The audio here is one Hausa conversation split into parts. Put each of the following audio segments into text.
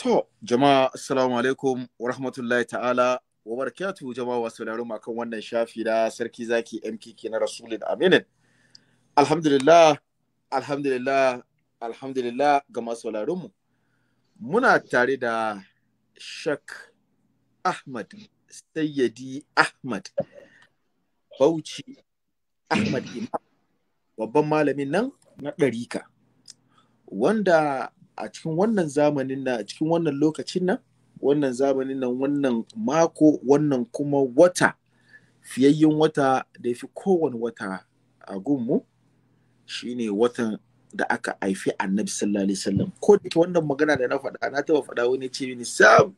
To, jama'a assalamu alaikum wa rahmatullahi ta'ala wa barakatu jama'a wasu sauraron kan wannan shafi na sarki zaki MKK na Rasulun Aminin. Alhamdulillah, alhamdulillah, alhamdulillah ga masu mu Muna tare da Shak Ahmad, Sayyadi Ahmad, Bauchi Ahmad Imam, babban malamin nan na ɗarika, wanda a cikin wannan zamanin nan a cikin wannan lokacin nan wannan zamanin nan wannan mako wannan kuma wata fiyayyen wata da ya fi kowane wata a gunmu shine watan da aka haifi annabi sallallahu alaihi wasallam ko da wannan magana da na faɗa na taɓa faɗa wani ce mini sam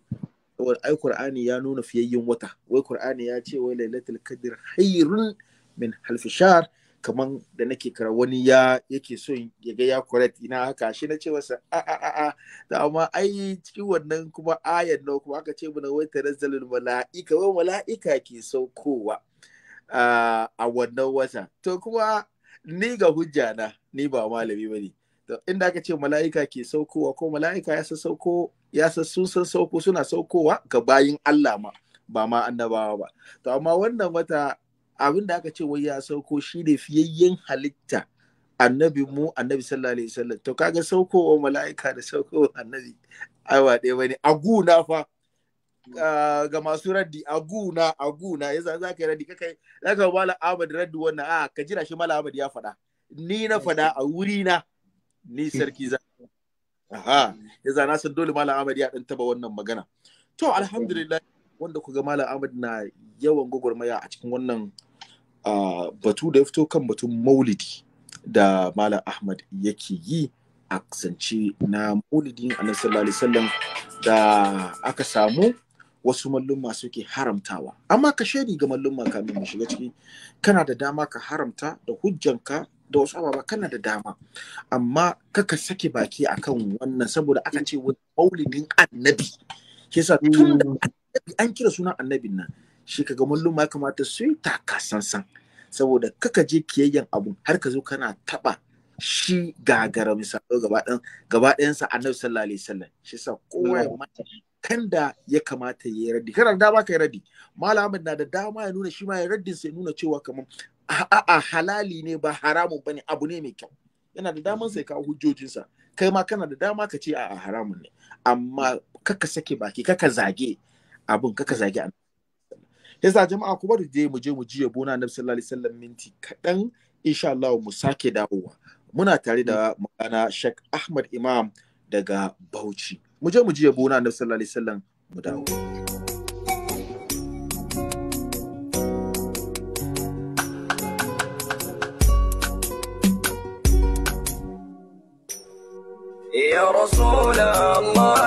ai qur'ani ya nuna fiyayyen wata wai qur'ani ya ce wai lailatul kadir khairun min halfishar. shahr kaman da nake kara wani ya yake so ya ga ya correct ina haka shi na ce masa a a a a da amma ai cikin wannan kuma ayan nan kuma aka ce mana wai tanazzalul mala'ika wai mala'ika ke saukowa a wannan wata to kuma ni ga hujja na ni ba malami bane to inda aka ce mala'ika ke saukowa ko mala'ika ya sauko ya sun san sauko suna saukowa ga bayin Allah ma ba ma annabawa ba to amma wannan wata abin da aka ce wai ya sauko shi ne fiyayyen halitta annabi mu annabi sallallahu alaihi wasallam to kaga saukowa mala'ika da saukowa annabi aiwa ɗaya bane aguna fa mm. ah, ga masu raddi aguna aguna yasa za ka yi raddi kai? za ka mala Abad raddi wannan a ah, ka jira shi mala Abad ya faɗa ni na faɗa a wuri na ni sarki za aha yasa na san dole mala Ahmad ya dan taba wannan magana to alhamdulillah wanda ku ga mala Ahmad na yawan gwagwarmaya a cikin wannan batu da ya fito kan batun maulidi da malam ahmad yake yi a kasance na maulidi annabi alaihi wasallam da aka samu wasu mallumma suke haramtawa amma ka shaidi ga mallumma kamin mu shiga ciki kana da dama ka haramta da hujjanka da wasu ababa kana da dama amma kaka sake baki akan wannan saboda aka ce wani maulidin annabi ke sa tun da annabi an kira sunan annabin nan shi kaga mallum ya kamata su yi taka sansan saboda kaka je kiyayyen abu har ka zo kana taba shi gagara misalo gaba ɗayan gaba sa annabi sallallahu alaihi wasallam shi sa kowa ya kan da ya kamata ya yi raddi kana da baka ka yi raddi malamin na da dama ya nuna shi ma ya raddin sai nuna cewa kamar a'a halali ne ba haramun bane abu ne mai kyau yana da daman sai kawo hujjojinsa kai ma kana da dama ka ce a'a haramun ne amma kaka sake baki kaka zage abin kaka zage annabi yasa jama'a ku bari je mu je mu jiya bona na annabi sallallahu alaihi wasallam minti kaɗan insha Allah mu sake dawowa muna tare da magana Sheikh Ahmad Imam daga Bauchi mu je mu jiya bona na annabi sallallahu alaihi wasallam mu dawo يا رسول الله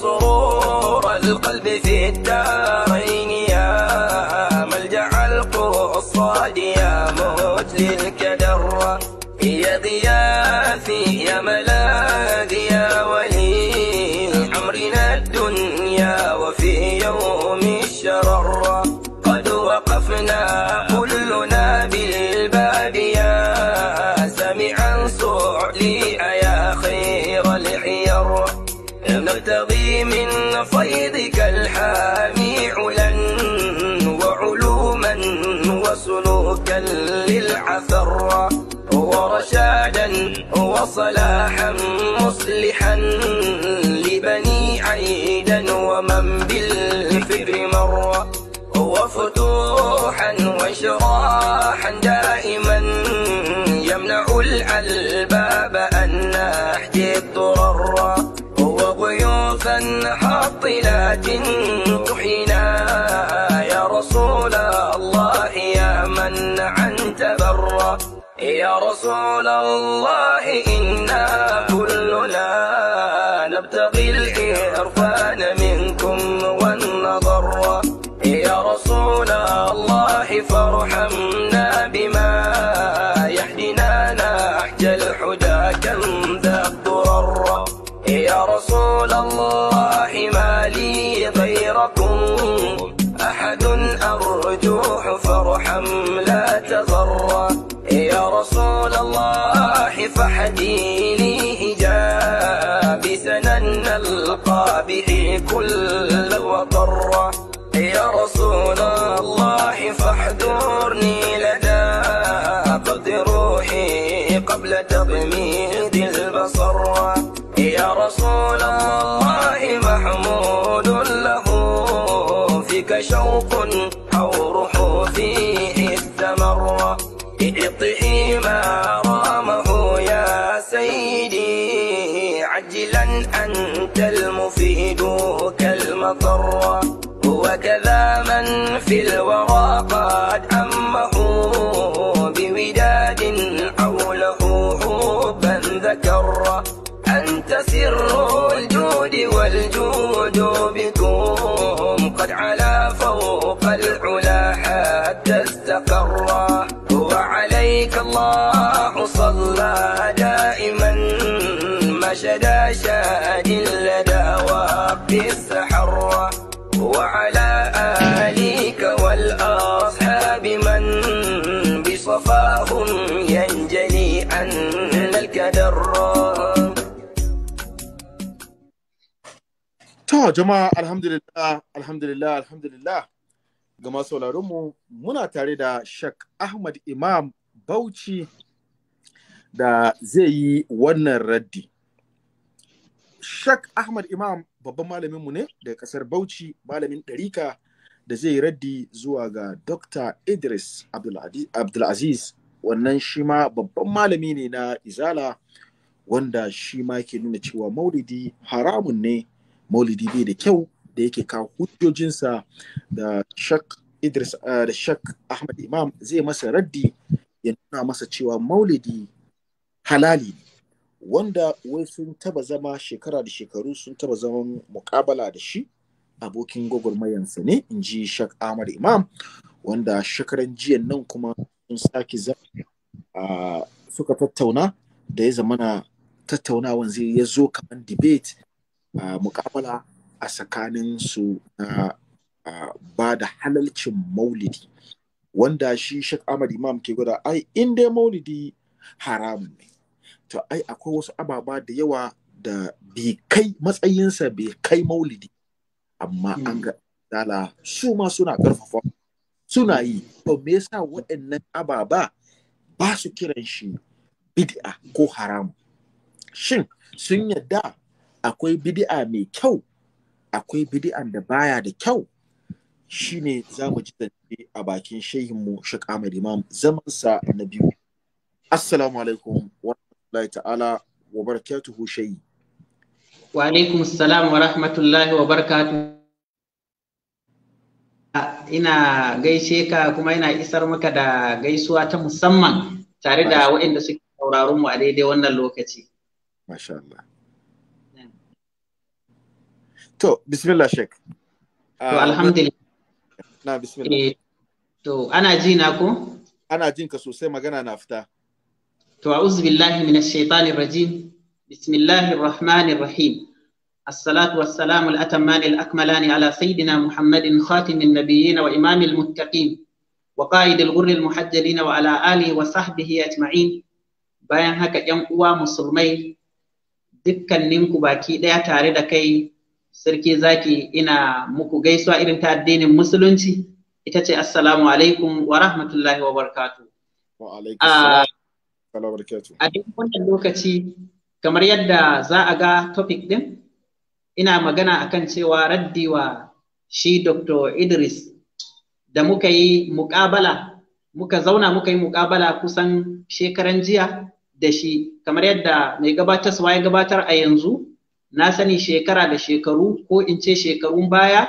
سرور القلب في الدارين يا ملجأ القصاد يا موت للكدر يا غياثي يا ملاذي يا ولي أمرنا الدنيا وفي يوم الشرر صلاحا مصلحا لبني عيدا ومن بالفكر مر وفتوحا وشراحا دائما يمنع الألباب أن نحجي الضرر وضيوفا حاطلات تحينا يا رسول الله إنا كلنا نبتغي الإرفان منكم والنظر يا رسول الله فارحمنا بما يهدنا نحج الحدى كم ذا الضرر يا رسول الله ما لي غيركم أحد أرجوح فارحم لا تغر الله فحدي لي إجابي نلقى به كل وطر يا رسول الله فاحذرني لدى قد روحي قبل تضميد البصر يا رسول الله محمود له فيك شوق اطئي ما رامه يا سيدي عجلا أنت المفيد كالمطر وكذا من في الورى قد أمه بوداد حوله حبا ذكر أنت سر الجود والجود بك صلى دائما مشدى شاد لدى وقت السحرة وعلى آليك والأصحاب من بصفاهم ينجلي عن الكدر To jama'a alhamdulillah alhamdulillah alhamdulillah ga masu mu muna tare da Shak Ahmad Imam Bauchi da zai yi wannan raddi. Shak Ahmad Imam babban malaminmu ne daga kasar Bauchi malamin ɗarika da zai yi raddi zuwa ga Dr. Idris Abdulaziz wannan shi ma babban malami ne na Izala wanda shi ma ke nuna cewa maulidi haramun ne maulidi bai da kyau da yake kawo hujjojinsa da shak Idris eh, da shak Ahmad Imam zai masa raddi ya nuna masa cewa maulidi halali ne wanda wai sun taba zama shekara da shekaru sun taba zaman mukabala da shi abokin gwagwarmayansa ne in ji shak amar imam wanda shekaran jiyan nan kuma sun sake zama, suka tattauna da ya zamana tattaunawan zai ya zo kamar debate a mukabala a tsakanin su na ba da halalcin maulidi wanda shi Sheikh Ahmad Imam ke gwada ai in dai maulidi haramun ne to ai akwai wasu ababa da yawa da bai kai matsayinsa bai kai maulidi amma an hmm. ga dala su ma suna karfafa suna yi to me yasa waɗannan ababa ba su kiran shi bid'a ko haram shin sun yadda akwai bid'a mai kyau akwai bid'an da baya da kyau shine za mu ji zance a bakin shehinmu Sheikh Ahmad Imam zaman sa na biyu. Assalamu alaikum wa rahmatullahi ta'ala wa barakatuhu shehi. Wa alaikum assalam wa rahmatullahi wa barakatuhu. Ina gaishe ka kuma ina isar maka da gaisuwa ta musamman tare da waɗanda suke sauraron mu a daidai wannan lokaci. Masha Allah. To, bismillah Sheikh. To, alhamdulillah. na eh, to ana ji na ko? Ana jin na fita. To a'udhu billahi minash shaitanir rajim. Bismillahir rahmanir rahim. As-salatu was-salamu al ala sayyidina Muhammadin khatimin nabiyyin wa imamil muttaqin wa qa'idil ghurril muhajjalin wa ala alihi wa sahbihi ajma'in. Bayan haka ƴan uwa musulmai dukkaninku baki ɗaya tare da kai sarki zaki ina muku gaisuwa irin ta addinin musulunci ita ce assalamu alaikum wa rahmatullahi wa barakatu. Wa A duk wannan lokaci kamar yadda za a ga topic din ina magana akan cewa raddi shi Dr. Idris da muka yi mukabala, muka zauna muka yi mukabala kusan shekaran jiya da shi kamar yadda mai gabatarwa ya gabatar a yanzu na sani shekara da shekaru ko in ce shekarun baya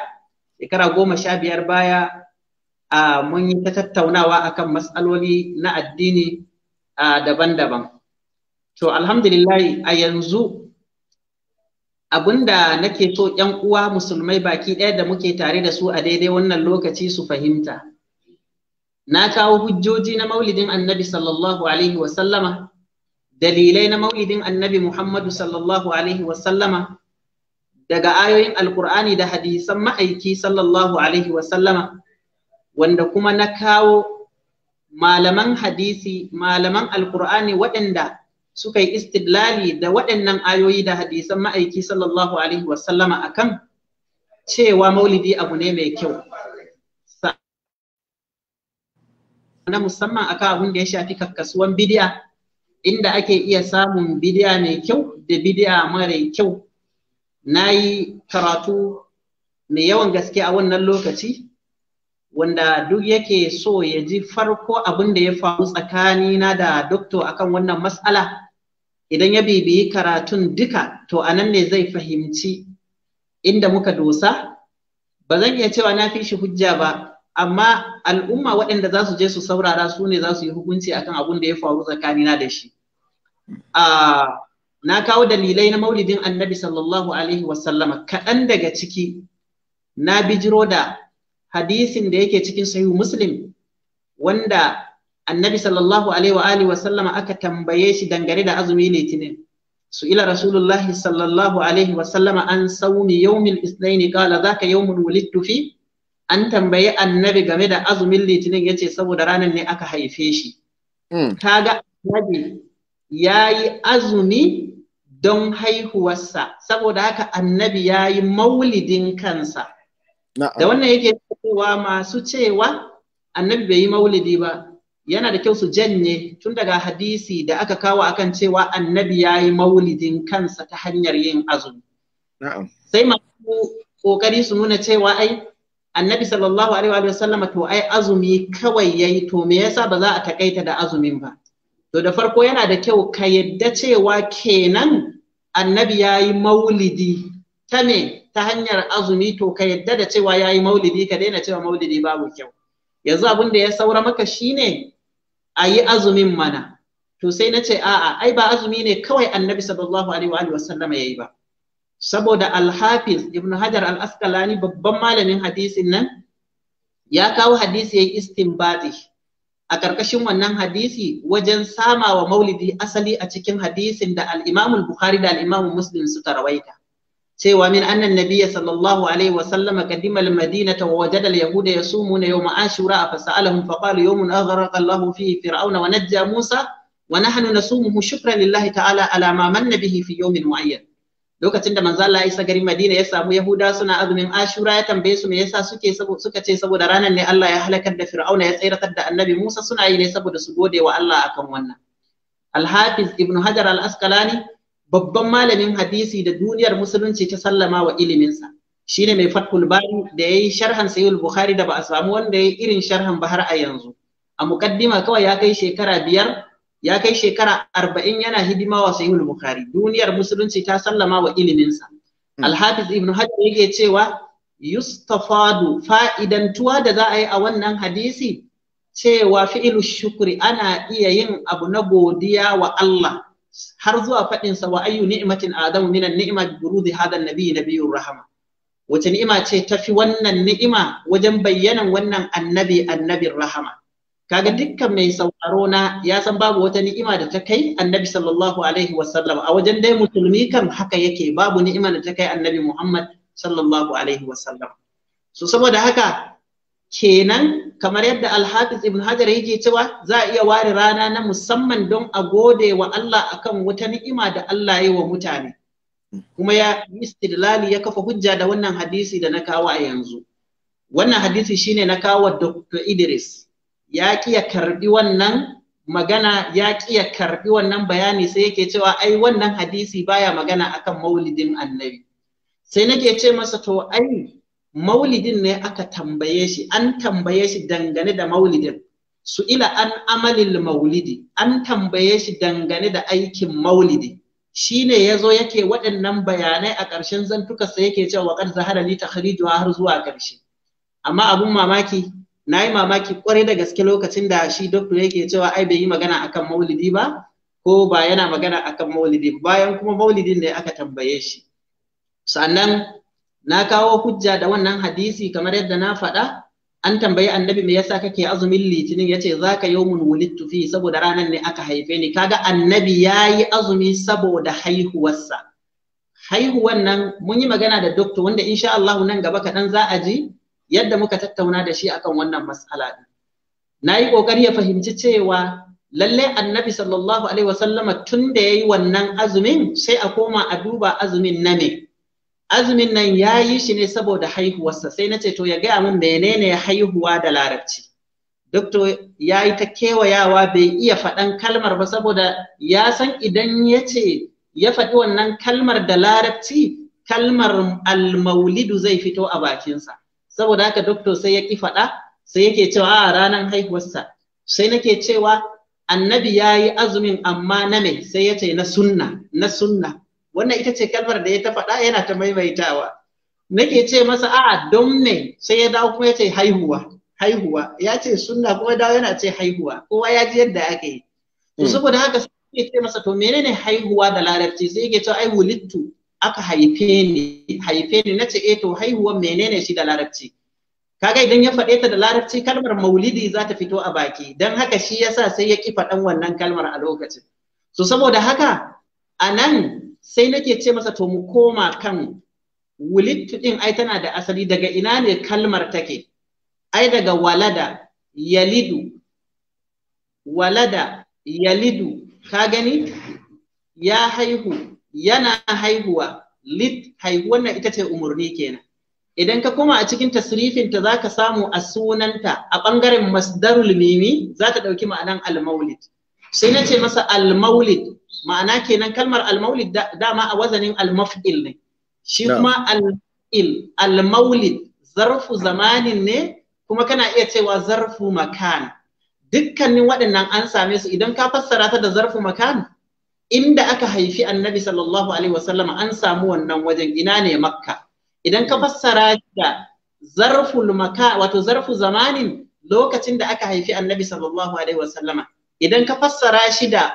shekara goma sha biyar baya a mun yi ta tattaunawa a kan matsaloli na addini a daban-daban to alhamdulillahi a yanzu abinda nake so yan uwa musulmai baki ɗaya da muke tare da su a daidai wannan lokaci su fahimta na kawo hujjoji na maulidin annabi sallallahu alaihi wasallama dalilai na maulidin annabi Muhammadu sallallahu alaihi wasallama daga ayoyin alkur'ani da hadisan ma'aiki sallallahu alaihi wasallama wanda kuma na kawo malaman hadisi malaman alkur'ani waɗanda suka yi istidlali da waɗannan ayoyi da hadisan ma'aiki sallallahu alaihi wasallama kan cewa maulidi abu ne mai kyau na musamman akan abin da ya shafi kakkasuwan bidiya inda ake iya samun bidiya mai kyau da bidiya mara kyau na yi karatu mai yawan gaske a wannan lokaci wanda duk yake so ya ji farko abin da ya faru tsakanina da doktor akan wannan matsala idan ya bibiyi karatun duka to a nan ne zai fahimci inda muka dosa ba zan iya cewa na fi shi hujja ba amma al'umma waɗanda za su je su saurara su ne za su yi hukunci akan abun da ya faru tsakanina da shi na kawo dalilai na maulidin annabi sallallahu alaihi wasallama kaɗan daga ciki na bijiro da hadisin da yake cikin sahihu muslim wanda annabi sallallahu alaihi wasallama aka tambaye shi dangare da azumi litinin su ila rasulullahi sallallahu alaihi wasallama an saumi yawmil ithnain za zaka yawmun wulidtu fi an tambayi annabi game da azumin litinin yace saboda ranar ne aka haife shi hmm. kaga annabi ya yi azumi don haihuwarsa saboda haka annabi ya yi maulidin kansa da wannan yake cewa masu cewa annabi bai yi maulidi ba yana da kyau su janye tun daga hadisi da aka kawo akan cewa annabi ya yi maulidin kansa ta hanyar yin azumi sai masu ƙoƙari su nuna cewa ai annabi sallallahu alaihi wa sallama to ai azumi kawai yayi to me yasa ba za a takaita da azumin ba to da farko yana da kyau ka yadda cewa kenan annabi yayi maulidi ta me ta hanyar azumi to ka yadda da cewa yayi maulidi ka daina cewa maulidi babu kyau yanzu abin da ya saura maka shine a yi azumin mana to sai na ce a'a ai ba azumi ne kawai annabi sallallahu alaihi wa sallama yayi ba saboda al-hafiz ibn hajar al-asqalani babban malamin hadisin nan ya kawo hadisi ya istinbati a karkashin wannan hadisi wajen sama wa maulidi asali a cikin hadisin da al bukhari da al-imamu muslim suka rawaita cewa min annan nabiyya sallallahu alaihi wa sallama qadima al-madinata wa wajada al-yahuda yasumuna yawma ashura fa sa'alahum fa qala yawmun aghraqa Allahu fihi fir'auna wa najja Musa wa nahnu nasumuhu shukran lillahi ta'ala ala ma manna bihi fi yawmin mu'ayyan lokacin da manzo Allah ya isa garin Madina ya samu Yahuda suna azumin Ashura ya tambaye su me yasa suke suka ce saboda ranar ne Allah ya halakar da Fir'auna ya tsiratar da Annabi Musa suna yi ne saboda su gode wa Allah akan wannan Al-Hafiz Ibn Hajar Al-Asqalani babban malamin hadisi da duniyar musulunci ta sallama wa iliminsa shine mai Fathul Bari da yayi sharhan Sahih Bukhari da ba a samu wanda yayi irin sharhan ba har a yanzu a mukaddima kawai ya kai shekara biyar ya kai shekara arba'in yana hidima wa sahihul bukhari duniyar musulunci ta sallama wa iliminsa hmm. alhafiz ibn hajji yake cewa yustafadu fa'idantuwa da za a yi a wannan hadisi cewa fi'ilu shukri ana iya yin abu na godiya wa Allah har zuwa faɗinsa wa ayyu ni'matin adamu minan ni'ma bi burudi hadha an na biyun rahama wace ni'ima ce tafi wannan ni'ima wajen bayyanan wannan annabi annabin rahama kaga dukkan mai sauraro na ya san babu wata ni'ima da ta kai annabi sallallahu alaihi wasallam a wajen dai musulmi kan haka yake babu ni'ima da ta kai annabi muhammad sallallahu alaihi wasallam so saboda haka kenan kamar yadda alhafiz ibn hajar yake cewa za a iya ware rana na musamman don a gode wa allah akan wata ni'ima da allah ya yi wa mutane kuma ya istidlali ya kafa hujja da wannan hadisi da na kawo a yanzu wannan hadisi shine na kawo dr idris ya ƙi ya karbi wannan magana ya ƙi ya karbi wannan bayani sai yake cewa ai wannan hadisi baya magana akan maulidin annabi sai nake ce masa to ai maulidin ne aka tambaye shi an tambaye shi dangane da maulidin su ila an amalil maulidi an tambaye shi dangane da aikin maulidi shine yazo yake waɗannan bayanai a ƙarshen zantuka sai yake cewa qad zahara li takhrijuha har zuwa ƙarshe amma abun mamaki na yi mamaki kwarai da gaske lokacin da shi doctor yake cewa ai bai yi magana akan maulidi ba ko ba yana magana akan maulidi bayan kuma maulidin ne aka tambaye shi sannan na kawo hujja da wannan hadisi kamar yadda na faɗa an tambayi annabi me yasa kake azumin litinin yace zaka yawmun wulidtu fi saboda ranan ne aka haife ni kaga annabi yayi azumi saboda haihuwarsa haihuwan nan mun yi magana da doctor wanda insha Allah nan gaba kaɗan za a ji yadda muka tattauna da shi akan wannan matsala din na yi ƙoƙari ya fahimci cewa lallai annabi sallallahu alaihi wasallama tun da ya yi wannan azumin sai a koma a duba azumin na me. azumin nan ya yi shi ne saboda haihuwarsa sai na ce to ya gaya min menene haihuwa da larabci dokto ya yi ta kewayawa bai iya faɗan kalmar ba saboda ya san idan ya ce ya faɗi wannan kalmar da larabci kalmar almaulidu zai fito a bakinsa saboda haka doctor sai ya ki faɗa sai yake cewa a ranar haihuwarsa sai nake cewa annabi ya yi azumin amma na mai sai yace ce na sunna na sunna wannan ita ce kalmar da ya ta faɗa yana ta maimaitawa nake ce masa a'a don me sai ya dawo kuma ya ce haihuwa haihuwa ya ce sunna kuma dawo yana ce haihuwa kowa ya ji yadda ake yi hmm. saboda haka sai ce masa to menene haihuwa da larabci sai yake cewa ai wulittu aka haife ni haife ni nace eh to haihuwan menene shi da larabci kaga idan ya faɗe ta da larabci kalmar maulidi za ta fito a baki don haka shi yasa sai ya ki faɗan wannan kalmar a lokacin so saboda haka a nan sai nake ce masa to mu koma kan wulittu ɗin ai tana da asali daga ina ne kalmar take ai daga walada yalidu walada yalidu ka gani ya haihu yana haihuwa lit hai wannan ita ce umurni kenan idan ka koma a cikin tasrifin ta zaka samu a sunanta a bangaren masdarul mimi za dauki ma'anan al-maulid sai na ce masa al-maulid ma'ana kenan kalmar al-maulid dama a wazanin al-maf'il ne shi kuma al-il al-maulid zarfu zamanin ne kuma kana iya cewa zarfu makan dukkanin waɗannan an same su idan ka fassara ta da zarfu makan inda aka haifi annabi sallallahu alaihi wasallam an samu wannan wajen ina ne makka idan ka hmm. fassara da zarful maka wato zarfu zamanin lokacin da aka haifi annabi sallallahu alaihi wasallama idan ka fassara shi da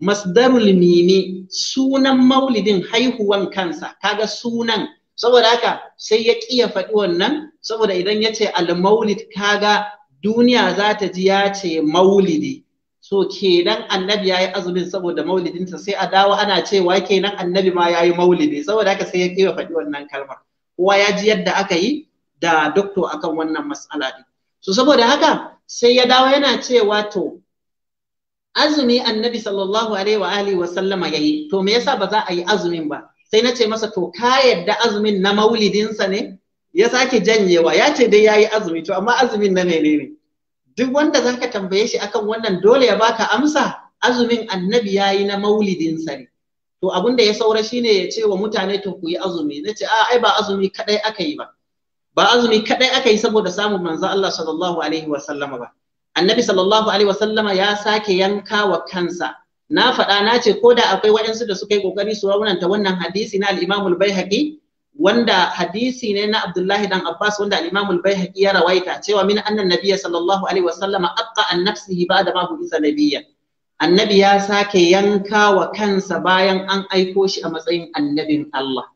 masdarul mini sunan maulidin haihuwan kansa kaga sunan saboda haka sai ya ƙi ya faɗi wannan saboda idan ya ce al-maulid kaga duniya za ta ji ya ce maulidi so kenan annabi ya yi azumin saboda maulidinsa sai a dawo ana cewa kenan annabi ma ya yi maulidi saboda haka sai ya kewa faɗi wannan kalmar kowa ya ji yadda aka yi da doktor akan wannan matsala ɗin so saboda haka sai ya dawo yana cewa to azumi annabi sallallahu alaihi wa alihi wa sallama yayi to me yasa ba za a yi azumin ba sai na ce masa to ka yadda azumin na maulidinsa ne ya sake janyewa ya ce dai ya yi azumi to amma azumin na menene ne duk wanda za ka tambaye shi akan wannan dole ya baka amsa azumin annabi ya yi na maulidin Sani. to abin da ya saura shi ne ya ce wa mutane to ku yi azumi Na ce ai ba azumi kadai aka yi ba ba azumi kadai aka yi saboda samun manzo Allah sallallahu alaihi wa sallama ba annabi sallallahu alaihi wa sallama ya sake yanka wa kansa na faɗa na ce ko da akwai waɗansu da suka yi ƙoƙari su raunanta wannan hadisi na al-Imam al-Baihaqi wanda hadisi ne na Abdullahi dan Abbas wanda al-Imam al-Baihaqi ya rawaita cewa min anna nabiyya sallallahu alaihi wa sallama aqqa an nafsihi ba'da ma bu'itha nabiyya annabi ya sake yanka wa kansa bayan an aiko shi a matsayin annabin Allah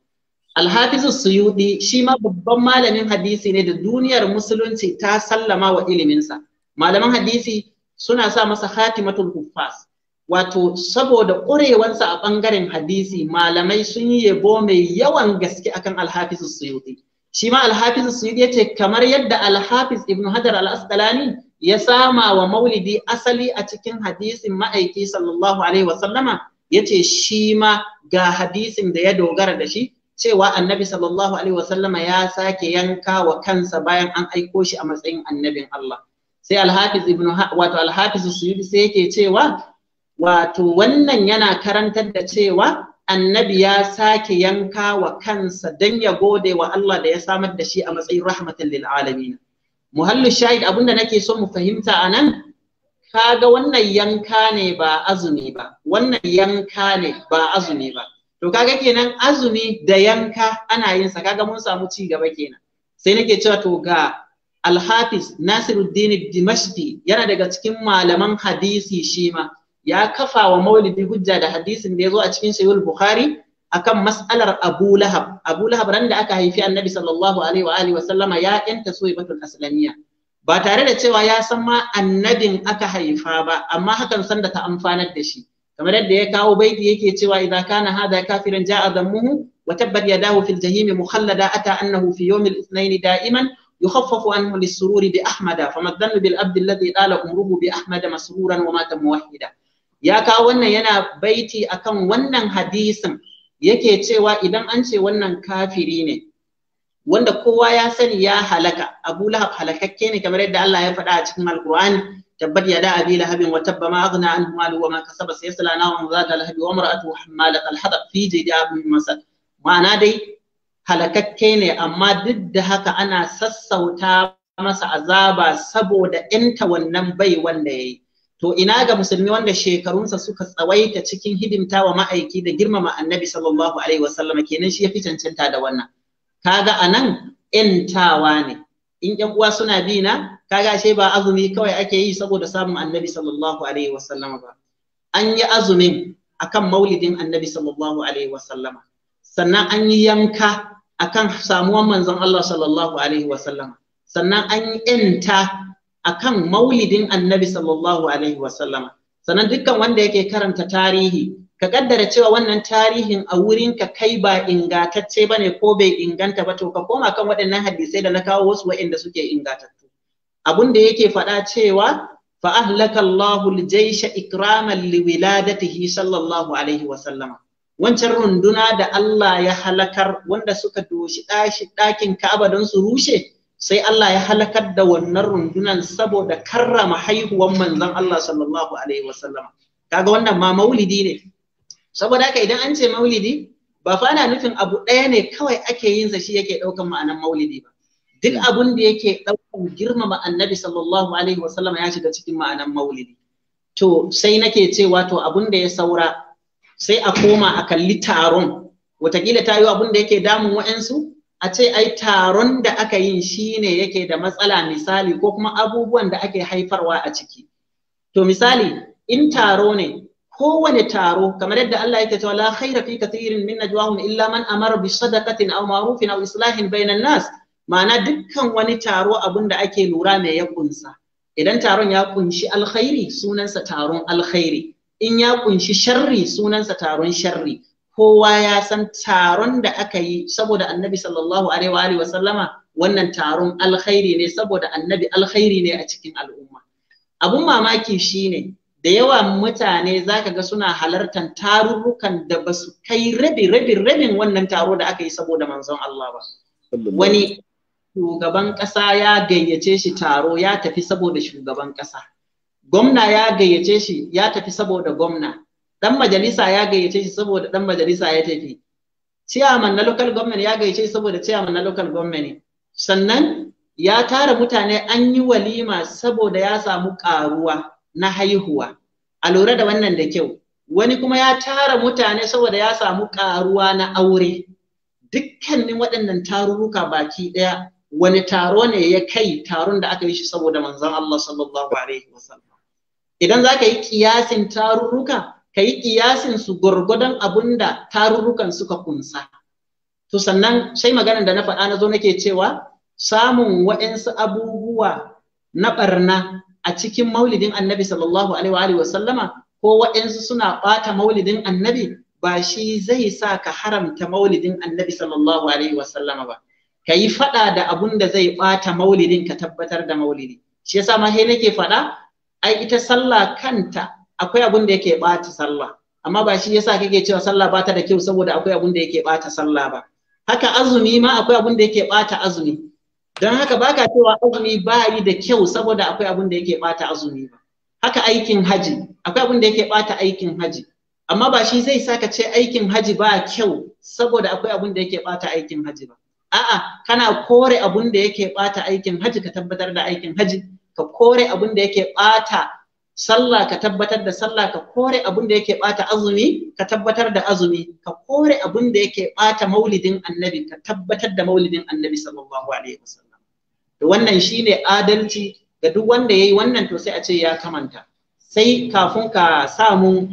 Alhafizu Suyudi shi ma babban malamin hadisi ne da duniyar musulunci ta sallama wa iliminsa. Malaman hadisi suna sa masa khatimatul huffaz wato saboda ƙurewansa a ɓangaren hadisi malamai sun yi yabo mai yawan gaske akan alhafiz suyuti shi ma alhafiz suyuti yace kamar yadda alhafiz ibnu hajar al-asqalani ya sama wa maulidi asali a cikin hadisin ma'aiki sallallahu alaihi wasallama yace shi ma ga hadisin da ya dogara da shi cewa annabi sallallahu alaihi wasallama ya sake yanka wa kansa bayan an aiko shi a matsayin annabin Allah sai alhafiz ibnu wato alhafiz suyuti sai yake cewa wato wannan yana karantar da cewa annabi ya sake yanka wa kansa don ya gode wa Allah da ya samar da shi a matsayin rahmatan lil alamin muhallu shahid abinda nake so mu fahimta a anan kaga wannan yanka ne ba azumi ba wannan yanka ne ba azumi ba to kaga kenan azumi da yanka ana yin sa kaga mun samu ci gaba kenan sai nake cewa to ga Al-Hafiz Nasiruddin Dimashqi yana daga cikin malaman hadisi shi ma ya kafa wa maulidi hujja da hadisin da ya zo a cikin sahihul bukhari akan mas'alar Abu Lahab Abu Lahab ran da aka haifi Annabi sallallahu alaihi wa alihi wa sallama ya yanta Suwaibatul Aslamiyya ba tare da cewa ya san ma annabin aka haifa ba amma hakan san da ta amfanar da shi kamar yadda ya kawo baiti yake cewa idza kana hada kafiran ja'a dhammuhu wa tabbat yadahu fil jahimi mukhallada ata annahu fi yawmil ithnain da'iman يخفف عنه للسرور bil فما الظن بالأبد الذي طال عمره masruran wa mata موحدا ya kawo wannan yana baiti akan wannan hadisin yake cewa idan an ce wannan kafiri ne wanda kowa ya sani ya halaka abu lahab halakakke ne kamar yadda Allah ya faɗa a cikin alkur'ani tabbat yada abi lahabin wa tabba ma aghna anhu malu wa ma kasaba sayasla nawan zata lahabi wa mar'atuhu hammalat alhadab fi jidab min ma'ana dai halakakke ne amma duk da haka ana sassauta masa azaba saboda 'yanta wannan bai wanda yayi to ina ga musulmi wanda shekarunsa suka tsawaita cikin hidimta wa ma'aiki da girmama annabi sallallahu alaihi wasallam kenan shi ya fi cancanta da wannan kaga anan yantawa ne in yan uwa suna bi na kaga ashe ba azumi kawai ake yi saboda samun annabi sallallahu alaihi wasallam ba an yi azumin akan maulidin annabi sallallahu alaihi wasallam sannan an yi yanka akan samuwan manzon Allah sallallahu alaihi wasallam sannan an yi yanta akan maulidin annabi sallallahu alaihi wasallama sannan dukkan wanda yake karanta tarihi ka kaddara cewa wannan tarihin a wurin ka kai ba ingantacce ne ko bai inganta ba to ka koma kan waɗannan hadisai da na kawo wasu waɗanda suke ingantattu abun da yake faɗa cewa fa ahlaka Allahu ikraman liwiladatihi sallallahu alaihi wasallama wancan runduna da Allah ya halakar wanda suka doshi ɗakin Ka'aba don su rushe sai Allah ya halakar da wannan rundunan saboda karrama haihuwan manzon Allah sallallahu alaihi wasallam kaga wannan ma maulidi ne saboda haka idan an ce maulidi ba fa ana nufin abu ɗaya ne kawai ake yin sa shi yake ɗaukan ma'anan maulidi ba duk hmm. abun da yake ɗaukan girmama annabi sallallahu alaihi wasallam ya shiga cikin ma'anar maulidi to sai nake cewa to abun da ya saura sai a koma a kalli taron watakila ta yi abun da yake damun wa'ansu a ce ai taron da aka yi shine yake da matsala misali ko kuma abubuwan da ake haifarwa a ciki to misali in taro ne kowane taro kamar yadda Allah yake cewa la khaira fi kathirin min najwahum illa man amara bi sadaqatin aw ma'rufin aw islahin bainan nas ma'ana dukkan wani taro abun da ake lura mai ya kunsa idan taron ya kunshi alkhairi sunansa taron alkhairi in ya kunshi sharri sunansa taron sharri kowa ya san taron da aka yi saboda annabi sallallahu alaihi wa sallama wannan taron alkhairi ne saboda annabi alkhairi ne a cikin al'umma abun mamaki shine da yawa mutane zaka ga suna halartar tarurrukan da ba su kai rabi rabin rabin wannan taro da aka yi saboda manzon Allah ba wani shugaban ƙasa ya gayyace shi taro ya tafi saboda shugaban ƙasa gwamna ya gayyace shi ya tafi saboda gwamna dan majalisa ya gayyace shi saboda dan majalisa ya tafi chairman na local government ya gayyace shi saboda chairman na local government sannan ya tara mutane an yi walima saboda ya samu karuwa na haihuwa a lura da wannan da kyau wani kuma ya tara mutane saboda ya samu karuwa na aure dukkanin waɗannan tarurruka baki ɗaya wani taro ne ya kai taron da aka yi shi saboda manzon Allah sallallahu alaihi wasallam idan za ka yi kiyasin tarurruka ka yi kiyasin su gwargwadon abun da tarurrukan suka kunsa to sannan sai maganar da na faɗa na zo nake cewa samun waɗansu abubuwa na ɓarna a cikin maulidin annabi sallallahu alaihi wa sallama ko waɗansu suna ɓata maulidin annabi ba shi zai sa ka haramta maulidin annabi sallallahu alaihi wa sallama ba ka yi faɗa da abun da zai ɓata maulidin ka tabbatar da maulidi shi yasa ma nake faɗa ai ita sallah kanta akwai abun da yake ɓata sallah amma ba shi yasa kake cewa sallah bata da kyau saboda akwai abun da yake ɓata sallah ba haka azumi ma akwai abun da yake ɓata azumi don haka baka cewa azumi ba yi da kyau saboda akwai abun da yake ɓata azumi ba haka aikin haji akwai abun da yake ɓata aikin haji amma ba shi zai sa ka ce aikin haji ba kyau saboda akwai abun da yake ɓata aikin haji ba a'a kana kore abun da yake ɓata aikin haji ka tabbatar da aikin haji ka kore abun da yake ɓata sallah ka tabbatar da sallah ka kore abin da yake bata azumi ka tabbatar da azumi ka kore abin da yake bata maulidin annabi ka tabbatar da maulidin annabi sallallahu alaihi wasallam to wannan shine adalci ga duk wanda yayi wannan to sai a ce ya kamanta sai kafin ka samu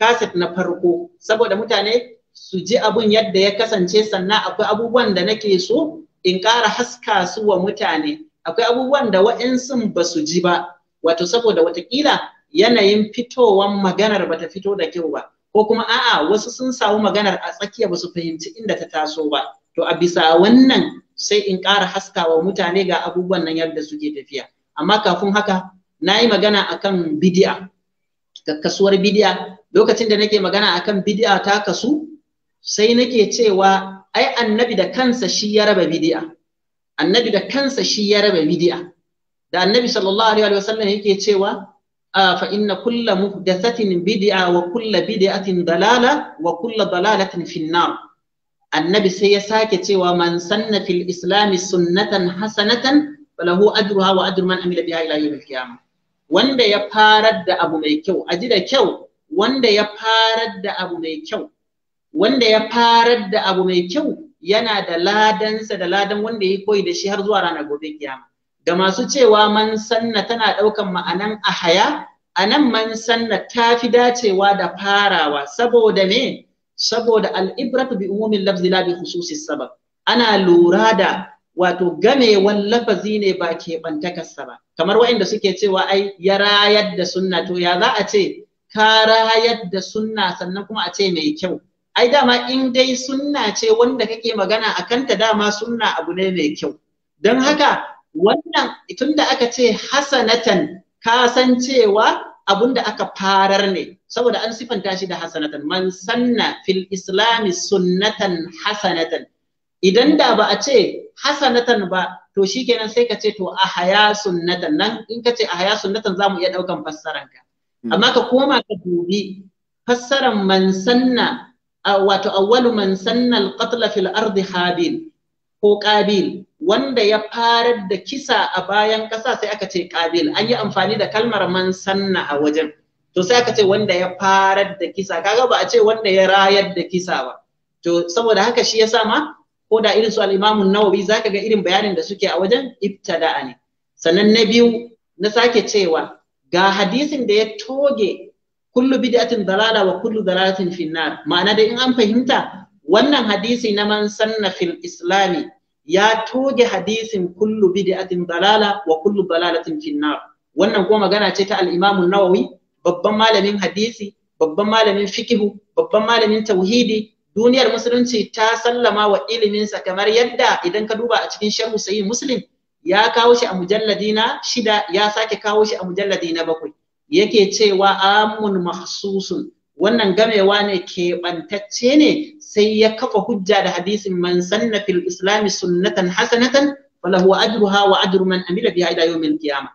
kaset na farko saboda mutane su ji abun yadda ya kasance sannan akwai abubuwan da nake so in ƙara haska su wa mutane akwai abubuwan da wa'insun ba su ji ba wato saboda watakila yanayin fitowan maganar bata fito da kyau ba ko kuma a'a wasu sun samu maganar a tsakiya ba su fahimci inda ta taso ba to a bisa wannan sai in ƙara haskawa mutane ga abubuwan nan yadda suke tafiya amma kafin haka na yi magana akan bidi'a kasuwar bidi'a lokacin da nake magana akan bidi'a ta kasu sai nake cewa ai annabi da kansa shi ya raba bidi'a annabi da kansa shi ya raba bidi'a da annabi sallallahu alaihi wa sallam yake cewa fa inna kulla muhdathatin bid'a wa kulla bid'atin dalala wa kulla dalalatin finnar annabi sai ya sake cewa man sanna fil islami sunnatan hasanatan falahu ajruha wa ajru man amila biha ila yawmil qiyamah wanda ya farar da abu mai kyau aji da kyau wanda ya farar da abu mai kyau wanda ya farar da abu mai kyau yana da ladansa da ladan wanda ya koyi da shi har zuwa ranar gobe kiyama da masu cewa man sanna tana ɗaukan ma'anan a haya a nan man sanna ta fi dacewa da farawa saboda me saboda al'ibratu bi umumin lafzi la bi sabab ana lura da wato gamewan lafazi ne ba keɓantakarsa ba kamar waɗanda suke cewa ai ya rayar da sunna to ya za a ce ka rayar da sunna sannan kuma a ce mai kyau ai dama in dai sunna ce wanda kake magana a kanta dama sunna abu ne mai kyau don haka wannan tunda aka ce hasanatan ka san cewa abun da aka farar ne saboda an sifanta shi da hasanatan man sanna fil islami sunnatan hasanatan idan da ba a ce hasanatan ba to shikenan sai ka ce to a haya sunnatan nan in ka ce a haya sunnatan za mu iya ɗaukan fassararka. Hmm. amma ka koma ka dubi fassaran man sanna wato awwalu man sanna al-qatl fil ardi habil ko ƙabil wanda ya farar da kisa a bayan ƙasa sai aka ce ƙabil an yi amfani da kalmar man sanna a wajen to sai aka ce wanda ya farar da kisa kaga ba a ce wanda ya rayar da kisa ba to saboda haka shi yasa ma ko da irin su al-Imam Nawawi zaka ga irin bayanin da suke a wajen ibtada'a ne sannan na biyu na sake cewa ga hadisin da ya toge kullu bid'atin dalala wa kullu dalalatin finnar ma'ana da in an fahimta wannan hadisi na man sanna fil islami ya toge hadisin kullu bid'atin dalala wa kullu dalalatin finnar wannan kuma magana ce ta al-Imam nawawi babban malamin hadisi babban malamin fikihu babban malamin tauhidi duniyar musulunci ta sallama wa iliminsa kamar yadda idan ka duba a cikin sharhu sahih muslim ya kawo shi a mujalladi na shida ya sake kawo shi a mujalladi na bakwai yake cewa amun mahsusun wannan gamewa ne keɓantacce ne sai ya kafa hujja da hadisin man sanna fil islami sunnatan hasanatan falahu ajruha wa ajru man amila biha ila yawmil qiyamah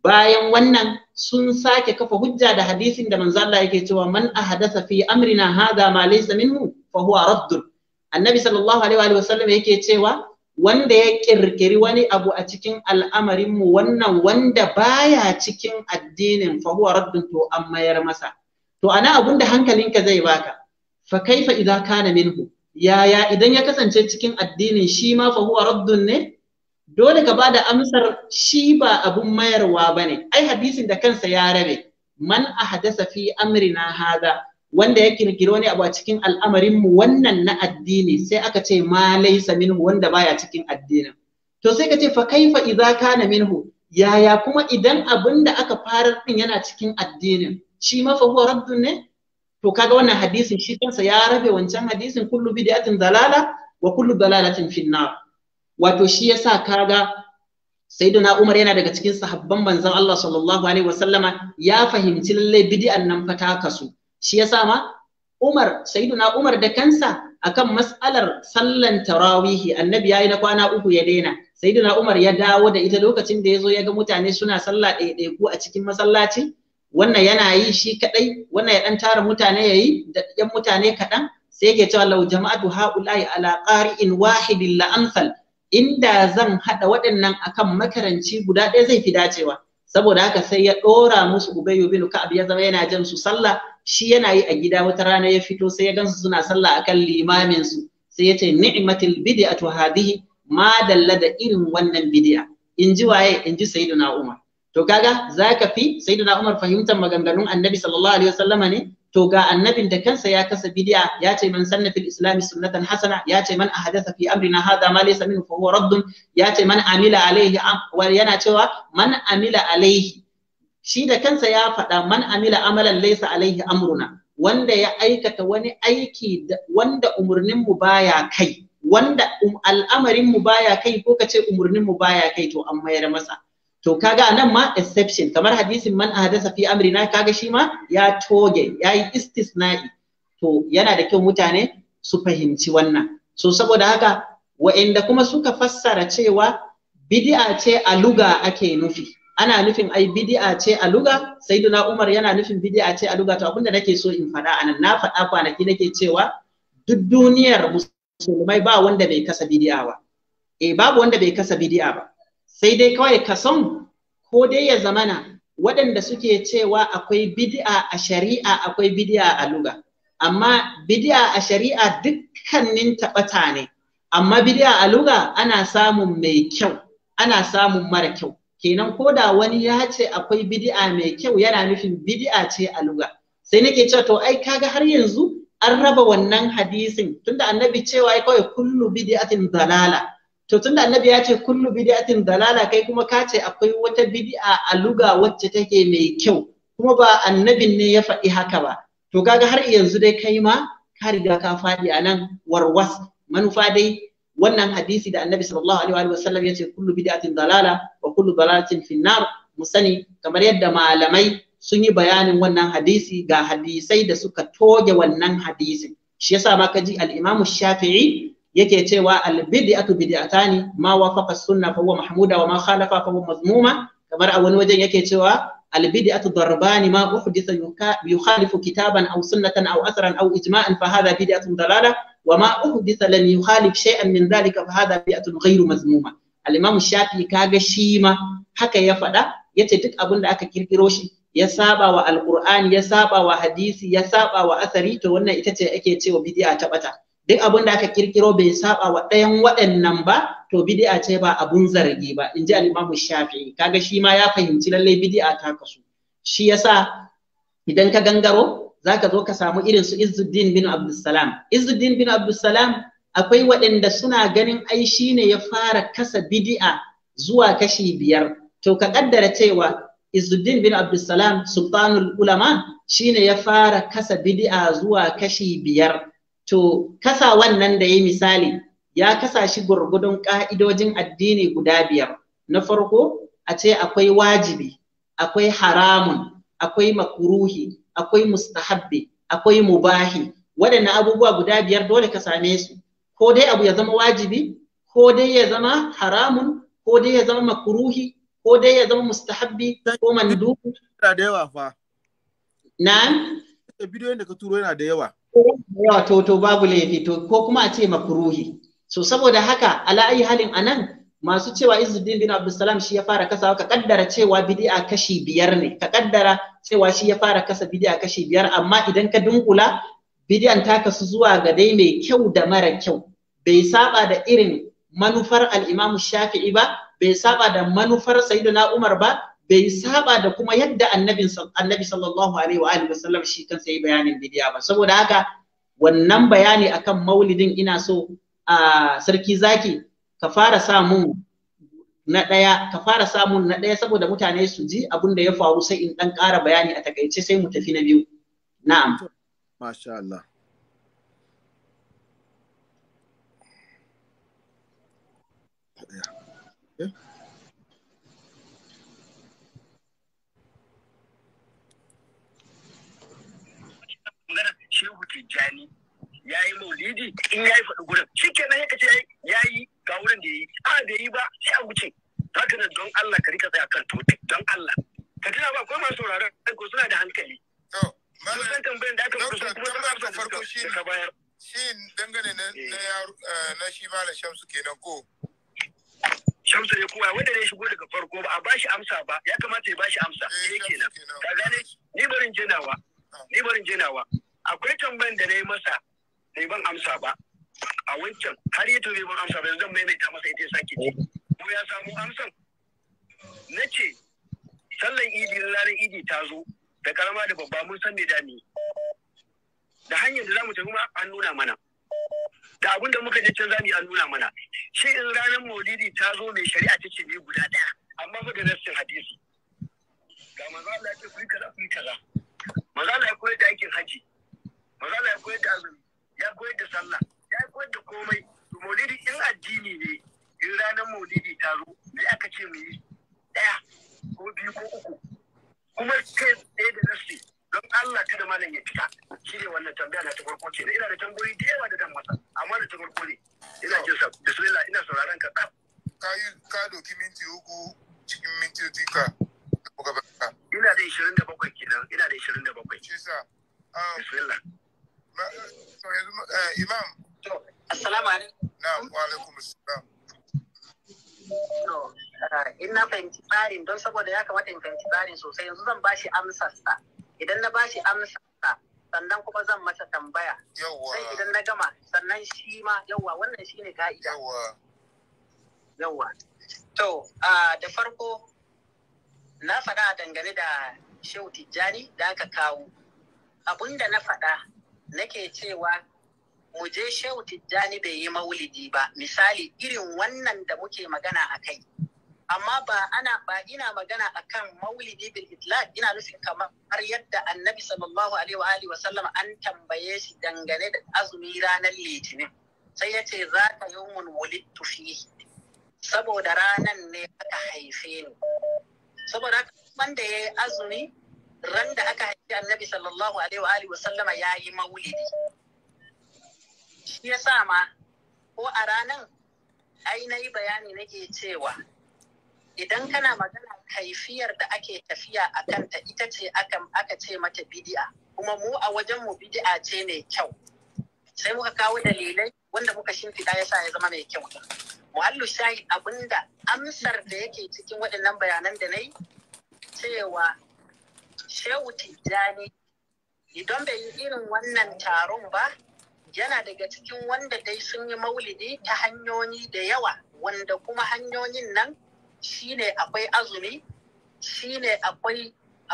bayan wannan sun sake kafa hujja da hadisin da manzo Allah yake cewa man ahadatha fi amrina hadha ma laysa minhu fa huwa radd annabi sallallahu alaihi wa sallam yake cewa wanda ya kirkiri wani abu a cikin al'amarin mu wannan wanda baya cikin addinin fa huwa radd to an mayar masa to ana abunda hankalinka zai baka fa kaifa idza kana minhu yaya idan ya kasance cikin addinin shi ma fa huwa raddun ne dole ka bada amsar shi ba abun mayarwa bane ai hadisin da kansa ya rabe man ahdasa fi amrina hada wanda ya kirkiri wani abu a cikin al'amarin mu wannan na addini sai aka ce ma laysa minhu wanda baya cikin addinin to sai ka ce fa kaifa idza kana minhu yaya kuma idan abin da aka farar din yana cikin addinin shi ma fa huwa raddun ne to kaga wannan hadisin shi kansa ya rabe wancan hadisin kullu bid'atin dalala wa kullu dalalatin finnar wato shi yasa kaga sayyidina Umar yana daga cikin sahabban manzon Allah sallallahu alaihi wasallama ya fahimci lalle bid'an nan ta kasu shi yasa ma Umar sayyidina Umar da kansa akan mas'alar sallan tarawihi annabi yayi na kwana uku ya daina sayyidina Umar ya dawo da ita lokacin da yazo ya ga mutane suna sallah ɗaiɗaiku a cikin masallaci wannan yana yi shi kadai wannan ya dan tara mutane yayi da yan mutane kadan sai yake cewa jama'a jama'atu haula'i ala qari'in wahidin la amsal inda zan hada waɗannan akan makaranci guda ɗaya zai fi dacewa saboda haka sai ya ɗora musu ubayyu bin ka'ab ya zama yana jan su sallah shi yana yi a gida wata rana ya fito sai ya gansu suna sallah akan limamin su sai ya ce ni'matil bid'atu hadhihi ma dalla da irin wannan bid'a in ji waye in ji sayyiduna umar to kaga zaka fi sayyidina Umar fahimtar maganganun annabi sallallahu alaihi ne to ga annabin da kansa ya kasa bid'a ya ce man sanna fil islam sunnatan hasana ya ce man ahdatha fi amrina hadha ma laysa minhu fa huwa ya ce man amila alaihi yana cewa man amila alaihi shi da kansa ya faɗa man amila amalan laysa alaihi amruna wanda ya aikata wani aiki wanda umurnin mu baya kai wanda um-, al'amarin mu baya kai ko kace umurnin mu baya kai to an mayar masa to kaga nan ma exception kamar hadisin man ahadasa fi amrina kaga shi ma ya toge ya yi istisna'i to yana da kyau mutane su fahimci wannan so saboda haka wa'inda kuma suka fassara cewa bid'a ce a luga ake nufi ana nufin ai bid'a ce a luga sayyiduna umar yana nufin bid'a ce a luga to abinda nake so in faɗa anan na faɗa kwanaki nake cewa duk duniyar musulmai ba wanda bai kasa bid'a ba eh babu wanda bai kasa bid'a ba sai dai kawai ka san ko dai ya zamana waɗanda suke cewa akwai bidi'a a shari'a akwai bidi'a a luga amma bidi'a a shari'a dukkanin taɓata ne amma bidi'a a luga ana samun mai kyau ana samun mara kyau kenan ko da wani ya ce akwai bidi'a mai kyau yana nufin bidi'a ce a luga sai nake cewa to ai kaga har yanzu an raba wannan hadisin tunda annabi cewa kawai kullu bid'atin dalala to tunda annabi ya ce kullu bid'atin dalala kai kuma ka ce akwai wata bid'a a luga wacce take mai kyau kuma ba annabin ne ya faɗi haka ba to kaga har yanzu dai kai ma ka riga ka faɗi a nan warwas manufa dai wannan hadisi da annabi sallallahu alaihi wa sallam ya ce kullu bid'atin dalala wa kullu dalalatin finnar mu sani kamar yadda malamai sun yi bayanin wannan hadisi ga hadisai da suka toge wannan hadisin shi yasa ma ka ji al-imamu shafi'i yake cewa albid'atu bid'atani ma wafaqa sunna fa huwa mahmuda wa ma khalafa fa huwa mazmuma kamar a wani wajen yake cewa albid'atu darbani ma uhditha yukhalifu kitaban aw sunnatan aw asran aw ijma'an fa hadha bid'atun dalala wa ma uhditha lam yukhalif shay'an min dhalika fa hadha bid'atun ghayru mazmuma al-imam shafi kaga shi ma haka ya faɗa yace duk abin da aka kirkiro shi ya saba wa alqur'ani ya saba wa hadisi ya saba wa asari to wannan ita ce ake cewa bid'a ta bata duk abin da aka kirkiro bai saba wa ɗayan waɗannan ba to bid'a ce ba abun zargi ba inji al-Imam Shafi'i kaga shi ma ya fahimci lalle bid'a ta kasu shi yasa idan ka gangaro zaka zo ka samu irin su Izzuddin bin Abdussalam Izzuddin bin Abdussalam akwai waɗanda suna ganin ai shine ya fara kasa bid'a zuwa kashi biyar to ka kaddara cewa Izzuddin bin Abdussalam Sultanul Ulama shine ya fara kasa bid'a zuwa kashi biyar to kasa wannan da ya misali ya kasa shi gurgudun ƙa’idojin addini guda biyar na farko a ce akwai wajibi akwai haramun akwai makuruhi akwai mustahabbi akwai mubahi waɗannan abubuwa guda biyar dole ka same su ko dai abu ya zama wajibi ko dai ya zama haramun ko dai ya zama makuruhi ko dai ya zama mustahabbi ko mandu da yawa fa na'am bidiyoyin da ka turo yana da yawa yawa to babu laifi to ko kuma a ce makruhi so saboda haka ala ayi halin anan masu cewa Izuddin bin Abdulsalam shi ya fara kasawa ka kaddara cewa bid'a kashi biyar ne ka kaddara cewa shi ya fara kasa bid'a kashi biyar amma idan ka dunkula bid'an ta kasu zuwa ga dai mai kyau da mara kyau bai saba da irin manufar al-Imam Shafi'i ba bai saba da manufar Sayyidina Umar ba bai saba da kuma yadda annabi annabi sallallahu alaihi wa alihi wasallam shi kansa yi bayanin bidiya ba saboda haka wannan bayani akan maulidin ina so a sarki zaki ka fara samun na ɗaya ka fara samun na ɗaya saboda mutane su ji abin da ya faru sai in ɗan ƙara bayani a takaice sai mu tafi na biyu na'am masha Allah tijjani ya yi maulidi in ya yi faɗi gurin shi kenan ya ce ya yi ga wurin da ya yi a da ya yi ba sai a wuce haka nan don Allah ka rika tsaya kan tote don Allah ka tuna ba kuma masu sauraron ko suna da hankali kusan tambayan da aka kusa kuma da farko shi shi dangane na eh. eh, na shi Shamsu kenan ko Shamsu ne kuma wanda ne shigo daga farko ba a bashi amsa ba ya kamata ya bashi amsa eh, ne kenan ka gane ni barin jinawa ah. ni barin jinawa aka kawo abun da na faɗa nake cewa mu je shehu tijjani bai yi maulidi ba misali irin wannan da muke magana a kai amma ba ana ba ina magana akan maulidi bil itlaq ina nufin kamar yadda annabi sallallahu alaihi wa alihi wa sallam an tambaye shi dangane da azumi ranar litinin sai ya ce za ka mun wulittu fihi saboda ranan ne aka haife ni saboda wanda ya yi azumi da aka haifi annabi sallallahu alaihi wa alihi wasallama ya yi maulidi shi ya sa ma ko a ranar ai na yi bayani nake cewa idan kana magana kaifiyar da ake tafiya a kanta ita ce aka ce mata bidi'a kuma mu a wajen mu bidi'a ce mai kyau sai muka kawo dalilai wanda muka shimfiɗa ya sa ya zama mai kyau muhallu shahid abinda amsar da yake cikin waɗannan bayanan da na yi cewa shehu tijjani idan bai yi irin wannan taron ba yana daga cikin wanda dai sun yi maulidi ta hanyoyi da yawa wanda kuma hanyoyin nan shine akwai azumi shine akwai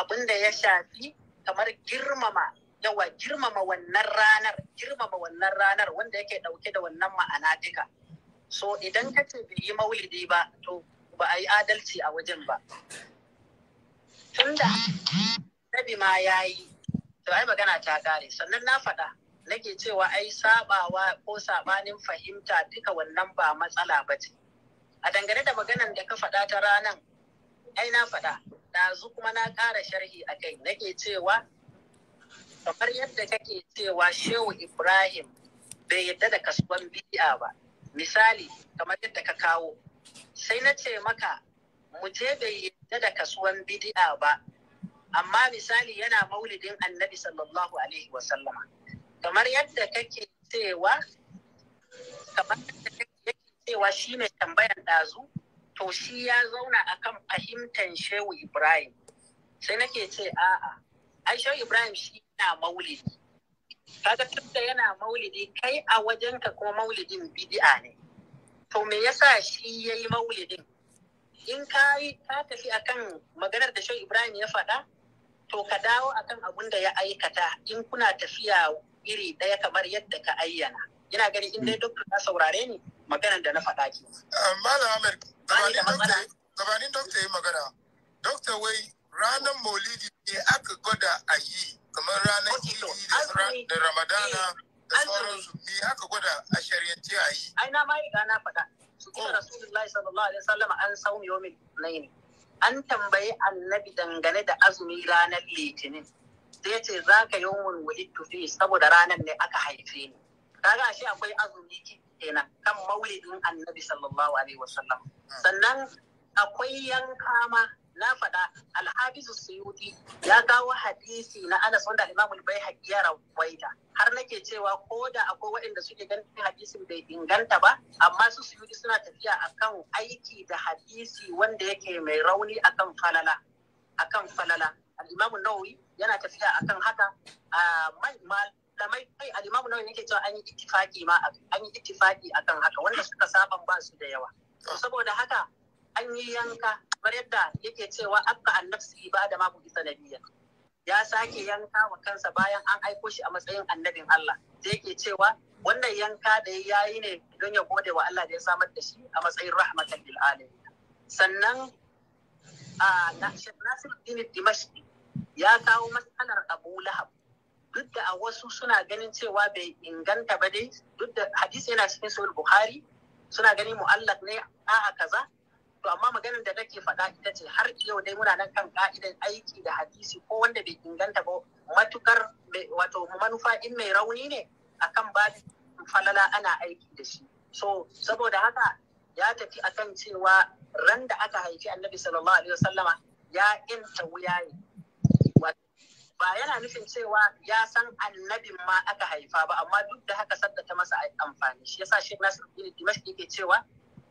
abin da ya shafi kamar girmama yawa girmama wannan ranar girmama wannan ranar wanda yake dauke da wannan ma'ana duka so idan ka ce bai yi maulidi ba to ba a yi adalci a wajen ba tunda annabi ma ya yi to ai magana ta kare sannan na faɗa nake cewa ai sabawa ko sabanin fahimta duka wannan ba matsala ba ce a dangane da maganan da ka faɗa ta ranan ai na faɗa ɗazu kuma na ƙara sharhi a kai nake cewa kamar yadda kake cewa shehu ibrahim bai yadda da kasuwan bidi'a ba misali kamar yadda ka kawo sai na ce maka mu je bai yadda da kasuwan bidi'a ba amma misali yana maulidin annabi sallallahu alaihi sallama kamar yadda kake cewa kamar yadda kake cewa shi mai tambayan ɗazu to shi ya zauna akan fahimtan shehu ibrahim sai nake ce a'a ai shehu ibrahim shi yana maulidi kaga tunda yana maulidi kai a wajenka ko maulidin bidi'a ne to me yasa shi yayi maulidin in ka tafi akan maganar da shehu ibrahim ya faɗa to ka dawo akan abun da ya aikata in kuna tafiya iri ɗaya kamar yadda ka ayyana ina gani in dai mm. doktor na saurare ni maganar da na faɗa ki eh, malam ahmed gabanin doktor ya magana doktor wai ranar maulidi ne aka gwada a yi kamar ranar idi da ramadana eh, da sauransu ne aka gwada a shari'ance a yi ai na ma riga na faɗa su kira oh. rasulullahi sallallahu alaihi wasallam an saumi yomin nayi an tambayi annabi dangane da azumi ranar litinin sai ce za ka yi wulwuli tufi saboda ranar ne aka haife ni kaga shi akwai azumi kenan kan maulidin annabi sallallahu alaihi wasallam hmm. sannan akwai yanka ma na faɗa alhabisu suyuti ya kawo hadisi na anas wanda imamul bai ya rawaita har nake cewa ko da akwai waɗanda suke ganin hadisin bai inganta ba amma su suyuti suna tafiya akan aiki da hadisi wanda yake mai rauni akan falala akan falala al-imamu yana tafiya akan haka a mai malamai kai al-imamu nawawi cewa an yi ittifaki ma an yi ittifaki akan haka wanda suka saban ba su da yawa saboda haka an yi yanka kamar yadda yake cewa abka da ibada ma na sanadiyya ya sake yanka wa kansa bayan an aiko shi a matsayin annabin Allah da yake cewa wannan yanka da ya yi ne don ya gode wa Allah da ya samar da shi a matsayin rahmatan lil alamin sannan a Nasiruddin Dimashqi ya kawo matsalar Abu Lahab duk da a wasu suna ganin cewa bai inganta ba dai duk da hadisi yana cikin sahih Bukhari suna ganin mu'allaq ne a kaza to amma maganar da take faɗa ita ce har yau dai muna nan kan ka'idar aiki da hadisi ko wanda bai inganta ba matukar wato manufa in mai rauni ne akan ba falala ana aiki da shi so saboda haka ya tafi akan cewa ran da aka haifi annabi sallallahu alaihi wasallama ya inta ne. ba yana nufin cewa ya san annabin ma aka haifa ba amma duk da haka sadda ta masa amfani shi yasa shi nasir ibn dimashq yake cewa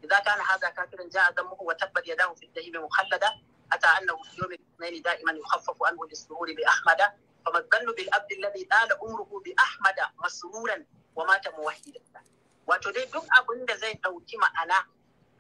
إذا كان هذا كافرا جاء دمه وتبت يداه في الجحيم مخلدة أتى أنه في يوم الاثنين دائما يخفف عنه للسرور بأحمد فما الظن بالعبد الذي طال عمره بأحمد مسرورا ومات موحدا wato dai duk abin da zai ɗauki ma'ana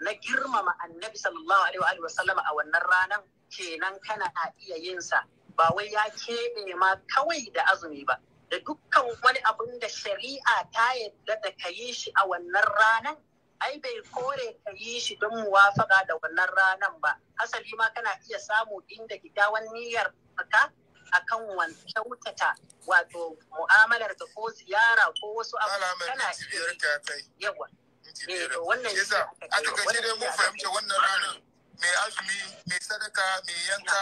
na girmama annabi sallallahu alaihi wa sallama a wannan ranar kenan kana a iya yin sa ba wai ya keɓe ma kawai da azumi ba da dukkan wani abin da shari'a ta yadda da ka yi shi a wannan ranar ai bai kore ka yi shi don mu wafaka da wannan ranan ba asali ma kana iya samu inda gidawan niyyar ka akan wan kyautata wato mu'amalar ka ko ziyara ko wasu abu kana iya yawa eh, wannan yasa a shi dai mun fahimta wannan ranar mai azumi mai sadaka mai yanka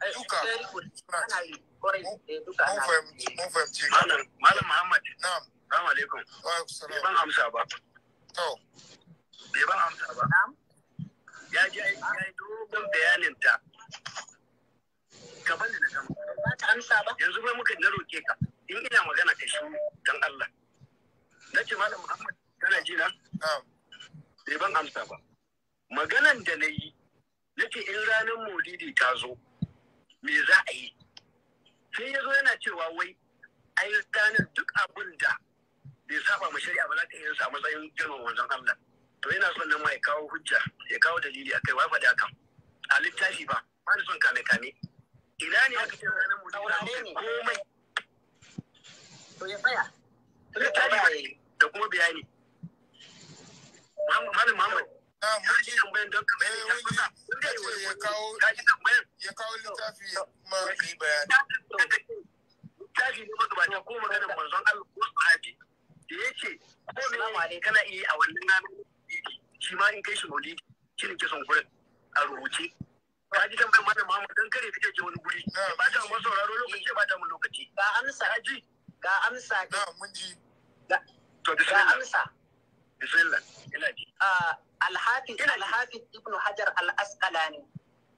eh, duka eh, mun fahimci malam muhammad na'am assalamu alaikum ban amsa ba bai ba amsa ba. Ya ji ya yi dogon bayanin ta. na gama. Ba ba. Yanzu bai muka na roƙe ka. In ina magana ka shi dan Allah. Na ce Malam Muhammad kana ji na? Bai ban amsa ba. Maganan da na yi na ce in ranar Maulidi ta zo me za a yi? Sai ya zo yana cewa wai ai ranar duk abin da bai saba mu shari'a ba za ka iya yin sa matsayin girman wanzan Allah to yana son nan ma ya kawo hujja ya kawo dalili a kai wafa faɗi akan a littafi ba ba ni son kame kame ina ne aka ce ranar mutum komai to ya tsaya littafi da kuma bayani malam Muhammad ah, ji don eh, ya kusa ya ya kawo littafi kai bayani littafi ne magabata ko maganar manzon Allah ko sahabi da yake ko ne ne kana iya a wannan ranar shi ma in kai shi maulidi shi ne kisan gurin a rubuce ka ji tambayar malam Muhammad dan kare kake je wani guri ba ta mu sauraro lokaci ba ta mu lokaci ga amsa ji ga amsa ga mun ji to ga amsa bismillah ina ji ah, al-hafiz al ibnu hajar al-asqalani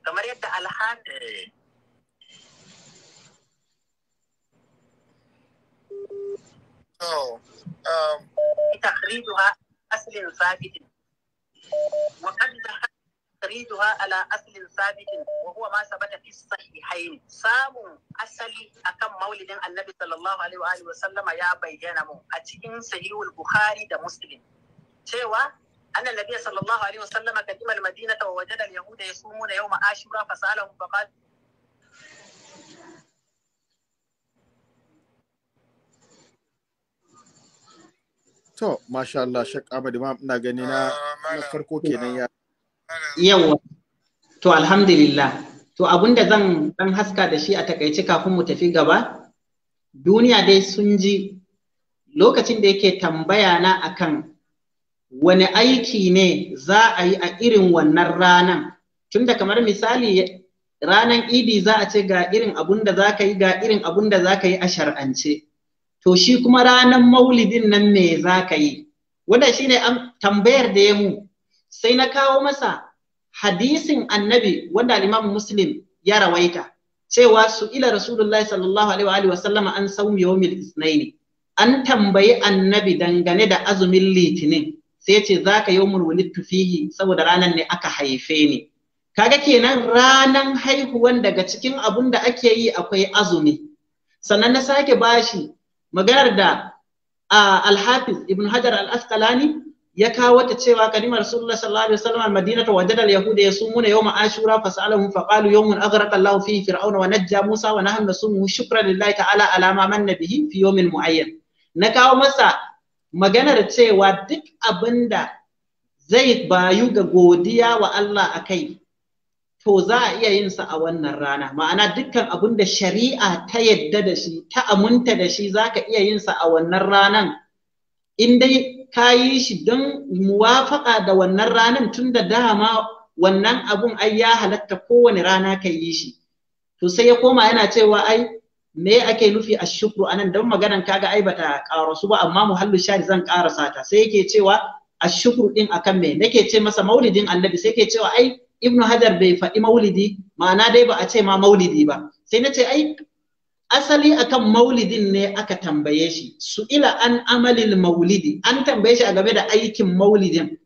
kamar yadda al To. Takriduha aslin sabitin. Wa kad takriduha ala aslin sabitin wa huwa ma sabata fi sahihain. Samun asali akan maulidin Annabi sallallahu alaihi wa sallama ya bayyana mu a cikin sahihul Buhari da Muslim. Cewa أن النبي صلى الله عليه وسلم قدم المدينة ووجد اليهود يصومون يوم عاشوراء فسألهم فقال To, masha Allah, Sheikh Ahmad Imam ina gani na ah, farko kenan ya. Yawa. To, alhamdulillah. To, da zan dan haska da shi a takaice kafin mu tafi gaba, duniya dai sun ji lokacin da yake tambaya na akan wani aiki ne za a yi a irin wannan ranan. Tunda kamar misali ranan idi za a ce ga irin abun da za ka yi ga irin abun da za ka yi a shar'ance. to shi kuma ranar maulidin nan me za ka yi wanda shine ne tambayar da ya mu sai na kawo masa hadisin annabi wanda imam muslim ya rawaita cewa su ila rasulullahi sallallahu alaihi wa sallama an saumi yawmil itsnain an tambayi annabi dangane da azumin litinin sai ce za ka yawmul wulidtu fihi saboda ranar ne aka haife ni kaga kenan ranan haihuwan daga cikin abun da ake yi akwai azumi sannan na sake bashi maganar da al ibn hajar al-asqalani ya kawo ta cewa kalimar rasulullah sallallahu alaihi wasallam al-madinata wajada al-yahuda yasumuna yawma ashura fasalahum faqalu yawmun aghraqa Allahu fihi fir'auna wa najja Musa wa sun nasumu shukran lillahi ta'ala ala ma manna bihi fi yawmin mu'ayyan na kawo masa maganar cewa duk abinda zai bayu ga godiya wa Allah akai to za a iya yin sa a wannan rana ma'ana dukkan abin da shari'a ta yadda da shi ta amunta da shi za ka iya yin sa a wannan ranan in dai ka yi shi don muwafaka da wannan ranan tun da dama wannan abun ai ya halatta kowane rana ka yi shi to sai ya koma yana cewa ai me ake nufi a shukru anan don maganan kaga ai bata karasu ba amma muhallu shari zan karasa ta sai yake cewa a shukru din akan me nake ce masa maulidin annabi sai yake cewa ai ibnu hajar bai faɗi maulidi ma'ana dai ba a ce ma maulidi ba sai na ce ai asali akan maulidin ne aka tambaye shi su ila an amalil maulidi an tambaye shi a game da aikin maulidin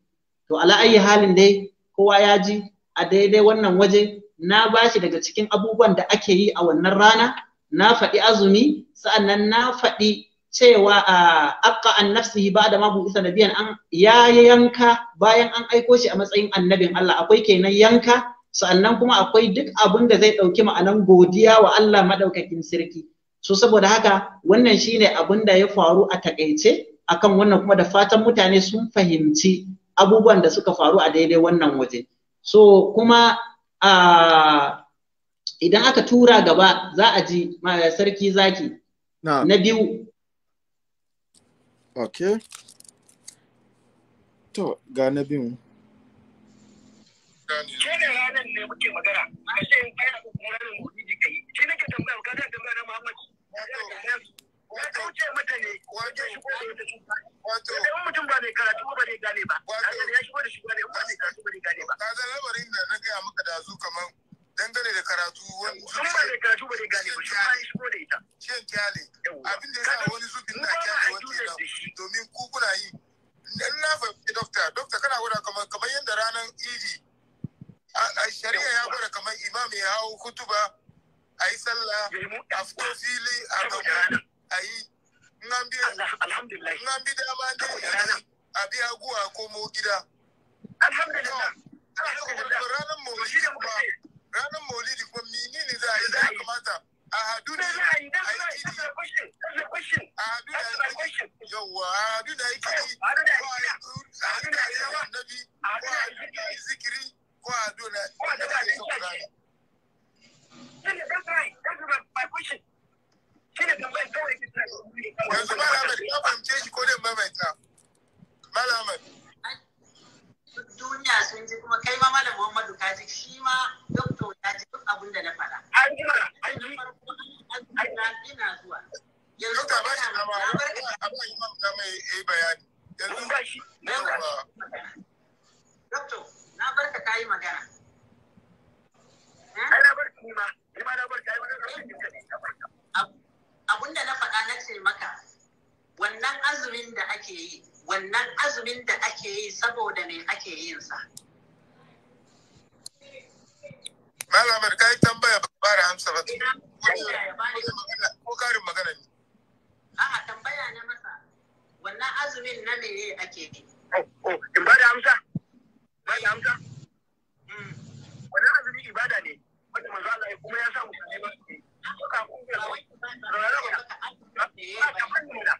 to ala ayi halin dai kowa ya ji a daidai wannan waje na bashi daga cikin abubuwan da ake yi a wannan rana na faɗi azumi sa'annan na faɗi cewa a akka an ba da mabu isa nabiyan an ya yanka bayan an aiko shi a matsayin annabin Allah akwai kenan yanka sannan kuma akwai duk abin da zai ɗauki ma'anan godiya wa Allah madaukakin sarki so saboda haka wannan shine abin da ya faru a takaice akan wannan kuma da fatan mutane sun fahimci abubuwan da suka faru a daidai wannan waje so kuma a idan aka tura gaba za a ji sarki zaki na biyu ok to ga na bin ke ranar ne muke magana a ce in kai abu kuma ranar maulidi kai shi nake tambaya ka zan tambaya na muhammad ya kauce mata ne wajen shigo da wata cuta wato idan mutum ba mai karatu ba zai gane ba wato ya shigo da shigo ne ba mai karatu ba zai gane ba ka labarin da na gaya maka da zu kamar dangane da karatu wani sun ba da karatu ba da gane ba shi ma isko da ita shin kyale abin da ya sa wani zubin na kyale wani ya domin ku kuna yi in na fahimci dokta dokta kana gwada kamar kamar yadda ranar idi a shari'a ya gwada kamar imam ya hau kutuba a yi sallah a fito fili a gamu a yi in an bi dama ne a biya guwa ko mo gida alhamdulillah alhamdulillah ranar mu ba. ranar maulidi kuma menene za a yi ya kamata a hadu da a yi kiri a hadu da yi kiri a hadu da yi kiri ko a hadu da yi annabi ko a hadu da yi zikiri ko a hadu da a yi saurari. Yanzu Malamai, ya fahimce shi ko dai mamaita. Malamai. duniya sun ji kuma kai ma malam Muhammadu ka ji shi ma doktor ya ji duk abin da na faɗa. An ina zuwa. ka shi shi. na bar yi magana. da na faɗa na ce maka wannan azumin da ake yi wannan azumin da ake yi saboda me ake yin sa Malamar kai tambaya ba da amsa ba. Ko karin magana ne? A'a tambaya na masa. Wannan azumin na me ake yi? Oh, oh In ba da amsa? Ba da amsa? Hmm. Wannan azumin ibada ne. Wata manzo Allah ya kuma ya sa musulmi ba. Ka kuma ba. Ka kuma ya ba.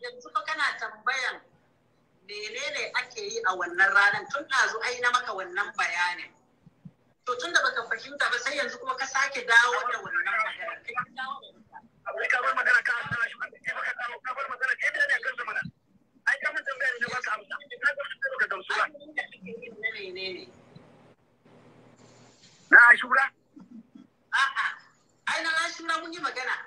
yanzu fa kana tambayan menene ake yi a wannan ranar tun ɗazu ai na maka wannan bayanin to tun da baka fahimta ba sai yanzu kuma ka sake dawo da wannan magana ka da mun yi magana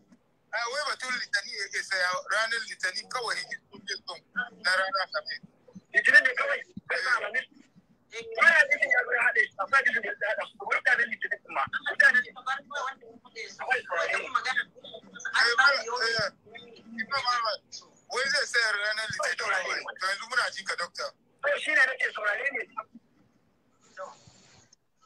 a ah, wai batun litani ya ke saya ranar litani kawai sun na ranar kafin litini ne kawai kai sa alamin eh, eh, wai zai sayar ranar litini kawai yanzu muna jinka dokta shi ne nake saurare ne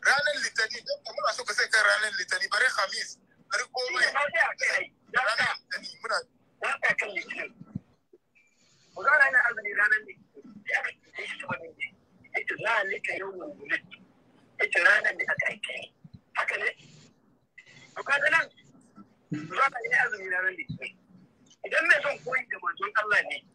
ranar litani muna so ka sai kan ranar litani bare khamis bare komai idan mai son koyi da manzon Allah ne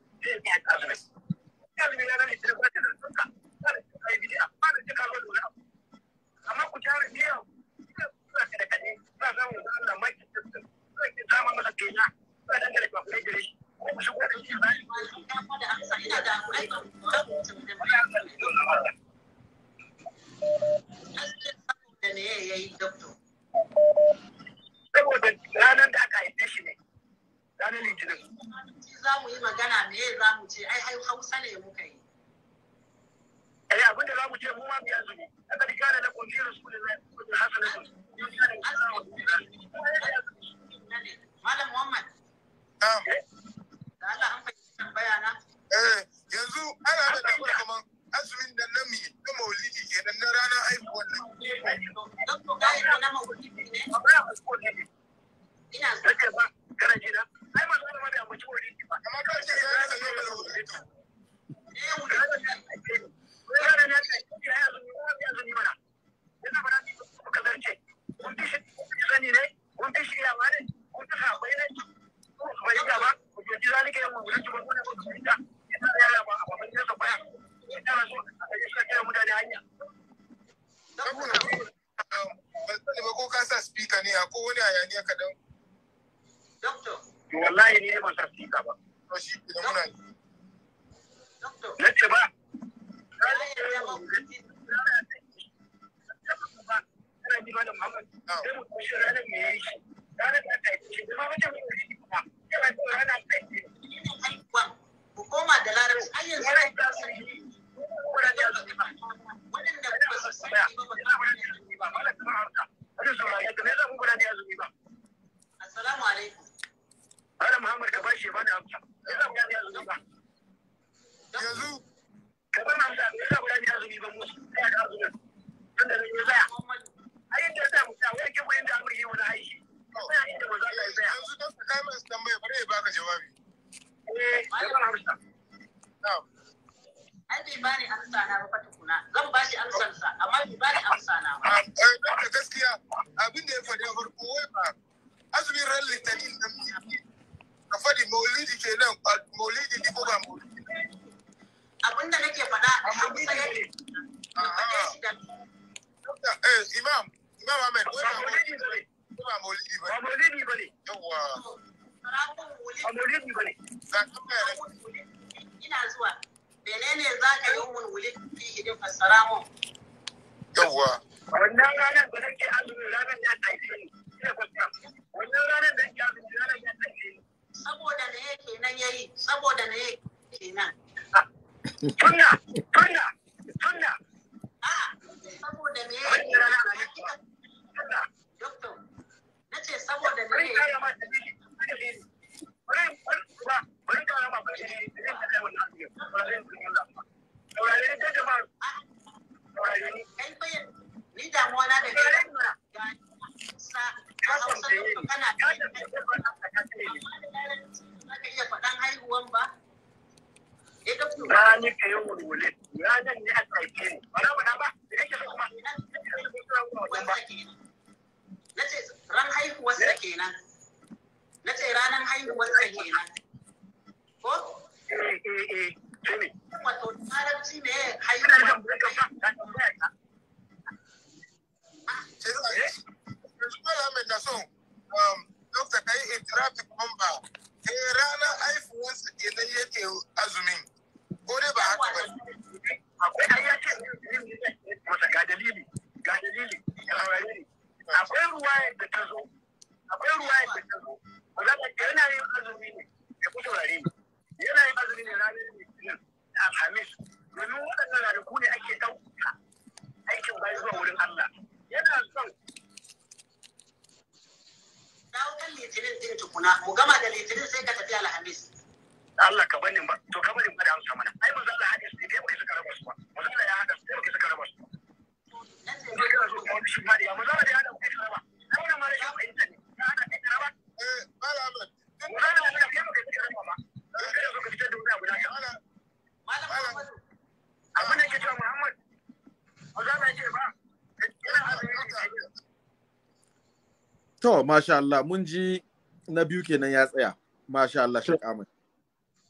Masha Allah, mun ji na biyu kenan ya tsaya. Masha Allah, shi amin.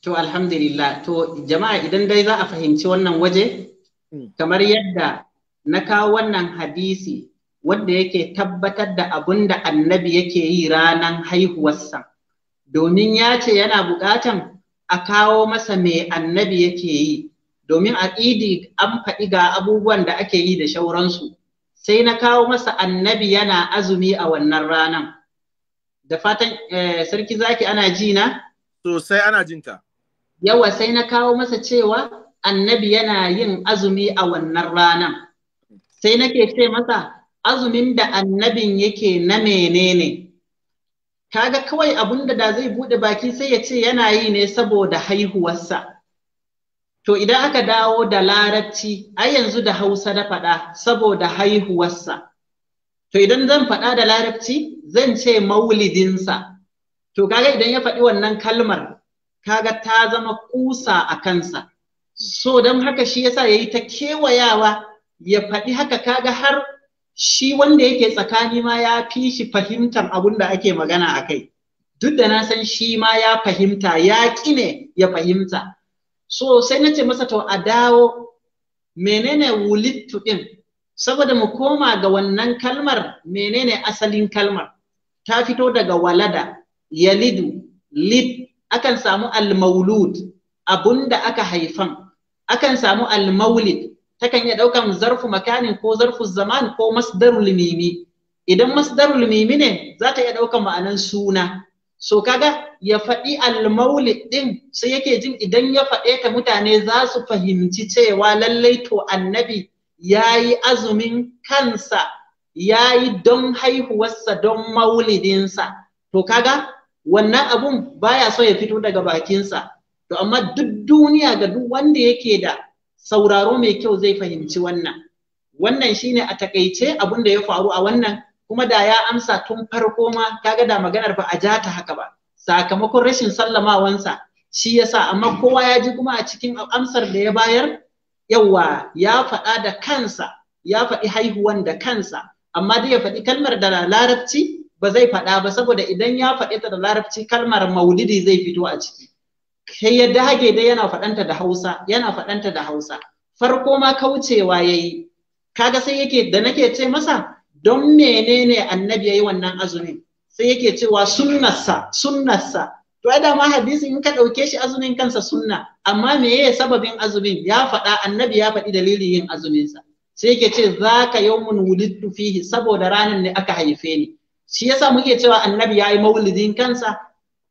To alhamdulillah, to jama'a idan dai za a fahimci wannan waje, hmm. kamar yadda na kawo wannan hadisi wanda yake tabbatar da abun da annabi yake yi ranan haihuwarsa, domin ya ce yana buƙatan a kawo masa mai annabi yake yi, domin a idi an faɗi ga abubuwan da ake yi da shauransu, sai na kawo masa annabi yana azumi a wannan ranan. da fatan eh, sarki zaki ana ji na sosai ana jinta yawa sai na kawo masa cewa annabi yana yin azumi a wannan ranan sai nake ce masa azumin da annabin yake na menene kaga kawai abun da da zai buɗe baki sai ya ce yana yi ne saboda haihuwarsa to idan aka dawo da larabci ai yanzu da hausa da faɗa saboda haihuwarsa to idan zan faɗa da larabci zan ce maulidinsa to kaga idan ya faɗi wannan kalmar kaga ta zama kusa a kansa so don haka shi yasa ya yi ta kewayawa ya faɗi haka kaga har shi wanda yake tsakani ma ya fi shi fahimtar abun da ake magana a kai duk da na san shi ma ya fahimta ya kine ne ya fahimta so sai na ce masa to a dawo menene wulittu ɗin saboda mu koma ga wannan kalmar menene asalin kalmar ta fito daga walada yalidu lid akan samu almaulud abun da aka haifan akan samu almaulid takan iya ɗaukan zarfu makanin ko zarfu zaman ko masdarul mimi idan masdarul mimi ne za ta iya ɗaukan ma'anan suna so kaga ya faɗi almaulid ɗin sai yake jin idan ya faɗe ta mutane za su fahimci cewa lallai to annabi ya yi azumin kansa ya yi don haihuwarsa don maulidinsa to kaga wannan abun baya so ya fito daga bakinsa to amma duk duniya ga duk wanda yake da sauraro mai kyau zai fahimci wannan wannan shine a takaice abun da ya faru a wannan kuma da ya amsa tun farko ma kaga da maganar ba a ja ta haka ba sakamakon rashin sallamawansa shi yasa amma kowa ya ji kuma a cikin amsar da ya bayar yawa ya faɗa da kansa ya faɗi haihuwan da kansa amma dai ya faɗi kalmar da larabci ba zai faɗa ba saboda idan ya faɗi ta da larabci kalmar maulidi zai fito a ciki Kai ya dage dai yana faɗanta da hausa yana faɗanta da hausa farko ma kaucewa yayi kaga sai yake da nake ce masa don menene annabi ya wannan azumin sai yake cewa sunnarsa sunnarsa to ai dama hadisin in ka ɗauke shi azumin kansa sunna amma meye sababin azumin ya faɗa annabi ya faɗi dalilin yin azuminsa sai yake ce za ka yawmun wulidtu fihi saboda ranar ne aka haife ni shi yasa muke cewa annabi yayi maulidin kansa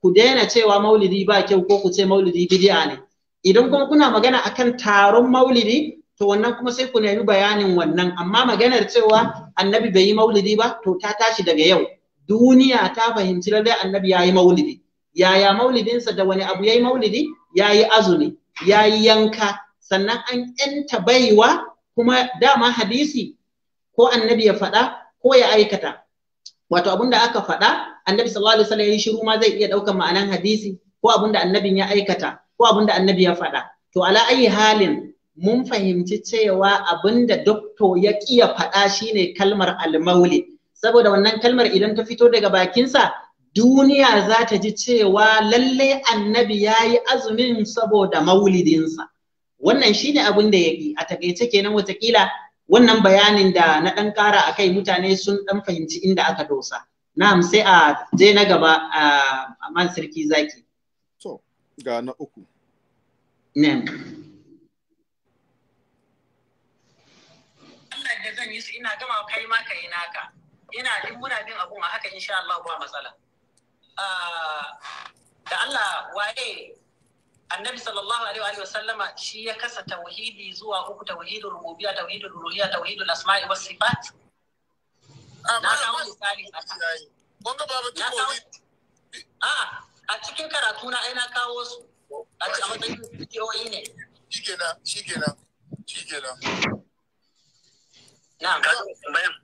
ku daina cewa maulidi ba kyau ko ku ce maulidi bid'a ne idan kuma kuna magana akan taron maulidi to wannan kuma sai ku nemi bayanin wannan amma maganar cewa annabi bai yi maulidi ba to ta tashi daga yau duniya ta fahimci lallai annabi yayi maulidi yaya maulidinsa da wani abu yayi maulidi yayi azumi yayi yanka sannan an yanta baiwa kuma dama hadisi ko annabi ya faɗa ko ya aikata wato abin da aka faɗa annabi sallallahu alaihi wasallam ya shiru ma zai iya ɗaukar ma'anan hadisi ko abin da annabin ya aikata ko abin da annabi ya faɗa to ala ayi halin mun fahimci cewa abin da dokto ya kiya faɗa shine kalmar almauli saboda wannan kalmar idan ta fito daga bakinsa duniya za ta ji cewa lalle annabi ya yi azumin saboda maulidinsa wannan shi ne abin da ya yi a takaice kenan watakila wannan bayanin da na ɗan ƙara a kai mutane sun ɗan fahimci inda aka dosa na'am sai a je na gaba a man sarki zaki So ga na uku na'am ina gama kai ma kai naka ina duk muna bin abun a haka insha Allah ba matsala Ah, da Allah waye annabi sallallahu alaihi wa sallama shi ya kasa tauhidi zuwa uku tauhidul rububiyya tauhidul ruhiyya tauhidul asma'i was sifat ah, na kawo misali a ah, a cikin karatu na aina kawo su a cikin shi kenan shi kenan Na shikenan na'am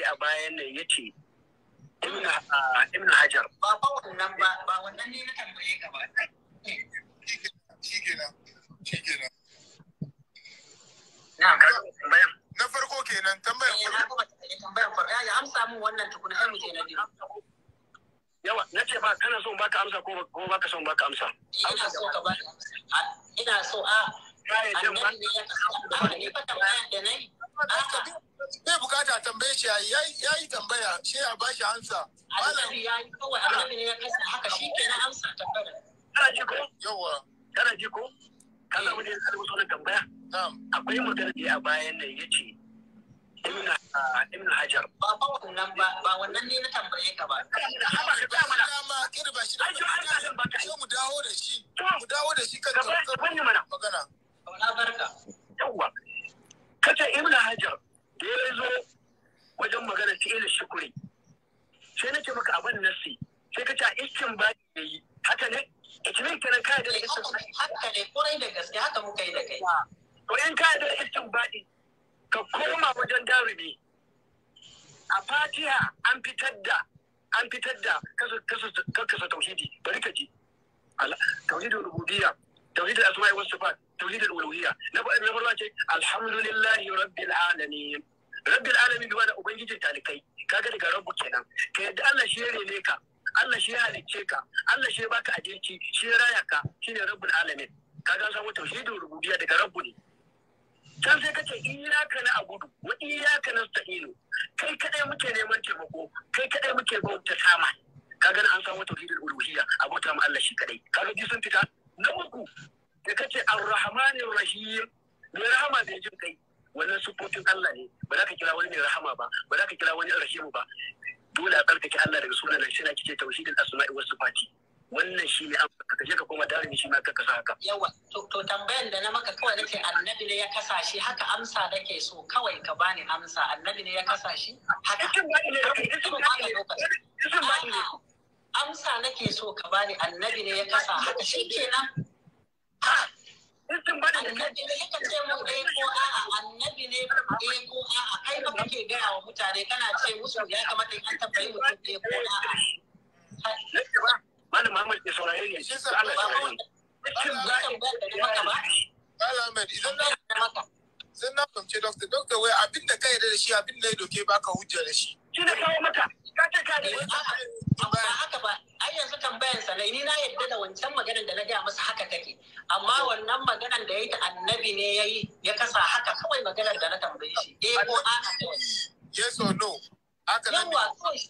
da a bayan nan ya ce ibn hajar ba ba wannan ba ba wannan ne na tambaye ka ba na farko kenan tambayar eh, farko tambayar farko ya amsa mun wannan tukuna sai mu je na yawa na ce ba kana son baka amsa ko baka son baka amsa ina so ka ba ina so a Bai bukata tambaye shi ya yi tambaya shi ya ba shi hansa. Annabi ya yi kowa annabi ne ya kasa haka shi ke na amsa tambaya. Kana jiko ko? Yawwa. Kana ji ko? Kana wani ya kasa musu tambaya? Akwai magana da a bayan nan ya ce ah, Ibn Hajar. Ba ba wannan ba ba wannan ne na tambaye ka ba. Dama kirba shi da mu dawo da shi. Mu dawo da shi kan mana. Kauna barka. Yawwa. Kace Ibn Hajar da ya zo wajen magana ta ilin shukuri. Sai nake maka abin nasi. Sai kace iskin ba ya yi. Haka ne? Ikimin kenan ka yarda da iskin ba. Haka ne kurai da gaske haka muka yi da kai. To in ka yarda da iskin ba ka koma wajen darumi. A fatiha an fitar da an fitar da kasa tauhidi bari ka ji tauhidin rububiyya asma'i توحيد الاسماء والصفات توحيد الالوهيه نفرق الحمد لله رب العالمين رب العالمين بمعنى ubangijin talikai kaga daga rabu kenan ka yarda Allah shi ya rene Allah shi ya halicce ka Allah shi ya baka abinci shi ya raya ka shine rabbul alamin kaga samu tauhidin rububiyya daga rabbu ne can sai kace iyyaka na abudu wa iyyaka nasta'inu kai kadai muke neman taimako kai kadai muke bauta sama kaga an samu tauhidin uluhiyya a bauta mu Allah shi kadai kaga ji sun fita na uku da ce ar-rahmanir rahim mai rahama mai jin kai wannan sufofin Allah ne ba za ka kira wani mai rahama ba ba za ka kira wani rahimu ba dole a tsarkake Allah daga sunan nan shine kike tauhidul asma'i was sifati wannan shi ne ka je ka koma tarihi shi ma ka kasa haka yawa to tambayan da na maka kawai nake annabi ne ya kasa shi haka amsa nake so kawai ka bani amsa annabi ne ya kasa shi haka ne amsa nake so ka bani annabi ne ya kasa haka shi kenan annabi ne ya kace mun eh ko annabi ne eh ko kai kake gaya wa mutane kana ce musu ya kamata in tambayi mutum eh na fahimci wai abin ka yarda da shi abin ya doke baka hujja da shi shi ne kawo maka ka ce ka ne Amma haka ba, ai yanzu tambayansa na ni na yadda da wancan maganar da na gaya masa haka take. Amma wannan maganar da ya yi ta annabi ne ya yi ya kasa haka kawai maganar da na tambaye shi. Eh ko a Yes or no? Haka nan. Yawa kawai.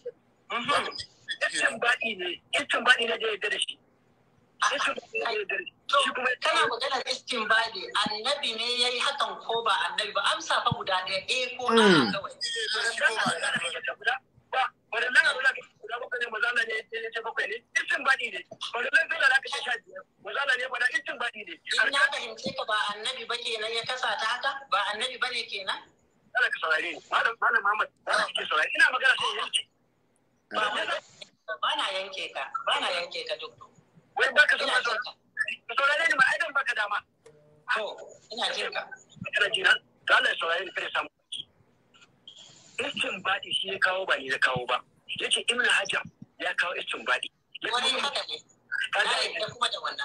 Istin mhm. baɗi ne, istin baɗi ne da yadda da shi. kana maganar iskin bade annabi ne ya yi hakan ko ba annabi ba amsa fa guda ɗaya eh ko a'a mm. kawai. guda bakwai ne mazala ne ya eh, ce bakwai ne istin baɗi ne magalan sallah da aka ce sha biyar mazala ne ba faɗa istin baɗi ne. in ya fahimce ka ba annabi ba kenan ya kasa ta haka ba annabi ba ne kenan. kada ka saurare ni malam malam Muhammad ba na cikin saurare ina magana sai yanki. ba na yanke ka ba na yanke ka duk. wai ba ka saurare ka saurare ni ma aidan ba baka dama. to ina jin ka. kana jina ka Allah ya saurare ni kai samu. Istin baɗi shi ya kawo ba ni ya kawo ba. yace ibn hajar ya kawo istinbadi wani haka ne da kuma da wannan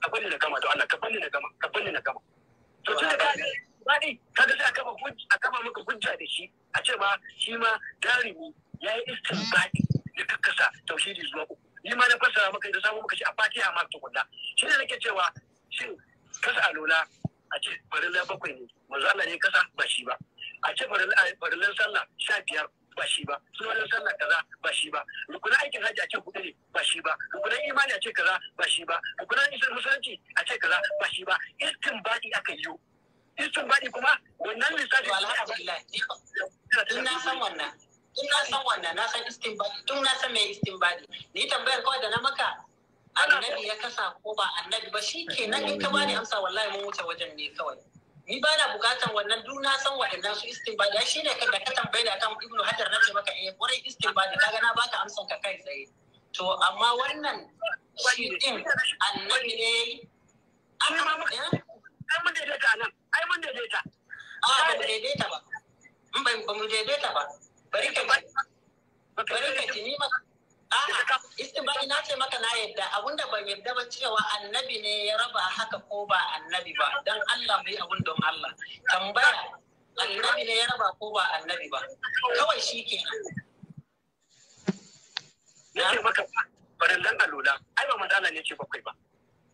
ka bani na gama to Allah ka bani na gama ka bani na gama to da ka bani ka ga sai a kafa maka hujja da shi a ce ma shi ma ya yi yayi baɗi ya kakkasa tauhidi zuwa uku ni ma na fassara maka da samu maka shi a fatiha ma tukunna shi ne nake cewa shin kasa alola a ce farilla bakwai ne manzo Allah ne kasa ba shi ba a ce farillan sallah sha biyar ba shi ba sunan sallah kaza ba shi ba rukunan aikin hajji a ce kuɗi ne ba shi ba rukunan imani a ce kaza ba shi ba rukunan isan musulunci a ce kaza ba shi ba baɗi aka yi baɗi kuma wannan lissafi alhamdulillah na san wannan tun na san wannan na san baɗi tun na san mai baɗi ni tambayar kawai da na maka annabi ya kasa ko ba annabi ba shi kenan in ka bani amsa wallahi mun wuce wajen ne kawai ni ba na bukatan wannan duk na san waɗannan su da shi ne kan da ka tambaye da kan ibnu hajar na ce maka eh wurin istinbadi kaga na baka amsan ka kai tsaye to amma wannan shi din annabi ne an ma ai mun daidaita nan ai mun daidaita a ah, ba mu daidaita ba in ba mu daidaita ba bari ka bari ka tinima A'a, na ce maka na yadda abinda ban yadda ba cewa annabi ne ya raba haka ko ba annabi ba don Allah mai abin don Allah. Tambaya annabi ne ya raba ko ba annabi ba. Kawai shi ke Na ce maka farillan alula, ai ba matsala ne ce bakwai ba.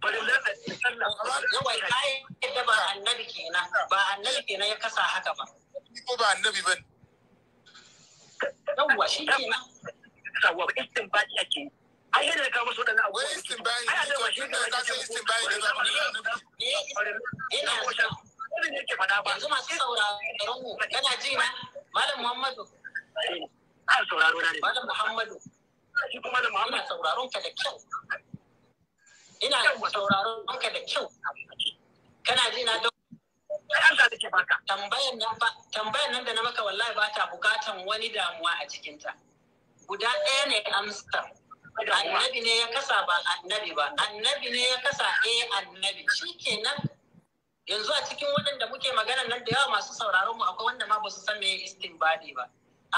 Farillan alula. Kawai ai yadda ba annabi kenan, ba annabi kenan ya kasa haka ba. Ko ba annabi ba. Yawwa shi kenan. kawo ba istin ba iya ke ai yana da kawo masu waɗannan abubuwa istin ba ya ke to da ka istin ba ya ina yanzu masu sauraron mu kana ji na malam muhammadu sauraro na ne malam muhammadu shi kuma muhammadu sauraron ka da kyau ina sauraron ka da kyau kana ji na tambayan nan da na maka wallahi ba ta bukatan wani damuwa a cikinta. guda ɗaya ne amsa annabi ne ya kasa ba annabi ba annabi ne ya kasa e annabi shikenan yanzu a cikin waɗanda muke magana nan da yawa masu sauraron mu akwai wanda ma ba su san me istinbadi ba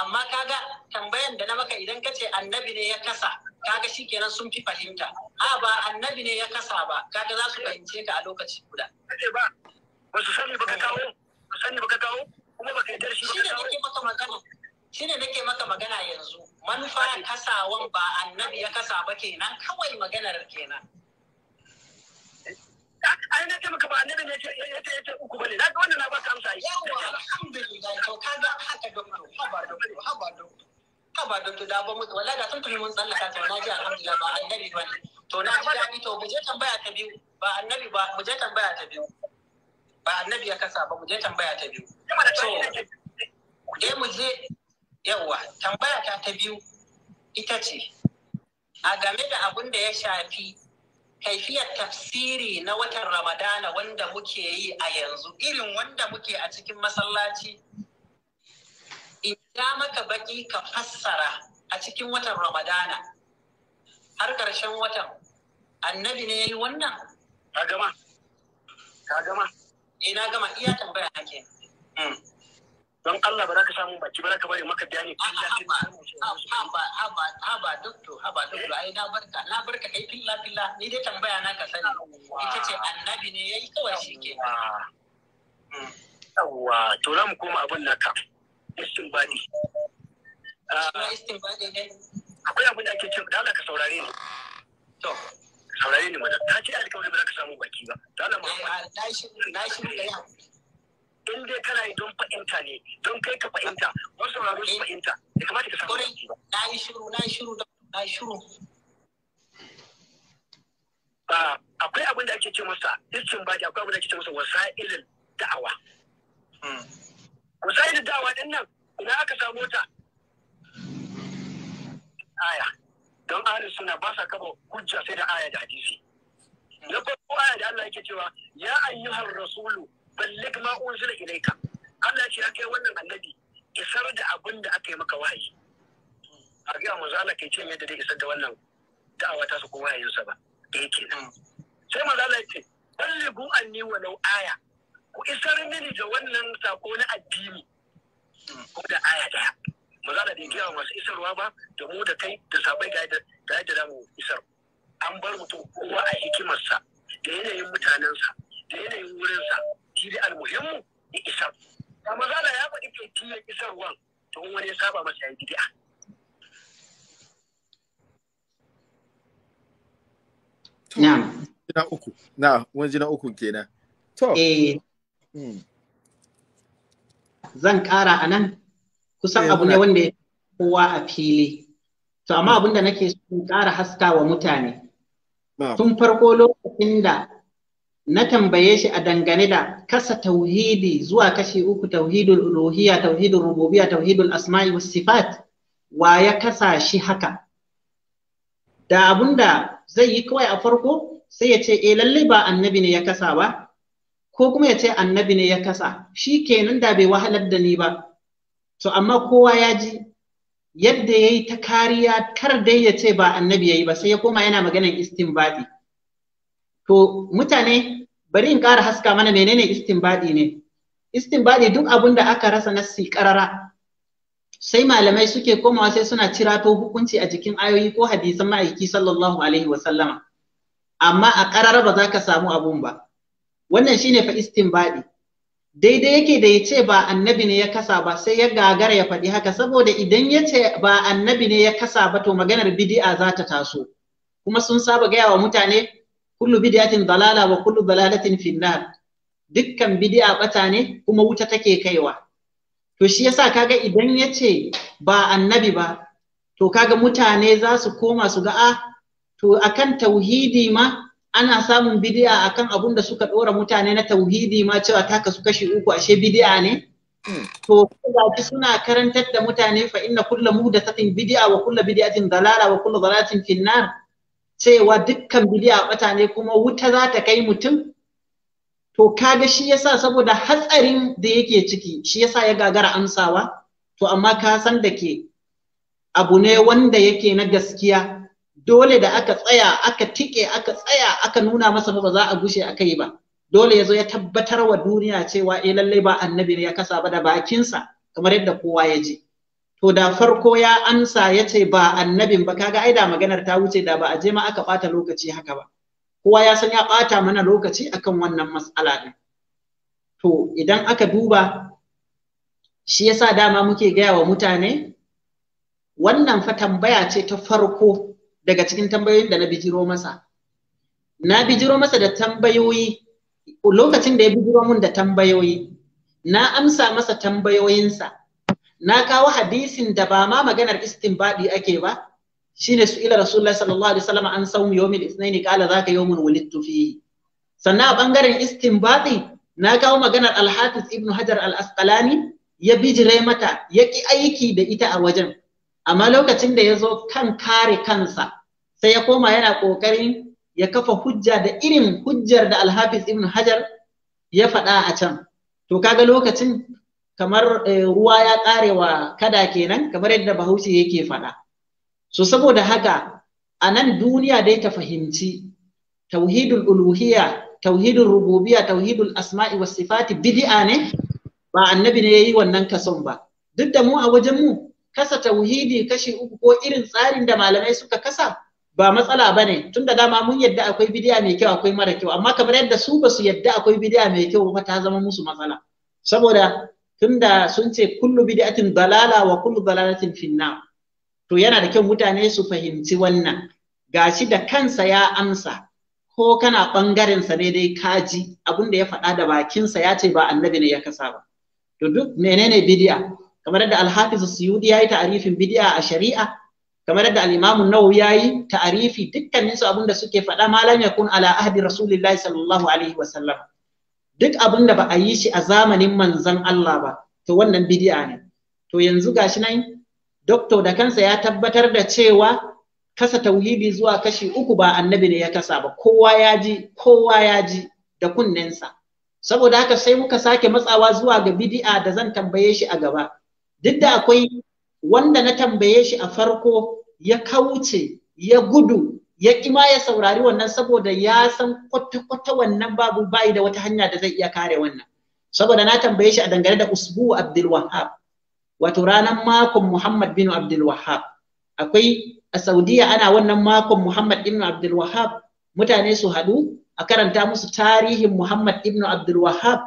amma kaga tambayan da na maka idan ka ce annabi ne ya kasa kaga shikenan sun fi fahimta a ba annabi ne ya kasa ba kaga za su fahimce ka a lokaci guda ba su sani baka kawo ba sani baka kawo kuma baka yi shi baka kawo shi ne nake maka magana yanzu manufa kasawan ba annabi ya kasa ba kenan kawai maganar kenan ai na ce ba annabi ne ce ya ce uku bane wannan na baka amsa yawa alhamdulillah to haka haba haba haba da ba wallahi da sun tuni mun tsallaka to na ji alhamdulillah ba annabi to na ji dadi to mu je tambaya ta biyu ba annabi ba mu je tambaya ta biyu ba annabi ya kasa ba mu je tambaya ta biyu to eh, mu je Yawwa, tambaya ta ta biyu ita ce, a game da abin da ya shafi kaifiyar tafsiri na watan Ramadana wanda muke yi a yanzu, irin wanda muke a cikin masallaci, in ja maka baki ka fassara a cikin watan Ramadana har ƙarshen watan, annabi ne ya yi wannan? Ka gama, ka gama. Ina eh, gama iya tambaya ake. don Allah ba za ka samu baki ba za ka bari maka bayani filla filla haba haba haba dokto haba dokto ai na barka na barka kai filla filla ni dai tambaya na ka sani ita ce annabi ne yayi kawai shi ke yawwa to za mu koma abin naka istinbadi ah. istinbadi ne akwai abin da ake cin da Allah ka saurare ni to saurare ni mana ta ce alƙawarin ba za ka samu baki ba da Allah eh, Muhammad na shi na shi ne in dai kana yi don fahimta ne don kai ka fahimta wasu sauraro su fahimta da kamata ka samu na yi shiru na yi shiru na yi shiru akwai abin da ake ce masa istin baji akwai abin da ake ce masa wasa'ilin da'awa hmm. wasa'ilin da'awa din nan ina aka samo ta aya don ahalin suna ba sa kaba hujja sai da aya da hadisi na farko aya da Allah yake cewa ya ayyuhar rasulu ballig ma unzila ilaika Allah ce ya kai wannan annabi isar da abin da aka yi maka wahayi a ga mu Allah kai ce yadda dai isar da wannan da'awa ta su ko sa ba eh kenan. Mm. sai manzo Allah ya ce balligu anni law aya ku isar mini da wannan sako na addini mm. ko da aya daya maza da bai gaya masu isarwa ba da mu da kai da sabai ga da da mu isar an bar mutum kowa a hikimarsa da yanayin mutanensa da yanayin wurinsa shi da almuhimmu ya isa da mazala ya faɗi fitilan isarwan to wani ya saba masa ya bid'a Na uku, na wani jina uku kenan. To. Eh. Hmm. Zan ƙara a nan kusan eh, abu ne wanda ya kowa a fili. To amma hmm. abin da nake so ƙara haska wa mutane. Tun farko lokacin da na tambaye shi a dangane da kasa tauhidi zuwa kashi uku tauhidul uluhiyya tauhidul rububiyya tauhidul asma'i was sifat wa ya kasa shi haka da abunda zai yi kawai a farko sai ya ce eh lalle ba annabi ne ya kasa ba ko kuma ya ce annabi ne ya kasa shi kenan da bai wahalar da ni ba to amma kowa ya ji yadda ya yi ta kariya kar dai ya ce ba annabi ya yi ba sai ya koma yana maganar istinbadi To mutane bari in ƙara haska mana menene istinbadi ne. Istinbadi duk abun da aka rasa na siƙarara. sai malamai suke komawa sai suna cirato hukunci a jikin ayoyi ko hadisan ma'aiki sallallahu alaihi wasallama. Amma a ƙarara ba za ka samu abun ba. Wannan shine fa istinbadi. daidai yake da ya ce ba annabi ne ya kasa ba sai ya gagara ya faɗi haka saboda idan yace ba annabi ne ya kasa ba to maganar bidi'a za ta taso kuma sun saba gaya wa mutane kullu bid'atin dalala wa kullu dalalatin fi nar dukkan bid'a bata ne kuma wuta take kaiwa to shi yasa kaga idan yace ba annabi ba to kaga mutane za su koma su ga a ah, to akan tauhidi ma ana samun bidi'a akan abun da suka dora mutane na tauhidi ma cewa ta kasu kashi uku ashe bidi'a ne hmm. to gaji suna karantar da mutane fa inna kullu muhdathatin bid'a wa kullu bid'atin dalala wa kullu dalalatin finnar cewa dukkan biliya bata ne kuma wuta za ta kai mutum to kaga shi yasa saboda hatsarin da yake ciki shi yasa ya gagara amsawa to amma ka san da ke abu ne wanda yake na gaskiya dole da aka tsaya aka tike aka tsaya aka nuna masa ba za a gushe aka yi ba dole ya zo ya tabbatar wa duniya cewa eh lallai ba annabi ne ya kasa ba da bakinsa kamar yadda kowa ya ji to da farko ya amsa ya ce ba annabin ba kaga ai da maganar ta wuce da ba a je ma aka ɓata lokaci haka ba kowa ya san ya ɓata mana lokaci akan wannan matsala din to idan aka duba shi yasa dama muke gaya wa mutane wannan fa tambaya ce ta farko daga cikin tambayoyin da na bijiro masa na bijiro masa da tambayoyi lokacin da ya bijiro mun da tambayoyi na amsa masa tambayoyinsa na kawo hadisin da ba ma maganar istinbadi ake ba shine su ila rasulullahi sallallahu alaihi wasallam an sawm yawmil ithnain qala zaka yawmun wulidtu fihi sannan a bangaren istinbadi na kawo maganar al-hafiz ibnu hajar al-asqalani ya bijire mata ya ki aiki da ita a wajen amma lokacin da ya zo kan kare kansa sai ya koma yana kokarin ya kafa hujja da irin hujjar da al-hafiz ibnu hajar ya faɗa a can to kaga lokacin kamar eh, ruwa ya wa kada kenan kamar yadda bahaushe yake faɗa so saboda haka a nan duniya dai ta fahimci tauhidul uluhiyya tauhidul rububiyya tauhidul asma'i was sifati bid'a ne ba annabi ne yayi wannan kason ba duk da mu a wajen mu kasa tauhidi kashi uku ko irin tsarin da malamai suka kasa ba matsala bane. ne tun da dama mun yadda akwai bid'a mai kyau akwai mara kyau amma kamar yadda su ba su yadda akwai bid'a mai kyau ba ta zama musu matsala saboda tunda sun ce kullu bid'atin dalala wa kullu dalalatin finna to yana da kyau mutane su fahimci wannan gashi da kansa ya amsa ko kana bangaren sa ne dai kaji abinda ya faɗa da bakinsa ya ce ba annabi ne ya kasa ba to duk menene bid'a kamar da al-hafiz suyudi yayi ta'arifin bid'a a shari'a kamar da al an nawawi yayi ta'arifi dukkanin su abinda suke faɗa malam yakun ala ahdi rasulillahi sallallahu alaihi wasallam duk abin da ba a yi shi a zamanin manzon Allah ba to wannan bid'a ne to yanzu gashi nan doctor da kansa ya tabbatar da cewa kasa tauhidi zuwa kashi uku ba annabi ne ya kasa ba kowa ya ji kowa ya ji da sa saboda haka sai muka sake matsawa zuwa ga bidi'a da zan tambaye shi a gaba duk da akwai wanda na tambaye shi a farko ya kauce ya gudu ya ƙi ma ya saurari wannan saboda ya san kwata-kwata wannan babu bayi da wata hanya da zai iya kare wannan saboda na tambaye shi a dangane da usbu abdul wato ranar makon muhammad bin Abdulwahab, akwai a saudiya ana wannan makon muhammad bin Abdulwahab mutane su haɗu a karanta musu tarihin muhammad Bin Abdulwahab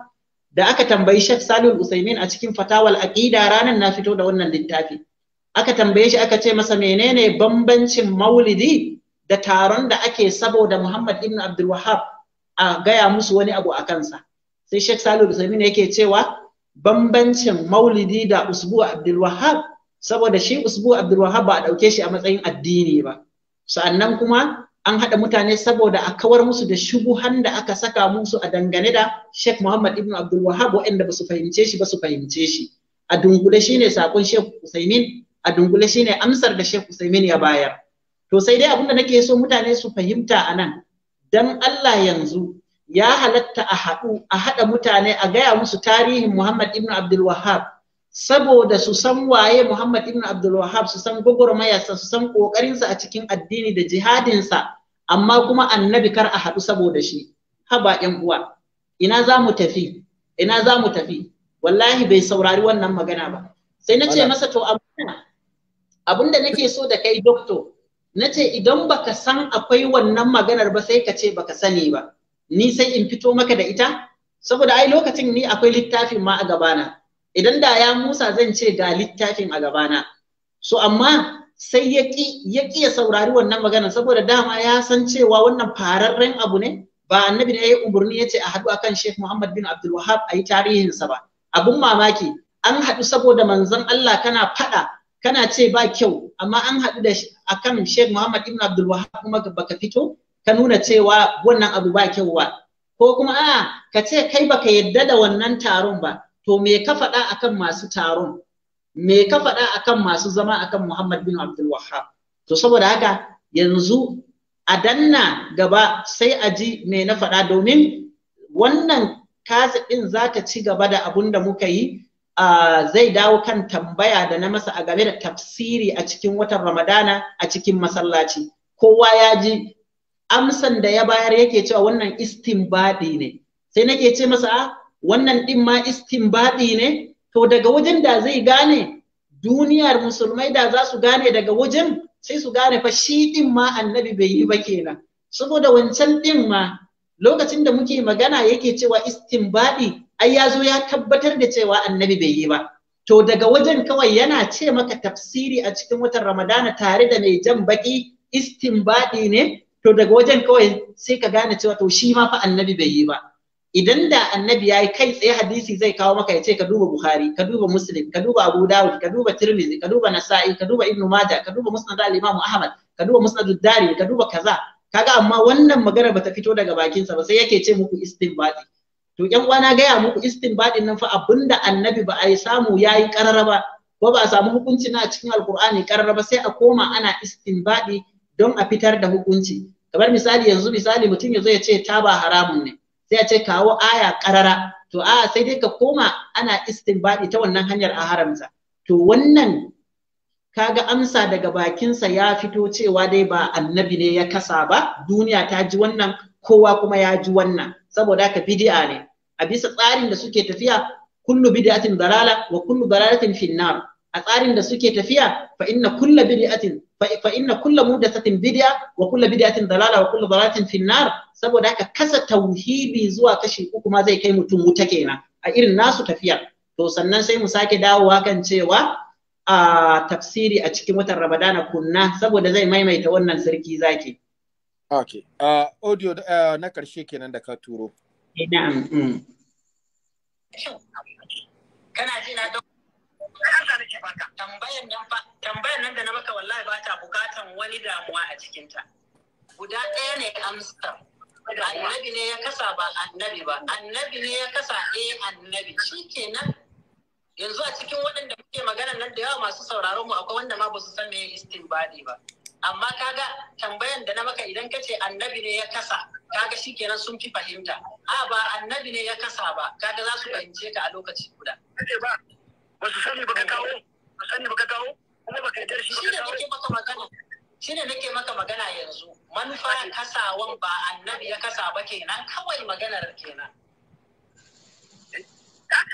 da aka tambayi Sheikh Salih Usaimin a cikin fatawal aqida ranar na fito da wannan littafi aka tambaye shi aka ce masa menene bambancin maulidi da taron da ake saboda Muhammad ibn Abdul Wahab a gaya musu wani abu a kansa sai Sheikh Salihu Usaimin yake cewa bambancin maulidi da usbu Abdul Wahab saboda shi usbu Abdul Wahab ba a dauke shi a matsayin addini ba sa'annan kuma an haɗa mutane saboda a kawar musu da shubuhan da aka saka musu a dangane da Sheikh Muhammad ibn Abdul Wahab waɗanda ba su fahimce shi ba su fahimce shi a dungule shine sakon Sheikh Usaimin a dungule shine amsar da Sheikh Usaimin ya bayar to sai dai abinda nake so mutane su fahimta a nan dan Allah yanzu ya halatta a haɗu a haɗa mutane a gaya musu tarihin Muhammad ibn Abdul Wahhab saboda su san waye Muhammad ibn Abdul Wahhab su san gwagwarmayarsa su san ƙoƙarinsa a cikin addini da jihadinsa amma kuma annabi kar a haɗu saboda shi haba ƴan uwa ina za mu tafi ina za mu tafi wallahi bai saurari wannan magana ba sai na ce masa to abunda abunda nake so da kai doctor Nace idan baka san akwai wannan maganar ba sai ka ce baka sani ba ni sai in fito maka da ita saboda ai lokacin ni akwai littafin ma a gabana idan da ya musa zan ce ga littafin a gabana so amma sai ya ki ya saurari wannan maganar saboda dama ya san cewa wannan fararren abu ne ba annabi ne ya yi yace ya ce a haɗu akan Sheikh Muhammad bin Abdul Wahhab a yi tarihinsa ba abun mamaki an haɗu saboda manzon Allah kana faɗa kana ce ba kyau amma an haɗu da akan Sheikh Muhammad Ibn Abdul Wahab kuma baka fito ka nuna cewa wannan abu ba kyau ba ko kuma a ka ce kai baka yadda da wannan taron ba to me ka faɗa akan masu taron me ka faɗa akan masu zama akan Muhammad bin Abdul Wahab to saboda haka yanzu a danna gaba sai a ji me na faɗa domin wannan kasa ɗin za ta ci gaba da abun da muka yi zai dawo kan tambaya da na masa a game da tafsiri a cikin watan Ramadana a cikin masallaci. Kowa ya ji amsan da ya bayar yake cewa wannan istinbadi ne. Sai nake ce masa ah, wannan din ma istinbadi ne, to daga wajen da zai gane duniyar musulmai da za su gane daga wajen sai su gane fa shi din ma annabi bai yi ba kenan. Saboda wancan din ma lokacin da muke magana yake cewa istinbadi ai ya zo ya tabbatar da cewa annabi bai yi ba to daga wajen kawai yana ce maka tafsiri a cikin watan ramadana tare da mai jan baki istinbadi ne to daga wajen kawai sai ka gane cewa to shi ma fa annabi bai yi ba idan da annabi ya yi kai tsaye hadisi zai kawo maka ya ce ka duba bukhari ka duba muslim ka duba abu dawud ka duba tirmidhi ka duba nasa'i ka duba ibnu majah ka duba musnad al-imam ahmad ka duba musnad dari ka duba kaza kaga amma wannan magana bata fito daga bakinsa ba sai yake ce muku istinbadi to yan uwa na gaya muku istinbadin nan fa abinda annabi ba a yi samu yayi karara ba ko ba a samu hukunci na cikin alkur'ani karara ba sai a koma ana istinbadi don a fitar da hukunci kamar misali yanzu misali mutum yazo ya ce ta ba haramun ne sai a ce kawo aya ƙarara. to a sai dai ka koma ana istinbadi ta wannan hanyar a haramta to wannan kaga amsa daga bakinsa ya fito cewa dai ba annabi ne ya kasa ba duniya ta ji wannan kowa kuma ya ji wannan saboda haka bid'a ne a bisa tsarin da suke tafiya kullu bid'atin dalala wa kullu dalalatin fi nar a tsarin da suke tafiya fa inna kullu bid'atin fa inna kullu bid'a wa kullu bid'atin dalala wa kullu dalalatin fi nar saboda haka kasa tauhidi zuwa kashi uku ma zai kai mutum wuta kenan a irin nasu tafiya to sannan sai mu sake dawowa kan cewa a tafsiri a cikin watan Ramadana kunna saboda zai maimaita wannan sarki zaki. Okay. Uh, audio uh, na karshe kenan da ka turo. Eh, na'am. Mm. Kana ji na don kansa nake baka. Tambayan nan ba Tambayar nan da na maka wallahi ba ta bukatan wani damuwa a cikinta. Guda ɗaya ne amsa. Annabi ne ya kasa ba annabi ba. Annabi ne ya kasa eh annabi. Shikenan yanzu a cikin waɗanda muke magana nan da yawa masu sauraron mu akwai wanda ma ba su san me istinbadi ba. Amma kaga tambayan da na maka idan kace annabi ne ya kasa kaga shikenan sun fi fahimta a ba annabi ne ya kasa ba kaga za su fahimce ka a lokaci guda ba ba su sani ba ka kawo ba sani ba ka kawo kuma ba ka yarda shi ba ka kawo maka magana shine nake maka magana yanzu manufa kasawan ba annabi ya kasa ba kenan kawai maganar kenan eh,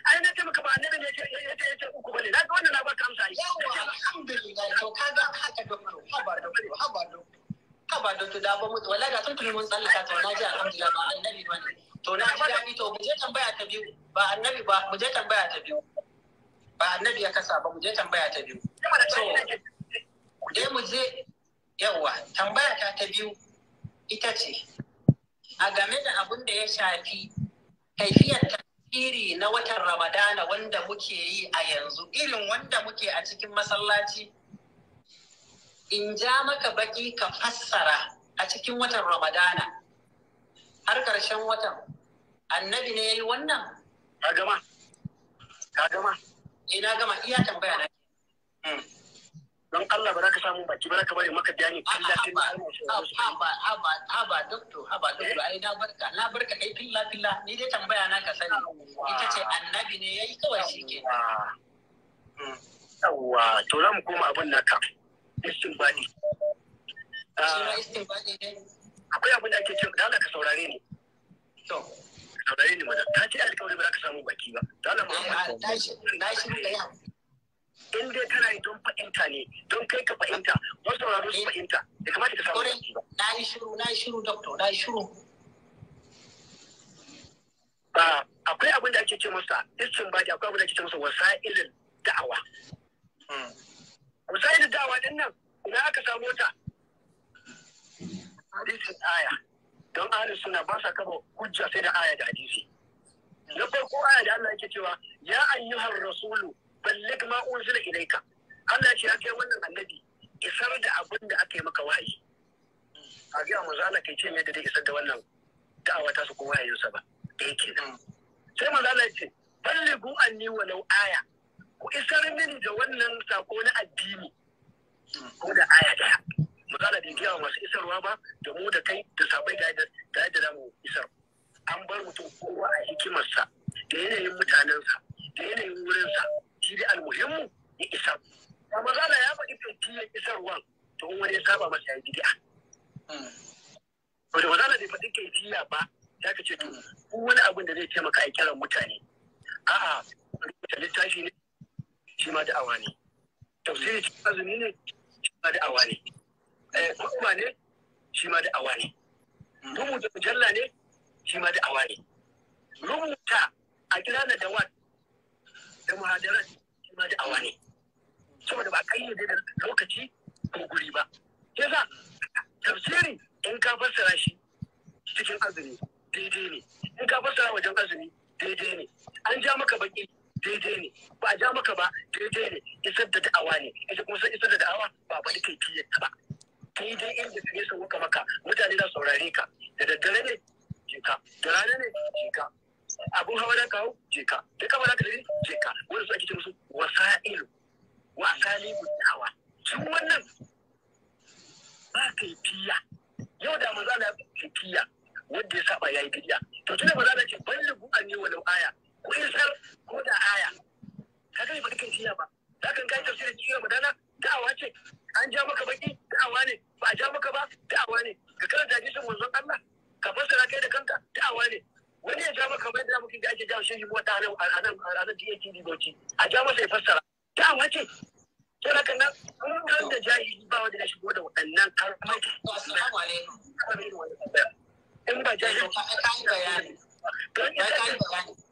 ai na taimaka ba annabi ne ya ce ya ce uku bane na ga wannan na ba ka amsa ai yawa alhamdulillah to kaga haka da haba da haba da ba doctor da ba mutu wallahi da tun tuni mun tsallaka to na ji alhamdulillah ba annabi ba ne to na ji daɗi to mu je tambaya ta biyu ba annabi ba mu je tambaya ta biyu ba annabi ya kasa ba mu je tambaya ta biyu so dai mu je yawa tambaya ta ta biyu ita ce a game da abun da ya shafi kaifiyar tasiri na watan ramadana wanda muke yi a yanzu irin wanda muke a cikin masallaci in ja maka baki ka fassara a cikin watan ramadana har karshen watan annabi ne ya yi wannan ka gama ka gama ina eh, gama iya tambaya na hmm. don Allah ba za ka samu baki ba ka bari maka bayani killa killa har mu haba haba haba doctor haba doctor ai na barka na barka kai killa killa ni dai tambaya na ka sani ita ce annabi ne ya yi kawai shi ke. Hmm. yawwa to za mu koma abin naka istimbani ah, akwai abin da ake cewa da Allah ka saurare ni to saurare ni ta ce alƙawari ba za ka samu baki ba da Allah Muhammad na ah, shi da ya in dai kana yi don fahimta ne don kai ka fahimta wasu sauraro su fahimta da kamata ka samu baki ba na yi shiru na yi shiru doctor na yi shiru akwai abin da ake ce masa istin baki akwai abin da ake ce masa wasa'ilin da'awa hmm. Usaid dawa din nan na aka samu ta. Hadisin aya. Don ahli suna ba sa kafa hujja sai da aya da hadisi. Na farko aya da Allah yake cewa ya ayyuhar rasulu balligh ma unzila ilayka. Allah ce ya kai wannan annabi isar da abin da aka yi maka wahayi. A ga mu zala kai ce me da isar da wannan da'awa ta su ko wahayinsa ba. Da yake Sai manzo Allah ya ce ballighu anni walau aya. ku isar min da wannan sako na addini ko da aya daya mu da giya masu isarwa ba da mu da kai da sabai da ya za mu isar an bar mutum kowa a hikimarsa da yanayin mutanensa da yanayin wurinsa shi da almuhimmu ya isa amma zala ya faɗi fitiyan isarwa to wani ya saba masa ya bid'a to da wazala bai faɗi kaifiya ba ya ka ce to wani abin da zai taimaka a kiran mutane a'a rubuta tashi ne shi ma da'awa ne tausiri cikin azumi ne shi ma da'awa ne eh, kuma ne shi ma da'awa ne rubuta mujalla ne shi ma da'awa ne rubuta a kira na da wat da muhadaran shi ma da'awa ne saboda ba kayyade da lokaci ko guri ba yasa tafsirin in ka fassara shi cikin azumi daidai ne in ka fassara wajen azumi daidai ne an ja maka baki daidai ne ba ja maka ba daidai ne isar da da'awa ne ita kuma sai isar da da'awa ba ba kai fiyyata ba daidai inda ka nesa wuka maka mutane na saurare ka da daddare ne je ka da rana ne je ka abun hawa da kawo je ka da kama da ka dare je ka wanda su ake ce musu wasa'ilu wasali da'awa shi wannan ba kai fiya yau da maza na fiya wanda ya saba yayi bidiya to tunda maza na ce balli gu'an ne walau aya wani sar ko da aya ka gani ba kan jiya ba za ka kai tafsirin jiya madana da'awa ce an ja maka baki da'awa ne ba a ja maka ba da'awa ne ka karanta hadisin manzon Allah ka fassara kai da kanka da'awa ne wani ya ja maka bai da mukin da ake jawo shi mu ta nan a nan a nan DATD Bauchi a ja masa ya fassara da'awa ce to haka nan kun kan da jahili ba wanda ya shigo da waɗannan kalmai assalamu alaikum in ba jahili ba ka bayani ka bayani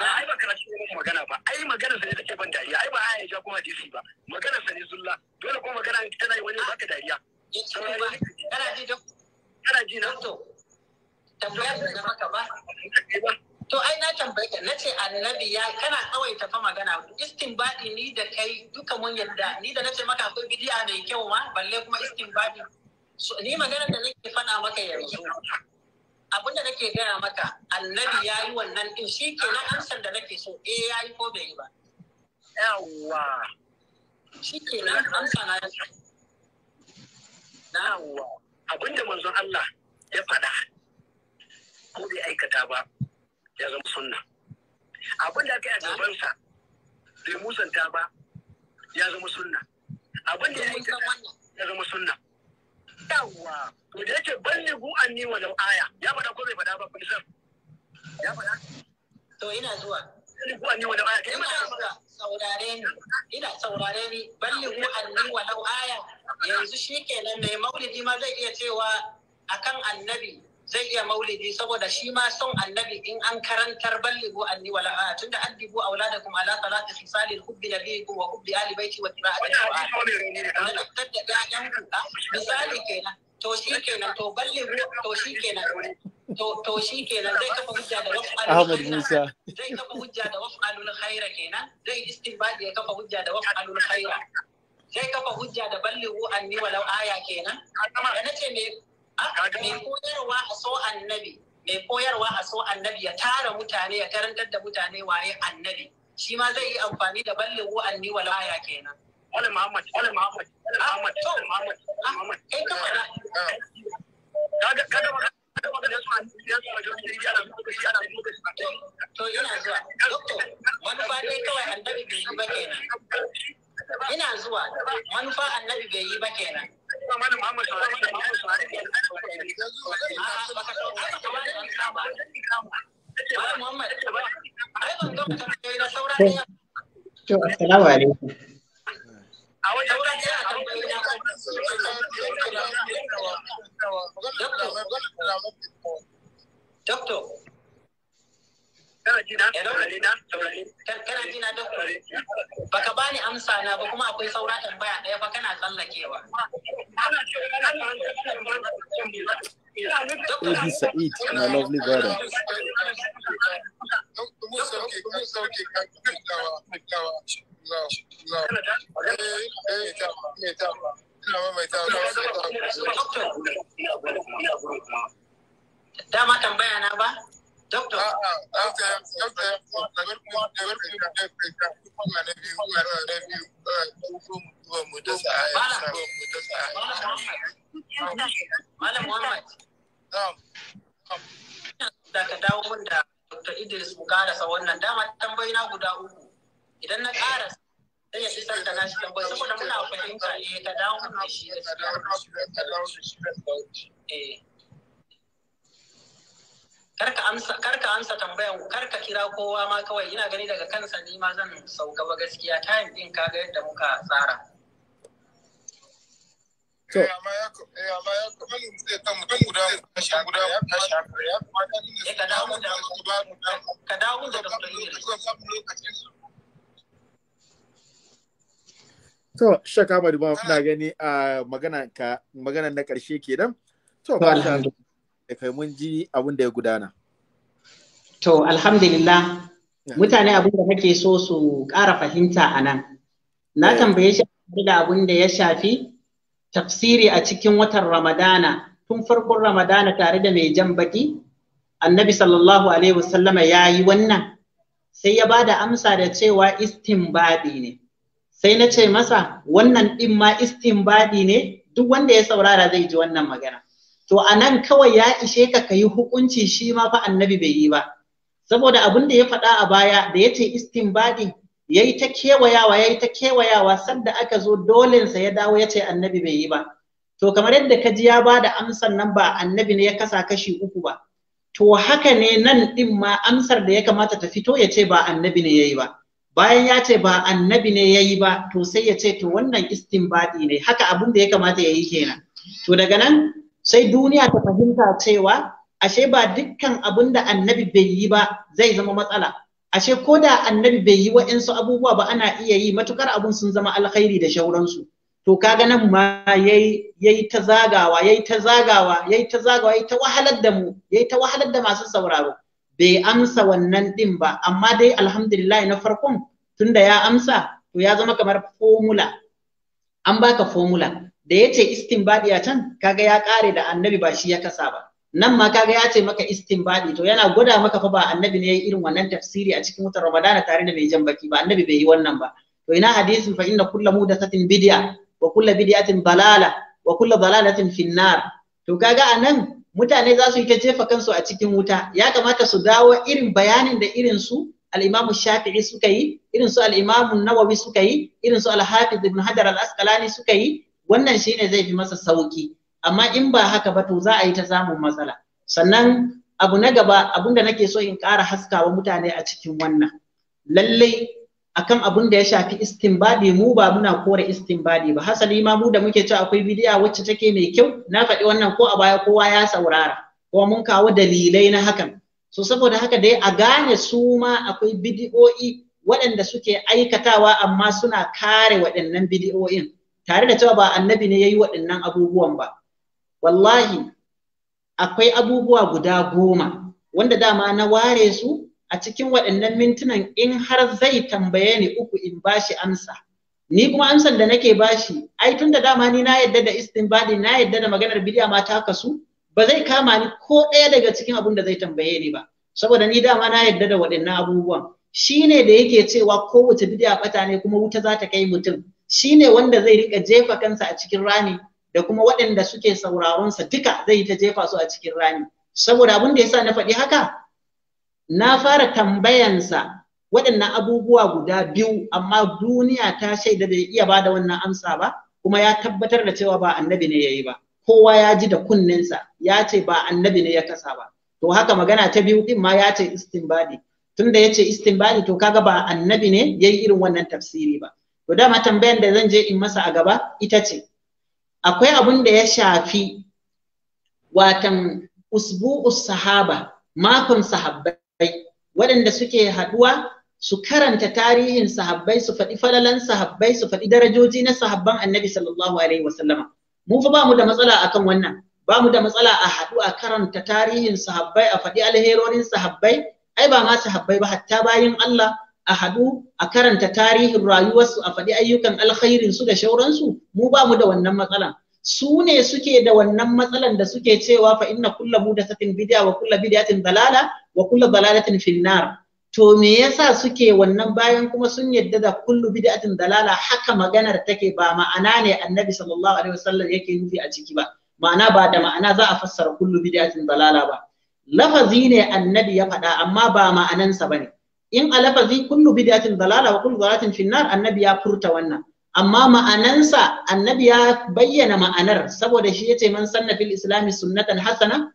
ai ba karatu ne magana ba ai magana sai take ban dariya ai ba ai ja kuma hadisi ba magana sai zulla dole kuma magana tana yi wani baka dariya kana ji to kana ji na to tambayar da maka ba to ai na tambaye ka na ce annabi ya kana kawai tafa magana istinbadi ni da kai duka mun yadda ni da na ce maka akwai bidiya mai kyau ma balle kuma istinbadi ni magana da nake faɗa maka yanzu abin da nake gaya maka annabi ya yi wannan din shi ke na amsar da nake so eh ya yi ko bai yi ba yawwa shi ke na amsar na yawwa abin da manzon Allah ya faɗa ko bai aikata ba ya zama sunna abin da aka yi a gabansa bai musanta ba ya zama sunna abin da ya aikata ya zama sunna to da yake balli gu ni wajen aya ya faɗa ko bai faɗa ba kun san ya faɗa to ina zuwa balli gu anni wa aya kai ma saurare ni ina saurare ni balli gu ni wajen aya yanzu shi shikenan mai maulidi ma zai iya cewa akan annabi zai iya maulidi saboda shi ma son annabi in an karantar balligu anni wala a tunda addibu auladakum ala salati khisalil hubbi nabiyikum wa hubbi ali baiti wa qira'ati qur'an wannan da da misali kenan to shi kenan to ballihu to shi kenan to shi kenan zai kafa hujja da waf'alul Ahmad Musa zai kafa hujja da waf'alul khaira kenan zai istinbadi ya kafa hujja da waf'alul khaira zai kafa hujja da ballihu anni walau aya kenan da nace me mai koyarwa a so annabi mai koyarwa a so annabi ya tara mutane ya karantar da mutane waye annabi shi ma zai yi amfani da ballihu anni walau aya kenan Malam Muhammad, Muhammad, Muhammad, Muhammad, Muhammad. Ina zuwa. Manufa annabi bai yi ba kenan. Muhammad sallallahu alaihi wasallam. Muhammad. Ai ban ga To assalamu alaikum. a Baka bani amsa na ba kuma akwai saura tambaya ɗaya ba kana tsallakewa. Eddie Said, na lovely brother. dama tambaya na ba doktor dawo mun da idris mu karasa wannan dama tambayi guda uku idan na ƙara sai ya san da nashi tambayi saboda muna fahimta eh ka dawo da shi da shi eh. karka amsa karka amsa tambayan karka kira kowa ma kawai ina gani daga kansa ni ma zan sauka ba gaskiya time din kaga yadda muka tsara eh, Ya eh, Ka dawo da ya Idris. To, shaka ma duba na gani a magana na ƙarshe kenan. To, ba ta da kai mun ji abin da ya gudana. To, alhamdulillah, mutane abin da kake so su ƙara fahimta a nan. Na tambaye shi da abin da ya shafi tafsiri a cikin watan Ramadana, tun farkon Ramadana tare da mai jan baki, annabi sallallahu Alaihi wasallama ya yi wannan, sai ya ba da amsa da cewa istinbadi ne. sai na ce masa wannan ɗin ma istinbadi ne duk wanda ya saurara zai ji wannan magana to a nan kawai ya ishe ka ka yi hukunci shi ma fa annabi bai yi ba saboda abin da ya faɗa a baya da ya ce istinbadi ya yi ta kewayawa ya yi ta kewayawa sanda aka zo dolensa ya dawo ya ce annabi bai yi ba to kamar yadda ka ji ya ba da amsar nan ba annabi ne ya kasa kashi uku ba to haka ne nan ɗin ma amsar da ya kamata ta fito ya ce ba annabi ne ya yi ba bayan ya ce ba annabi ne ya yi ba to sai ya ce to wannan istinbadi ne haka abin da ya kamata ya yi kenan to daga nan sai duniya ta fahimta cewa ashe ba dukkan abun da annabi bai yi ba zai zama matsala ashe ko da annabi bai yi wa'insu abubuwa ba ana iya yi matukar abun sun zama alkhairi da shauransu to kaga nan ma yayi yayi ta zagawa yayi ta zagawa yayi ta zagawa yayi ta wahalar da mu yayi ta wahalar da masu sauraro bai amsa wannan din ba amma dai alhamdulillah na farkon tunda ya amsa to ya zama kamar formula an baka formula da ya ce istinbadi a can kaga ya kare da annabi ba shi ya kasa ba nan ma kaga ya ce maka istinbadi to yana gwada maka fa ba annabi ne yayi irin wannan tafsiri a cikin watan Ramadan tare da mai jan baki ba annabi bai yi wannan ba to ina hadisin fa inna kullu mudatatin bid'a wa kullu bid'atin balala wa kullu balalatin finnar to kaga anan mutane za su yi ta jefa kansu a cikin wuta ya kamata su dawo irin bayanin da irin su al Shafi'i suka yi irin su al Nawawi suka yi irin su al-Hafiz Ibn Hajar al-Asqalani suka yi wannan shine zai fi masa sauki amma in ba haka ba to za a yi ta samun matsala sannan abu na gaba abunda nake so in ƙara haskawa mutane a cikin wannan lallai akan abun da ya shafi istinbadi mu ba muna kore istinbadi ba hasali ma mu da muke cewa akwai bidiya wacce take mai kyau na faɗi wannan ko a baya kowa ya saurara Kowa mun kawo dalilai na hakan so saboda haka dai a gane su ma akwai bidiyo'i waɗanda suke aikatawa amma suna kare waɗannan bidiyo'in tare da cewa ba annabi ne ya yi waɗannan abubuwan ba wallahi akwai abubuwa guda goma wanda dama na ware su a cikin waɗannan mintunan in har zai tambaye ni uku in bashi amsa ni kuma amsan da nake bashi ai tunda dama ni na yadda da istinbadi na yadda da maganar bidiya ma ta kasu ba zai kama ni ko ɗaya daga cikin abin da zai tambaye ni ba saboda ni dama na yadda da waɗannan abubuwan shine da yake cewa kowace bidiya bata ne kuma wuta za ta kai mutum shi ne wanda zai rika jefa kansa a cikin rani da kuma waɗanda suke sauraronsa duka zai ta jefa su a cikin rani saboda abin da yasa na faɗi haka na fara tambayansa waɗannan abubuwa guda biyu amma duniya ta shaida bai iya ba da wannan amsa ba kuma ya tabbatar da cewa ba annabi ne ya yi ba kowa ya ji da kunninsa ya ce ba annabi ne ya kasa ba to haka magana ta biyu ɗin ma ya ce istinbadi tunda ya ce istinbadi to kaga ba annabi ne ya yi irin wannan tafsiri ba to dama tambayan da zan je in masa a gaba ita ce akwai abun da ya shafi watan usbu'us sahaba makon sahabbai waɗanda suke haɗuwa su karanta tarihin sahabbai su faɗi falalan sahabbai su faɗi darajoji na sahabban annabi sallallahu alaihi wasallama mu fa ba mu da matsala akan wannan ba mu da matsala a haɗu a karanta tarihin sahabbai a faɗi alherorin sahabbai ai ba ma sahabbai ba hatta bayin Allah a haɗu a karanta tarihin rayuwarsu a faɗi ayyukan alkhairin su da shauransu mu ba mu da wannan matsalan su ne suke da wannan matsalan da suke cewa fa inna kullu mudathatin bid'a wa kullu bid'atin dalala wa kullu dalalatin finnar to me yasa suke wannan bayan kuma sun yadda da kullu bid'atin dalala haka maganar take ba ma'ana ne annabi sallallahu alaihi wasallam yake nufi a ciki ba ma'ana ba da ma'ana za a fassara kullu bid'atin dalala ba lafazi ne annabi ya faɗa amma ba ma'anansa bane in a lafazi kullu bid'atin dalala wa kullu dalalatin finnar annabi ya furta wannan amma ma'anansa annabi ya bayyana ma'anar saboda shi yace man sanna fil islami sunnatan hasana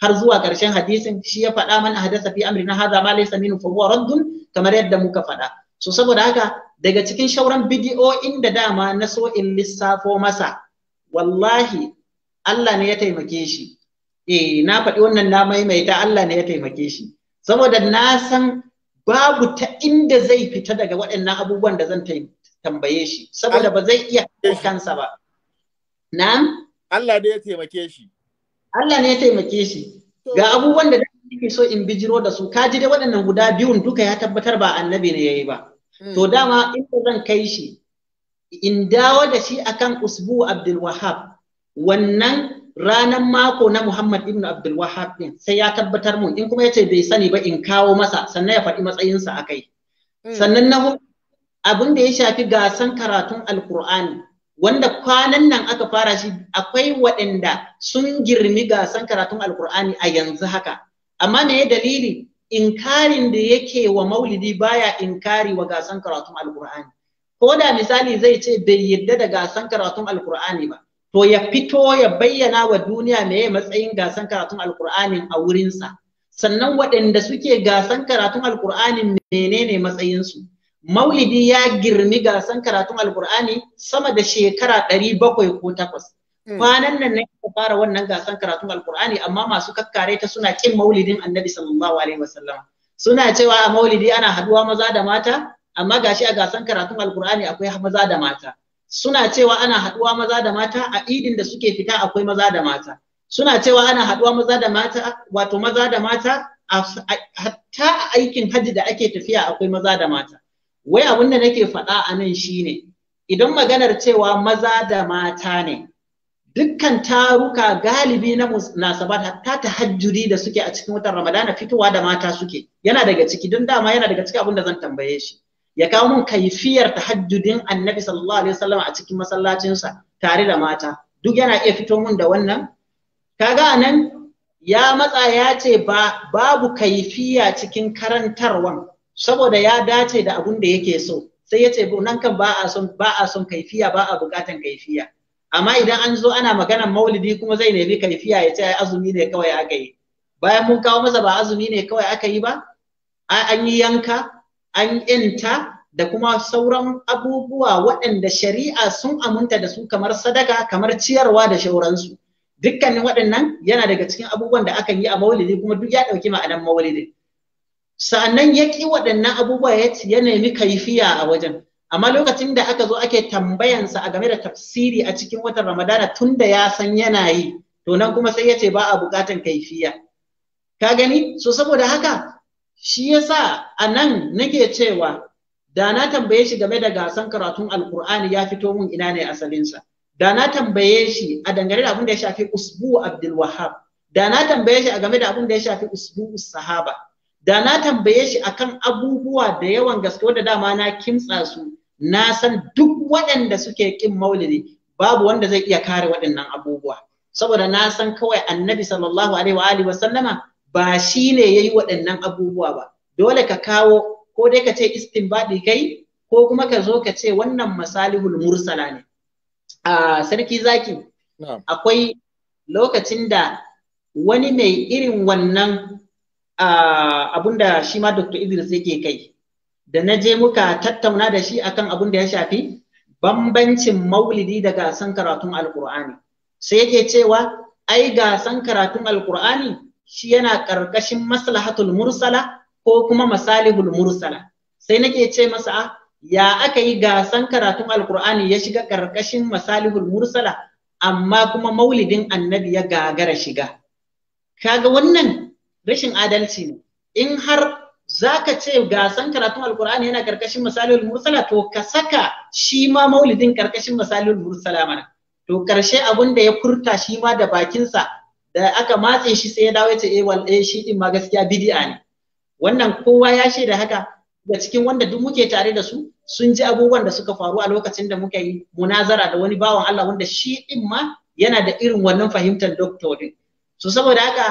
har zuwa ƙarshen hadisin shi ya faɗa mana hadasa fi amrina hadha ma laysa minhu fa huwa raddun kamar yadda muka faɗa so saboda haka daga cikin shauran bidiyo da dama na so in lissafo masa wallahi Allah ne ya taimake shi eh na faɗi wannan na maimaita Allah ne ya taimake shi saboda na san babu ta inda zai fita daga waɗannan abubuwan da zan tambaye shi saboda ba zai iya kansa ba na'am Allah ne ya taimake shi Allah ne ya taimake shi ga abubuwan da nake so in bijiro da su ka ji dai waɗannan guda biyun duka ya tabbatar ba annabi ne yayi ba hmm. to dama in zan kai shi in dawo da shi akan usbu Abdul Wahab wannan ranan mako na Muhammad ibn Abdul Wahab din sai ya tabbatar mun in kuma yace bai sani ba in kawo masa sannan ya faɗi matsayinsa akai hmm. sannan na abin da ya shafi gasan karatun Alkur'ani wanda kwanan nan aka fara shi akwai waɗanda sun girmi gasan karatun alkur'ani a yanzu haka amma me dalili inkarin da yake wa maulidi baya inkari wa gasan karatun alkur'ani ko da misali zai ce bai yarda da gasan karatun alkur'ani ba to ya fito ya bayyana wa duniya meye matsayin gasan karatun alkur'ani a wurinsa sannan waɗanda suke gasan karatun alkur'ani menene matsayinsu maulidi ya girmi gasan karatun alkur'ani sama da shekara ɗari bakwai ko takwas eh. kwanan nan ne ka fara wannan gasan karatun alkur'ani amma masu kakkare ta suna kin maulidin annabi sallallahu alaihi wasallam suna cewa a maulidi ana haduwa maza da mata amma gashi a gasan karatun alkur'ani akwai maza da mata suna cewa ana haduwa maza da mata a idin da suke fita akwai maza da mata suna cewa ana haduwa maza da mata wato maza da mata hatta aikin hajji da ake tafiya akwai maza da mata wai abin da nake faɗa a nan shine idan maganar cewa maza da mata ne dukkan taruka galibi na munasabat hatta tahajjudi da suke a cikin watan ramadana fitowa da mata suke yana daga ciki don dama yana daga ciki abin da zan tambaye shi ya kawo mun kaifiyar tahajjudin annabi sallallahu alaihi wasallam a cikin masallacinsa tare da mata duk yana iya fito mun da wannan kaga nan ya matsa ya ce ba babu kaifiya cikin karantarwan saboda ya dace da abun da yake so sai ya ce nan kan ba a son ba a son kaifiya ba a bukatan kaifiya amma idan an zo ana maganar maulidi kuma zai nemi kaifiya ya ce ai azumi ne kawai aka yi bayan mun kawo masa ba azumi ne kawai aka yi ba an yi yanka an yanta da kuma sauran abubuwa waɗanda shari'a sun amunta da su kamar sadaka kamar ciyarwa da shauransu dukkanin waɗannan yana daga cikin abubuwan da akan yi a maulidi kuma duk ya ɗauki ma'anar maulidi sa'annan ya ƙi waɗannan abubuwa ya ya nemi kaifiya a wajen amma lokacin da aka zo ake tambayansa a game da tafsiri a cikin watan ramadana tun da ya san yana yi to nan kuma sai ya ce ba a buƙatan kaifiya ka gani so saboda haka shi yasa a nan nake cewa da na tambaye shi game da gasan karatun alkur'ani ya fito mun ina ne asalinsa da na tambaye shi a dangane da abin da ya shafi usbu abdul da na tambaye shi a game da abin da ya shafi usbu sahaba da na tambaye shi akan abubuwa da yawan gaske wanda dama na kimtsa su na san duk waɗanda suke ƙin maulidi babu wanda zai iya kare waɗannan abubuwa saboda na san kawai annabi sallallahu alaihi wa alihi wasallama ba shi ne yayi waɗannan abubuwa ba dole ka kawo ko dai ka ce istinbadi kai ko kuma ka zo ka ce wannan masalihul mursala ne a sarki zaki akwai lokacin da wani mai irin wannan abinda shi ma Dr. Idris yake kai da na je muka tattauna da shi akan abin da ya shafi bambancin maulidi da gasan karatun alkur'ani sai yake cewa ai gasan karatun alkur'ani shi yana ƙarƙashin maslahatul mursala ko kuma masalihul mursala sai nake ce masa a ah, ya aka yi gasan karatun alkur'ani ya shiga ƙarƙashin masalihul mursala amma kuma maulidin annabi ya gagara shiga kaga wannan rashin adalci ne in har za ka ce gasan karatun alkur'ani yana karkashin misalin mursala to ka saka shi ma maulidin karkashin misalin mursala mana to karshe abun da ya kurta shi ma da bakinsa da aka matse shi sai ya dawo ya ce eh, wal eh shi din ma gaskiya bid'a ne wannan kowa ya shaida haka ga cikin wanda duk muke tare da su sun ji abubuwan da suka faru a lokacin da muka yi munazara da wani bawan Allah wanda shi din ma yana da irin wannan fahimtar doctor din so saboda haka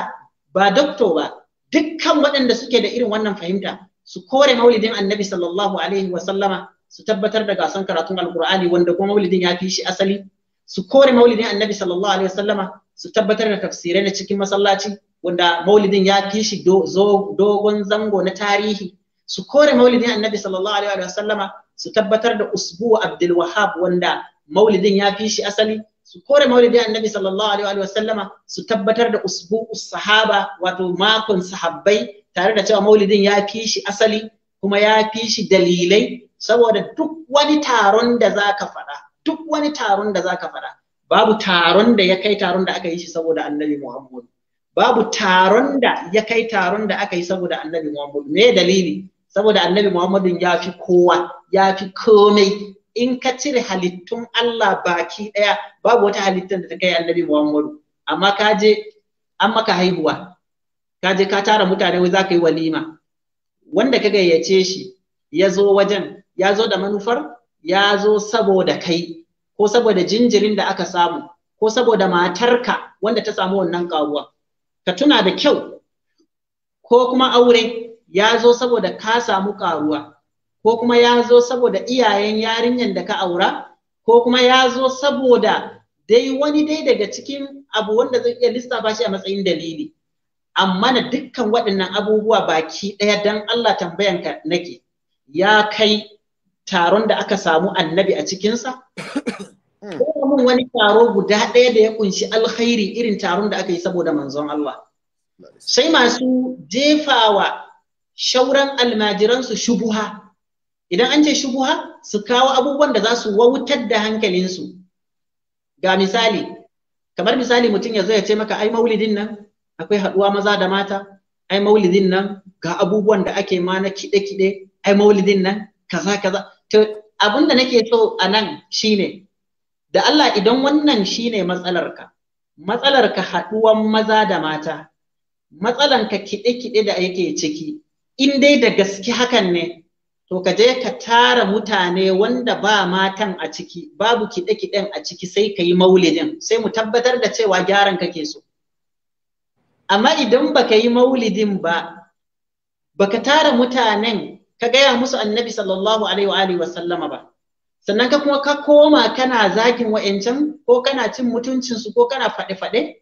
ba dokto ba dukkan waɗanda suke da irin wannan fahimta su kore maulidin annabi sallallahu alaihi wa sallama su tabbatar da gasan karatun alqur'ani wanda kuma maulidin ya fi shi asali su kore maulidin annabi sallallahu alaihi wa sallama su tabbatar da tafsirai na cikin masallaci wanda maulidin ya fi shi dogon zango na tarihi su kore maulidin annabi sallallahu alaihi wa sallama su tabbatar da usbu abdul wahab wanda maulidin ya fi shi asali su kore maulidin annabi sallallahu alaihi wa sallama su tabbatar da usbu'u sahaba wato makon sahabbai tare da cewa maulidin ya fi shi asali kuma ya fi shi dalilai saboda duk wani taron da zaka faɗa duk wani taron da zaka faɗa babu taron da ya kai taron da aka yi shi saboda annabi Muhammadu babu taron da ya kai taron da aka yi saboda annabi Muhammadu me dalili saboda annabi Muhammadu ya fi kowa ya fi komai in ka cire halittun Allah baki ɗaya babu wata halittar da ta kai annabi Muhammadu amma ka je an maka haihuwa ka je ka tara mutane wai za ka yi walima wanda ka gayyace shi ya zo wajen ya zo da manufar ya zo saboda kai ko saboda jinjirin da aka samu ko saboda matarka wanda ta samu wannan karuwa ka tuna da kyau ko kuma aure ya zo saboda ka samu karuwa ko kuma ya zo saboda iyayen yarinyar da ka aura ko kuma ya zo saboda dai wani dai daga cikin abu wanda zai iya lissafa shi a matsayin dalili amma na dukkan waɗannan abubuwa baki ɗaya don Allah tambayanka nake ya kai taron da aka samu annabi a cikinsa? Hmm. Ko mun wani taro guda ɗaya da ya kunshi alkhairi irin taron da aka yi saboda manzon Allah. Sai masu jefawa shauran almajiransu shubuha idan an ce shubuha su kawo abubuwan da za su wautar da hankalinsu ga misali kamar misali mutum ya zo ya ce maka ai maulidin nan akwai haɗuwa maza da mata ai maulidin nan ga abubuwan da ake ma na kiɗe-kiɗe ai maulidin nan kaza kaza to abin da nake so a nan shine da Allah idan wannan shine matsalarka matsalarka haɗuwan maza da mata matsalanka kiɗe-kiɗe da yake ciki in dai da gaske hakan ne to ka je ka tara mutane wanda ba matan a ciki babu kiɗe-kiɗen a ciki sai ka yi maulidin sai mu tabbatar da cewa gyaran kake so amma idan baka yi maulidin ba baka tara mutanen ka gaya musu annabi sallallahu alaihi wa alihi ba sannan ka kuma ka koma kana zakin wa'ancan ko kana cin mutuncinsu ko kana faɗe-faɗe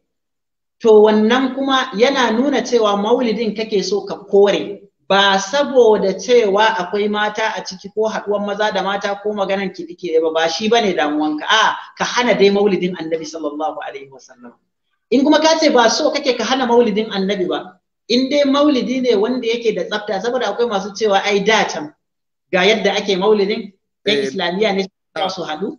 to wannan kuma yana nuna cewa maulidin kake so ka kore ba saboda cewa akwai mata a ciki ko haɗuwan maza da mata ko maganan kiɗi ba ba shi bane damuwanka a ka hana dai maulidin annabi sallallahu alaihi wasallam in kuma ka ce ba so kake ka hana maulidin annabi ba in dai maulidi ne wanda yake da tsafta saboda akwai masu cewa ai da can ga yadda ake maulidin yan eh, islamiyya ne su haɗu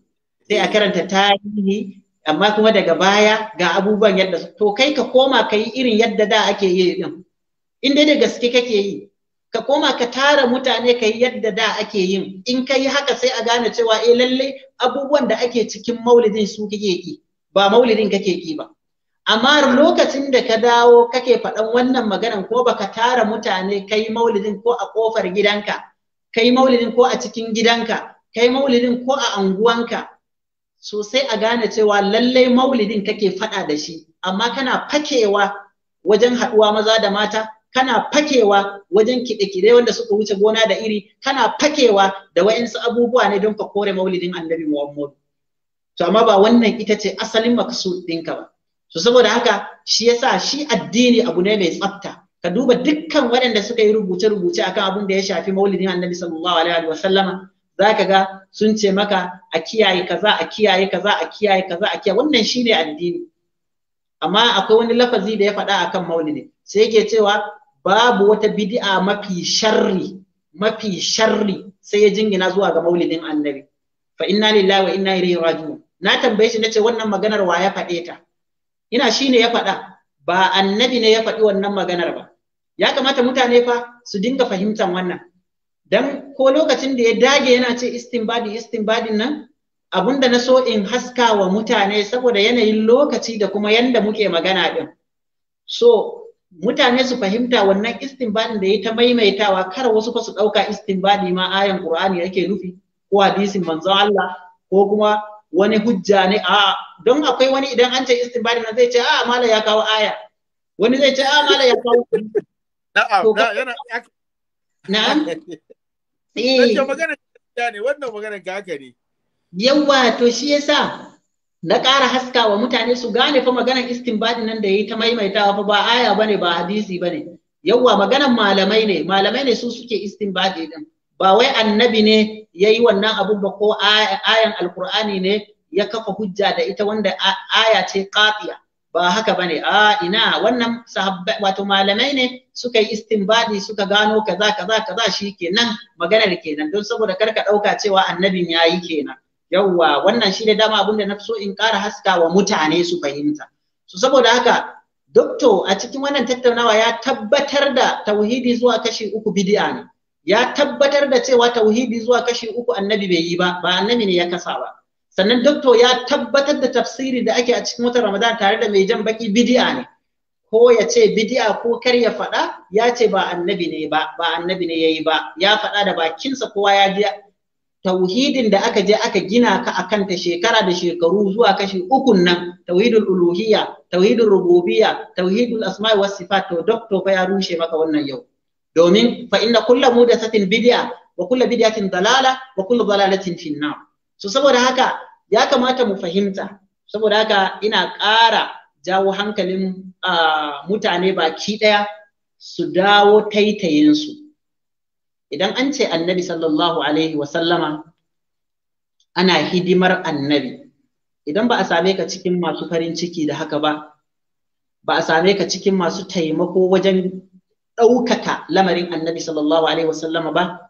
sai a karanta tarihi amma kuma daga baya ga abubuwan yadda to kai ka koma ka yi irin yadda da ake yi din in dai da gaske kake yi ka koma ka tara mutane ka yi yadda da ake yin in ka yi haka sai a gane cewa eh lallai abubuwan da ake cikin maulidin su kake ki ba maulidin kake ki ba amma lokacin da ka dawo kake faɗan wannan maganan ko baka tara mutane kai maulidin ko a kofar gidanka kai maulidin ko a cikin gidanka kai maulidin ko a anguwanka sosai a gane cewa lallai maulidin kake faɗa da shi amma kana fakewa wajen haɗuwa maza da mata kana fakewa wajen kiɗe kide wanda suka wuce gona da iri kana fakewa da wa'insu abubuwa ne don ka kore maulidin annabi muhammad to amma ba wannan ita ce asalin maksud ɗinka ba so saboda haka shi yasa shi addini abu ne mai tsafta ka duba dukkan waɗanda suka yi rubuce-rubuce akan abin da ya shafi maulidin annabi sallallahu alaihi wa sallama za ka ga sun ce maka a kiyaye kaza a kiyaye kaza a kiyaye kaza a kiyaye wannan shine addini amma akwai wani lafazi da ya faɗa akan maulidi sai yake cewa babu wata bid'a mafi sharri mafi sharri sai ya jingina zuwa ga maulidin annabi fa inna lillahi wa inna ilaihi raji'un na tambaye shi nace wannan maganar wa ya faɗe ta ina shine ya faɗa ba annabi ne ya faɗi wannan maganar ba ya kamata mutane fa su dinga fahimtar wannan dan ko lokacin da ya dage yana ce istinbadi istinbadin nan abunda na so in haska wa mutane saboda yanayin lokaci da kuma yanda muke magana din so mutane su fahimta wannan istinbadin da ya ta maimaitawa kar wasu fa su ɗauka istinbadi ma ayan Qur'ani yake nufi ko hadisin manzo Allah ko kuma wani hujja ne a don akwai wani idan an ce istinbadi na zai ce a mala ya kawo aya wani zai ce a mala ya kawo na'am eh wannan magana ga haka ne yawa to shi yasa na ƙara haska wa mutane su gane fa maganar istinbadi nan da ya yi ta maimaitawa fa ba aya ne, ba hadisi ne. yawwa maganar malamai ne malamai ne su suke istinbadi din ba wai annabi ne ya yi wannan abun ba ko ayan alkur'ani ne ya kafa hujja da ita wanda aya ce qatiya ba haka ba ne, a ina wannan sahabba wato malamai ne suka yi istinbadi suka gano kaza kaza kaza shi kenan maganar kenan don saboda karka ɗauka cewa annabin ya yi kenan yawwa wannan shi ne dama abinda na so in ƙara haska wa mutane su fahimta so saboda haka dokto a cikin wannan tattaunawa ya tabbatar da tauhidi zuwa kashi uku bid'a ne ya tabbatar da cewa tauhidi zuwa kashi uku annabi bai yi ba ba annabi ne ya kasa ba sannan dokto ya tabbatar da tafsiri da ake a cikin watan ramadan tare da mai jan baki bid'a ne ko ya ce bid'a ko kar ya faɗa ya ce ba annabi ne ba ba annabi ne yayi ba ya faɗa da bakinsa kowa ya tauhidin da aka je aka gina ka a kanta shekara da shekaru zuwa kashi ukun nan tauhidul uluhiyya tauhidul rububiyya tauhidul asma'i was sifat to doctor fa ya rushe maka wannan yau domin fa inna kullu satin bid'a wa kullu bid'atin dalala wa kullu dalalatin finna so saboda haka ya kamata mu fahimta saboda haka ina ƙara jawo hankalin ah, mutane baki ɗaya su dawo taitayinsu idan an ce annabi sallallahu alaihi wasallama ana hidimar annabi idan ba a same ka cikin masu farin ciki da haka ba ba a same ka cikin masu taimako wajen ɗaukaka lamarin annabi sallallahu alaihi wasallama ba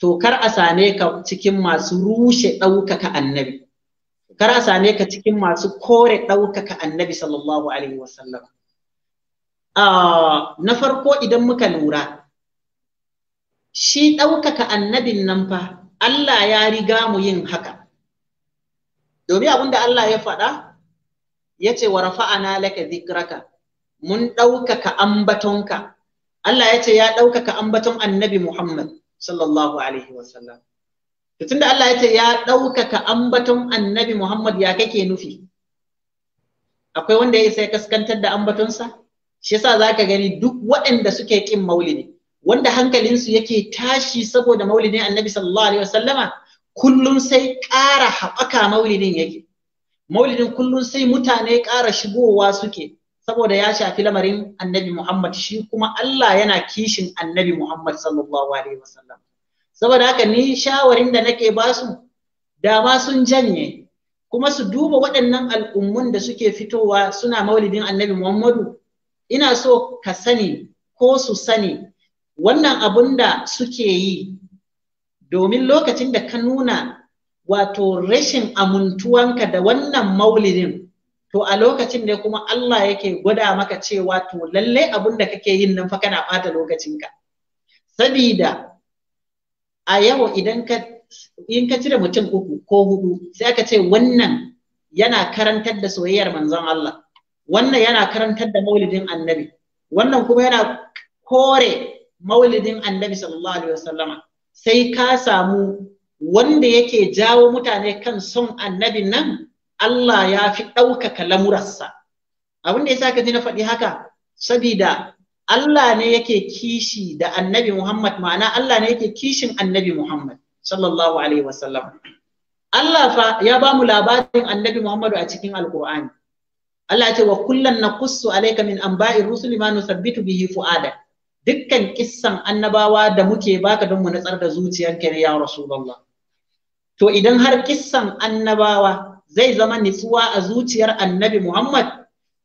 to kar a same ka cikin masu rushe ɗaukaka annabi kar a same ka cikin masu kore ɗaukaka annabi sallallahu alaihi wasallama ah, na farko idan muka lura shi ɗaukaka annabin nan fa Allah ya riga mu yin haka domin abin Allah ya faɗa ya ce wa rafa'ana laka zikraka mun ɗaukaka ambatonka Allah ya ce ya ɗaukaka ambaton annabi Muhammad sallallahu alaihi wasallam tun da Allah ya ce ya ɗaukaka ambaton annabi Muhammad ya kake nufi akwai wanda ya isa ya kaskantar da ambatonsa shi yasa ka gani duk waɗanda suke ƙin maulidi wanda hankalinsu yake tashi saboda maulidin annabi sallallahu alaihi wasallama kullum sai ƙara haɓaka maulidin yake maulidin kullum sai mutane ƙara shigowa suke saboda ya shafi lamarin annabi muhammad shi kuma allah yana kishin annabi muhammad sallallahu alaihi wasallam saboda haka ni shawarin da nake basu dama sun janye kuma su duba waɗannan al'ummun da suke fitowa suna maulidin annabi muhammadu ina so ka sani ko su sani wannan abun da suke yi domin lokacin da ka nuna wato rashin amintuwanka da wannan maulidin to a lokacin da kuma Allah yake gwada maka cewa to lalle abun da kake yin nan fa kana lokacin lokacinka sabida a yau idan ka in ka cire mutum uku ko hudu sai aka ce wannan yana karantar da soyayyar manzon Allah wannan yana karantar da maulidin annabi wannan kuma yana kore maulidin annabi sallallahu alaihi wasallama sai ka samu wanda yake jawo mutane kan son annabin nan Allah ya fi ɗaukaka lamurarsa abin da yasa ka ji na faɗi haka sabida Allah ne yake kishi da annabi Muhammad ma'ana Allah ne yake kishin annabi Muhammad sallallahu alaihi wasallam Allah fa ya ba mu labarin annabi Muhammadu a cikin Alƙur'ani Allah ya ce wa kullan naqussu alayka min anba'i rusuli ma nusabbitu bihi fu'adak dukkan kissan annabawa da muke baka don mu natsar da zuciyarka ne ya rasulullah to idan har kissan annabawa zai zama nitsuwa a zuciyar annabi muhammad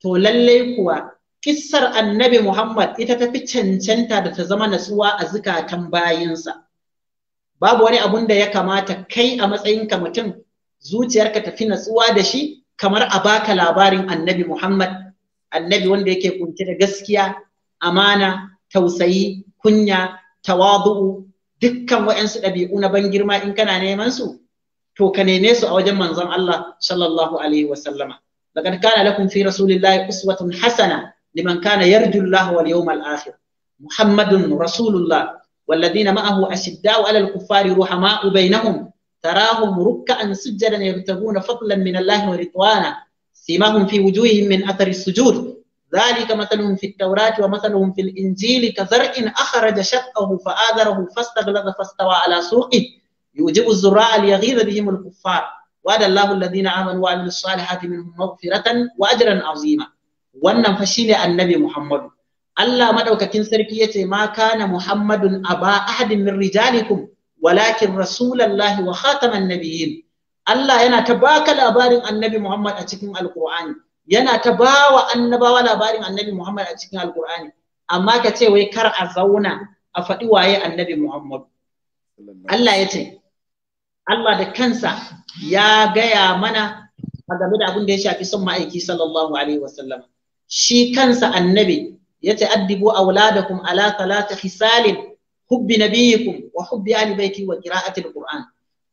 to lallai kuwa kissar annabi muhammad ita ta fi cancanta da ta zama natsuwa a zukatan bayinsa babu wani abun da ya kamata kai a matsayinka mutum zuciyarka ta fi natsuwa da shi kamar a baka labarin annabi muhammad annabi wanda yake kunke da gaskiya amana tausayi kunya tawadu dukkan waɗansu ɗabi'u na ban girma in kana neman su to ka neme su a wajen manzon Allah sallallahu alaihi wa sallama laqad kana lakum fi rasulillahi uswatun hasana liman kana yarju Allah wal yawmal akhir muhammadun rasulullah والذين معه أشداء على الكفار رحماء بينهم تراهم ركعا سجدا يبتغون فضلا من الله ورضوانا سيماهم في وجوههم من أثر السجود ذلك مثلهم في التوراة ومثلهم في الإنجيل كزرع أخرج شقه فآذره فاستغلظ فاستوى على سوقه يوجب الزراع ليغيظ بهم الكفار وعد الله الذين آمنوا وعملوا الصالحات منهم مغفرة وأجرا عظيما wannan fa ne annabi Muhammadu Allah madaukakin sarki yace ma kana Muhammadun aba ahadin min rijalikum walakin rasulallahi wa khataman nabiyyin Allah yana ta baka labarin annabi Muhammad a cikin Alqur'ani yana ta bawa annabawa labarin annabi Muhammad a cikin alkur'ani amma ka ce wai kar a zauna a faɗi waye annabi Muhammad Allah ya ce Allah da kansa ya gaya mana a game da abin da ya shafi son ma'aiki sallallahu alaihi wasallam shi kansa annabi ya ce addibu auladakum ala talata hisalin hubbi nabiyikum wa hubbi ali wa qira'atil qur'an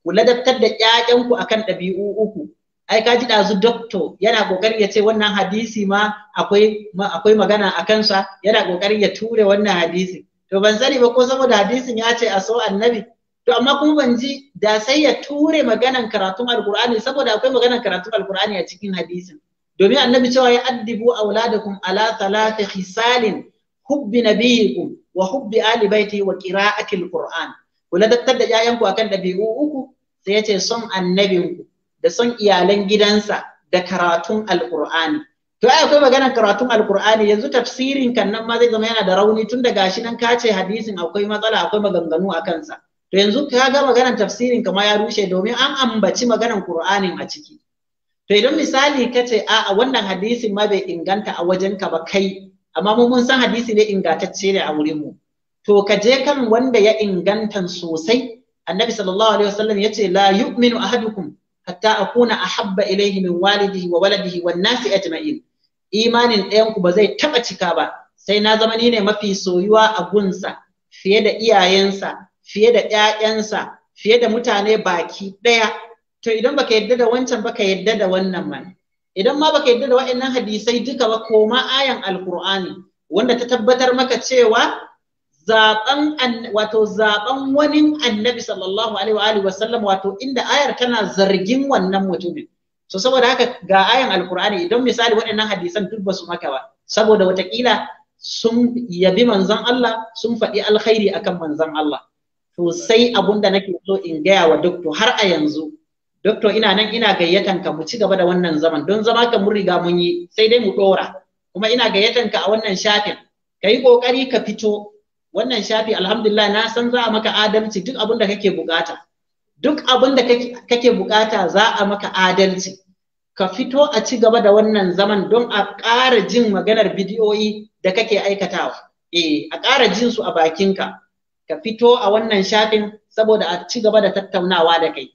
ku ladabtar da ƴaƴanku akan ɗabi'u uku ai ka ji ɗazu doctor yana ƙoƙarin ya ce wannan hadisi ma akwai akwai magana a kansa yana ƙoƙarin ya ture wannan hadisi to ban sani ba ko saboda hadisin ya ce a so annabi to amma kuma ban ji da sai ya ture maganan karatun alqur'ani saboda akwai maganan karatun alqur'ani a cikin hadisin domin annabi cewa ya addibu auladakum ala thalathi khisalin hubbi nabiyikum wa hubbi ali baiti wa qira'atil qur'an kula da tattada yayanku akan dabi'u uku sai ya ce son annabinku da son iyalan gidansa da karatun alkur'ani to ai akwai maganar karatun alkur'ani yanzu tafsirin kan nan ma zai zama yana da rauni tun da gashi nan ka ce hadisin akwai matsala akwai maganganu a kansa to yanzu ka ga maganar tafsirin kama ya rushe domin an ambaci maganar qur'anin a ciki to idan misali ka ce a wannan hadisin ma bai inganta a wajen ka ba kai amma mu mun san hadisi ne ingantacce ne a wurin mu to ka je kan wanda ya ingantan sosai annabi sallallahu alaihi wasallam yace la yu'minu ahadukum hatta akuna ahabba ilaihi min walidihi wa waladihi wan nasi ajma'in imanin ɗayan ba zai taɓa cika ba sai na zama ni ne mafi soyuwa a gunsa fiye da iyayensa fiye da ƴaƴansa fiye da mutane baki ɗaya to idan baka yadda da wancan baka yadda da wannan man idan ma baka yadda da wa'annan hadisai duka ba koma ayan alqur'ani wanda ta tabbatar maka cewa zaben wato zaben wani annabi sallallahu alaihi wa sallam wato inda ayar tana zargin wannan mutumin so saboda haka ga ayan alkur'ani idan misali waɗannan hadisan duk ba su maka ba saboda watakila sun yabi manzon Allah sun faɗi alkhairi akan manzon Allah to sai abunda nake so in gaya wa doctor har a yanzu doctor ina nan ina gayyatan ka mu ci gaba da wannan zaman don zama ka mun riga mun yi sai dai mu dora kuma ina gayyatan ka a wannan shafin ka yi kokari ka fito wannan shafi alhamdulillah na san za a maka adalci duk abin kake bukata duk abin da kake bukata za a maka adalci ka fito a ci gaba da wannan zaman don a ƙara jin maganar bidiyoyi da kake aikatawa eh a ƙara jin su a bakin ka ka fito a wannan shafin saboda a ci gaba da tattaunawa da kai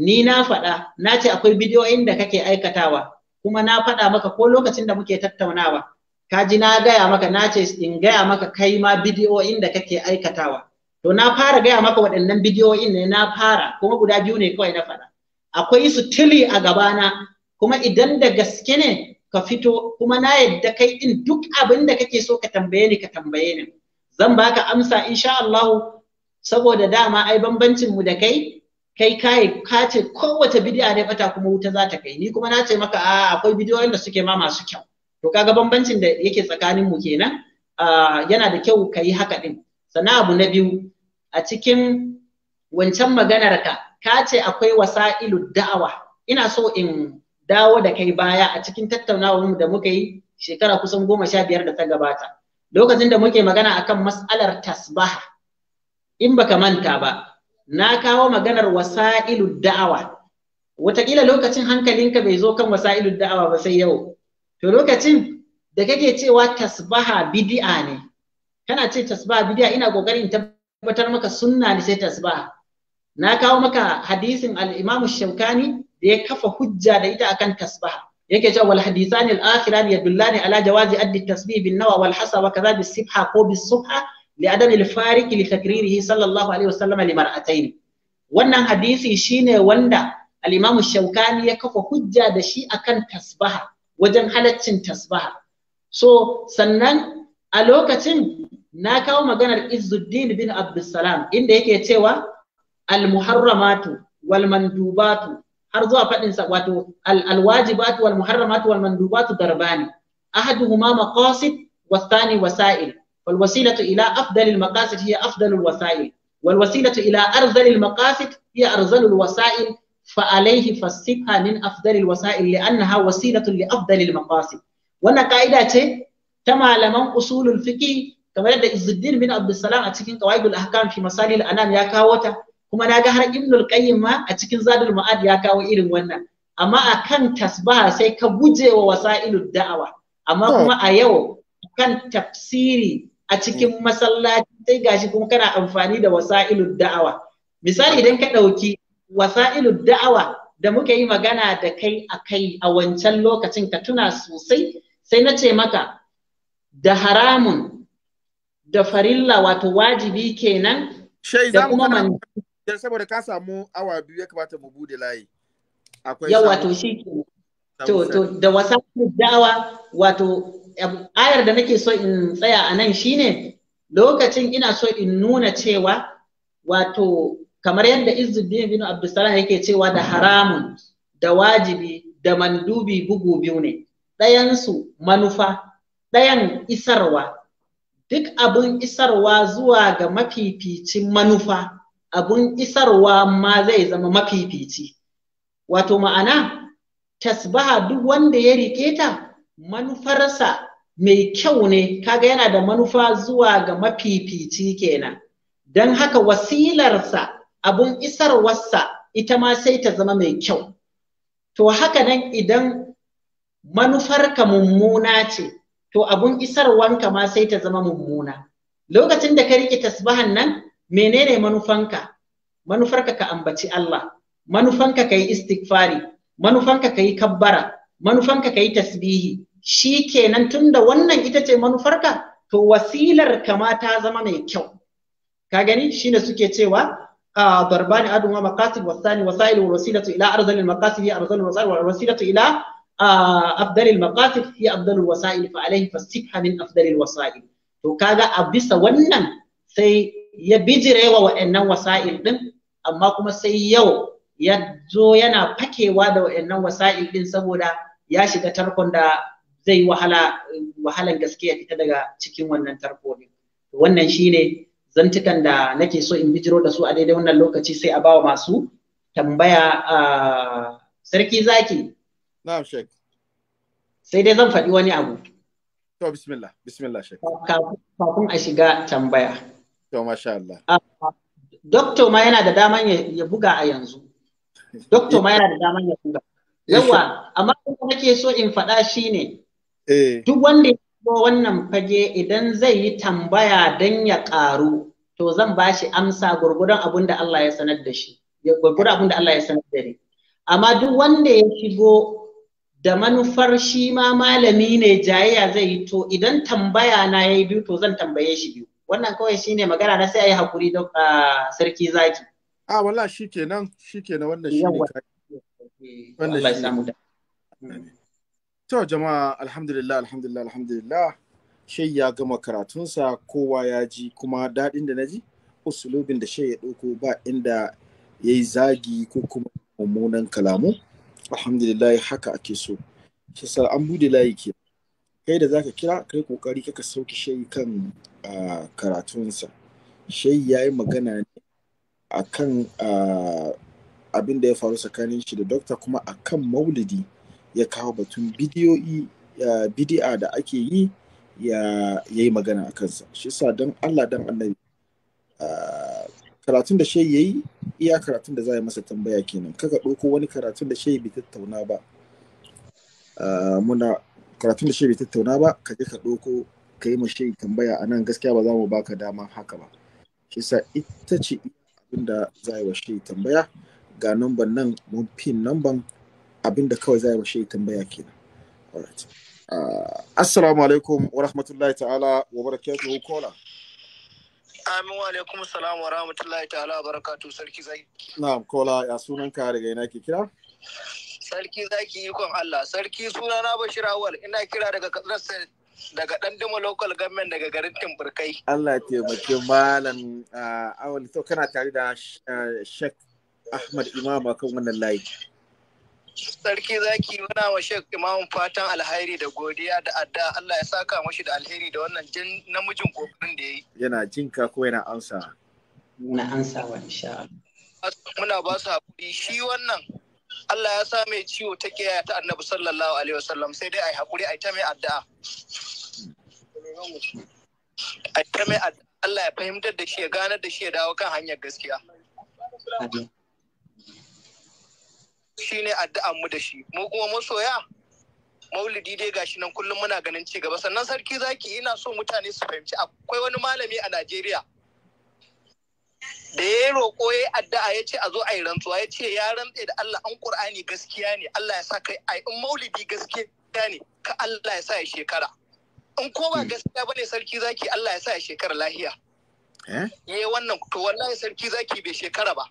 ni na faɗa na ce akwai bidiyoyin da kake aikatawa kuma na faɗa maka ko lokacin da muke tattaunawa Kaji na gaya maka na ce in gaya maka kai ma bidiyo da kake aikatawa to na fara gaya maka waɗannan in ne na fara kuma guda biyu ne kawai na faɗa akwai su tili a gabana kuma idan da gaske ne ka fito kuma na yadda kai in duk abin da kake so ka tambaye ni ka tambaye ni zan baka amsa insha Allah saboda dama ai bambancin mu da kai kai kai ka ce kowace bidiya ne fata kuma wuta za ta kai ni kuma na ce maka a akwai bidiyoyin da suke ma masu kyau to kaga bambancin da yake tsakanin mu kenan ah, yana da kyau ka yi haka din sannan abu na biyu a cikin wancan maganar ka ka ce akwai wasa'ilu da'awa ina so in dawo da kai baya a cikin tattaunawar mu da muka yi shekara kusan goma sha biyar da ta gabata lokacin da muke magana akan mas'alar tasbaha in baka manta ba na kawo maganar wasa'ilu da'awa wataƙila lokacin hankalinka bai zo kan wasa'ilu da'awa ba sai yau to lokacin da kake cewa tasbaha bid'a ne kana ce tasbaha bid'a ina kokarin tabbatar maka sunna ne sai tasbaha na kawo maka hadisin al-Imam Shawkani da ya kafa hujja da ita akan tasbaha yake cewa wal hadithani al-akhirani yadullani ala jawazi addi tasbih bin nawa wal hasa wa kadha bis sibha ko bis subha li adam al-fariq li takririhi sallallahu alaihi wasallam li mar'atayn wannan hadisi shine wanda al-Imam Shawkani ya kafa hujja da shi akan tasbaha wajen halaccin tasbaha so sannan a lokacin na kawo maganar Izzuddin bin Abdulsalam inda yake cewa al-muharramatu wal mandubatu har zuwa faɗin sa wato al-wajibatu wal muharramatu wal mandubatu darbani ahaduhuma maqasid wasani wasa'il. Walwasilatu ila أفضل المقاصد هي أفضل الوسائل والوسيلة ila أرذل المقاصد هي أرذل wasa'il. فعليه فسبها من أفضل الوسائل لأنها وسيلة لأفضل المقاصد wannan ka'ida ce ta malaman usulun fiqi kamar yadda Izzuddin bin Abdussalam a cikin Qawaidul Ahkam fi Masalil Anam ya kawo ta kuma na ga har Ibnul Qayyim a cikin Zadul Ma'ad ya kawo irin wannan amma akan tasbaha sai ka guje wa wasailud da'awa amma kuma a yau kan tafsiri a cikin masallaci sai gashi kuma kana amfani da wasailud da'awa misali idan ka ɗauki wasa'ilu da'awa da muka yi magana da kai a kai a wancan lokacin ka tuna sosai sai na ce maka da haramun da farilla wato wajibi kenan da kuma man saboda ka samu awa biyu ya kamata mu bude layi akwai yawa to shi to to da wasa'ilu da'awa wato ayar da nake so in tsaya a nan shine lokacin ina so in nuna cewa wato kamar yadda Izzuddin bin abdusalah yake cewa da haramun da wajibi da mandubi bugu biyu ne ɗayansu manufa ɗayan isarwa duk abun isarwa zuwa ga mafificin manufa abun isarwa ma zai zama mafifici wato ma'ana tasbaha duk wanda ya rike ta manufarsa mai kyau ne kaga yana da manufa zuwa ga mafifici kenan don haka wasilarsa abun isarwarsa ita ma sai ta zama mai kyau to haka nan idan manufarka mummuna ce to abun isarwanka ma sai ta zama mummuna lokacin da ka riƙe tasbahan nan menene manufanka manufarka ka ambaci Allah manufanka ka yi istighfari manufanka ka yi kabbara manufanka ka yi tasbihi shi kenan tunda wannan ita ce manufarka to wasilar kama ta zama mai kyau ka gani shine suke cewa ضربان أدنى مقاصد والثاني وسائل والوسيلة إلى أرذل المقاصد هي أرذل الوسائل والوسيلة إلى أفضل المقاصد هي أفضل الوسائل فعليه فالسبحة من أفضل الوسائل وكذا أبس ونن سي يبجري وإن وسائل دم أما كما سي يو يجو ينا بكي وادا وإن وسائل دم سبودا ياشي تتركون دا زي وحلا وحلا قسكية تتدقى تكين ونن تركوني ونن شيني zantukan da nake so in bijiro da su a daidai wannan lokaci sai a bawa masu tambaya a sarki zaki na'am shek sai dai zan faɗi wani abu to bismillah bismillah shek kafin a shiga tambaya to masha Allah doctor ma yana da daman ya buga a yanzu doctor ma yana da daman ya buga yawa amma kuma nake so in faɗa shine eh. duk wanda ya ko wannan fage idan zai yi tambaya don ya ƙaru to zan ba shi amsa gurgudan abin da Allah ya sanar da shi gurgudan abin da Allah ya sanar da ni amma duk wanda ya shigo da manufar shi ma malami ne jayayya zai yi to idan tambaya na yayi biyu to zan tambaye shi biyu wannan kawai shine magana na sai ayi hakuri da sarki zaki a walla shikenan shikenan wannan shine wannan shi to jama'a alhamdulillah alhamdulillah alhamdulillah shai ya gama karatunsa kowa ya ji kuma daɗin da na ji usulubin da shai ya ɗauko ba inda ya yi zagi ko kuma mummunan kalamu alhamdulillah haka ake so shi an bude layi ke kai da zaka kira kai kokari kaka sauki shai kan karatunsa shai ya yi magana ne a kan abin da ya faru tsakanin shi da dokta kuma a kan maulidi ya kawo batun bidiyoyi bidi'a da ake yi ya yi magana a kansa shi sa don Allah don annabi karatun da ya yayi iya karatun da za a yi masa tambaya kenan kaka ɗauko wani karatun da shai bai tattauna ba muna karatun da shai bai tattauna ba ka je ka ɗauko ka yi mashi tambaya a nan gaskiya ba za mu baka dama haka ba shi sa ita ce abin da za a yi wa shi tambaya ga number nan mun pin number abin da kawai za a yi wa shi tambaya kenan alright Uh, assalamu alaikum wa rahmatullahi ta'ala wa barakatuhu kola Amin wa alaikum salam wa rahmatullahi ta'ala wa barakatuhu sarki zaki. Na'am kola ya sunan ka daga ina ke kira? Sarki zaki ikon Allah. Sarki suna na Bashir Awal ina kira daga Katsina daga dama local government daga garin Timburkai. Allah ya taimaki malam uh, Awal to kana tare da uh, Sheikh Ahmad Imam akan wannan layi. sarki zaki muna wa shek imam fatan alheri da godiya da adda Allah ya saka mashi da alheri da wannan jin namijin kokarin da yayi yana jin ka ko yana ansa Muna ansa wa insha Allah muna ba su hakuri shi wannan Allah ya sa mai ciwo ta kiyaye ta annabi sallallahu alaihi wasallam sai dai ai hakuri ai ta mai addu'a ai ta mai adda. Allah ya fahimtar da shi ya ganar da shi ya dawo kan hanyar gaskiya shi ne addu'an mu da shi mu kuma masoya maulidi dai gashi nan kullum muna ganin ci gaba sannan sarki zaki ina so mutane su fahimci akwai wani malami a Najeriya da ya roƙo ya addu'a ya ce a zo a yi rantsuwa ya ce ya rantse da Allah an Qur'ani gaskiya ne Allah ya sa kai ai in maulidi gaskiya ne ka Allah ya sa ya shekara in ko ba hmm. gaskiya bane sarki zaki Allah ya sa ya shekara lahiya eh wannan to wallahi sarki zaki bai shekara ba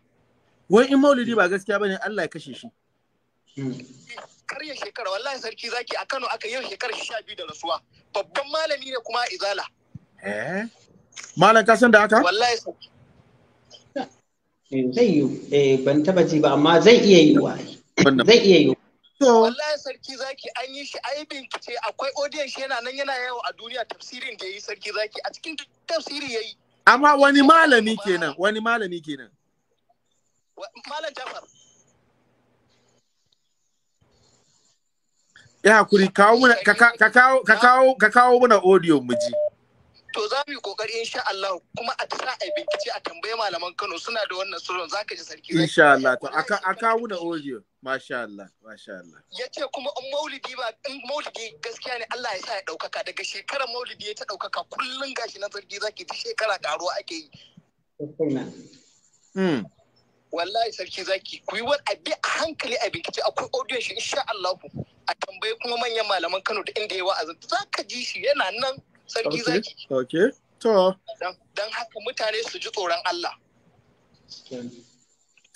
wai in maulidi ba gaskiya bane Allah ya kashe shi karya shekara wallahi sarki zaki a Kano aka yau shekara sha biyu da rasuwa babban malami ne kuma izala eh malam ka san da haka wallahi eh, zai yi eh ban taba ji ba amma zai iya yi wa zai iya yi wallahi sarki zaki an yi shi ai bincike akwai audience shi yana nan yana yawo a duniya tafsirin da yayi sarki zaki a cikin tafsiri yayi amma wani malami kenan wani malami kenan Malam Jafar. Ya hakuri, kawo muna, ka kawo, ka kawo, ka kawo muna audio mu ji. To za mu yi kokari insha Allah kuma a tsara a bincike a tambaye malaman Kano suna da wannan sirrin zaka ji sarki. Insha Allah to a kawo muna audio. Masha Allah, masha Allah. Yace kuma in maulidi ba in maulidi gaskiya ne Allah ya sa ya daukaka daga shekarar maulidi ya ta daukaka kullun gashi na sarki zaki ta shekara garuwa ake yi. wallahi sarki zaki ku yi wa a hankali a bincike akwai audio shi insha Allah a tambaye kuma manyan malaman Kano da inda ya wa'azi. za ji shi yana nan sarki zaki okay to dan haka mutane su ji tsoron Allah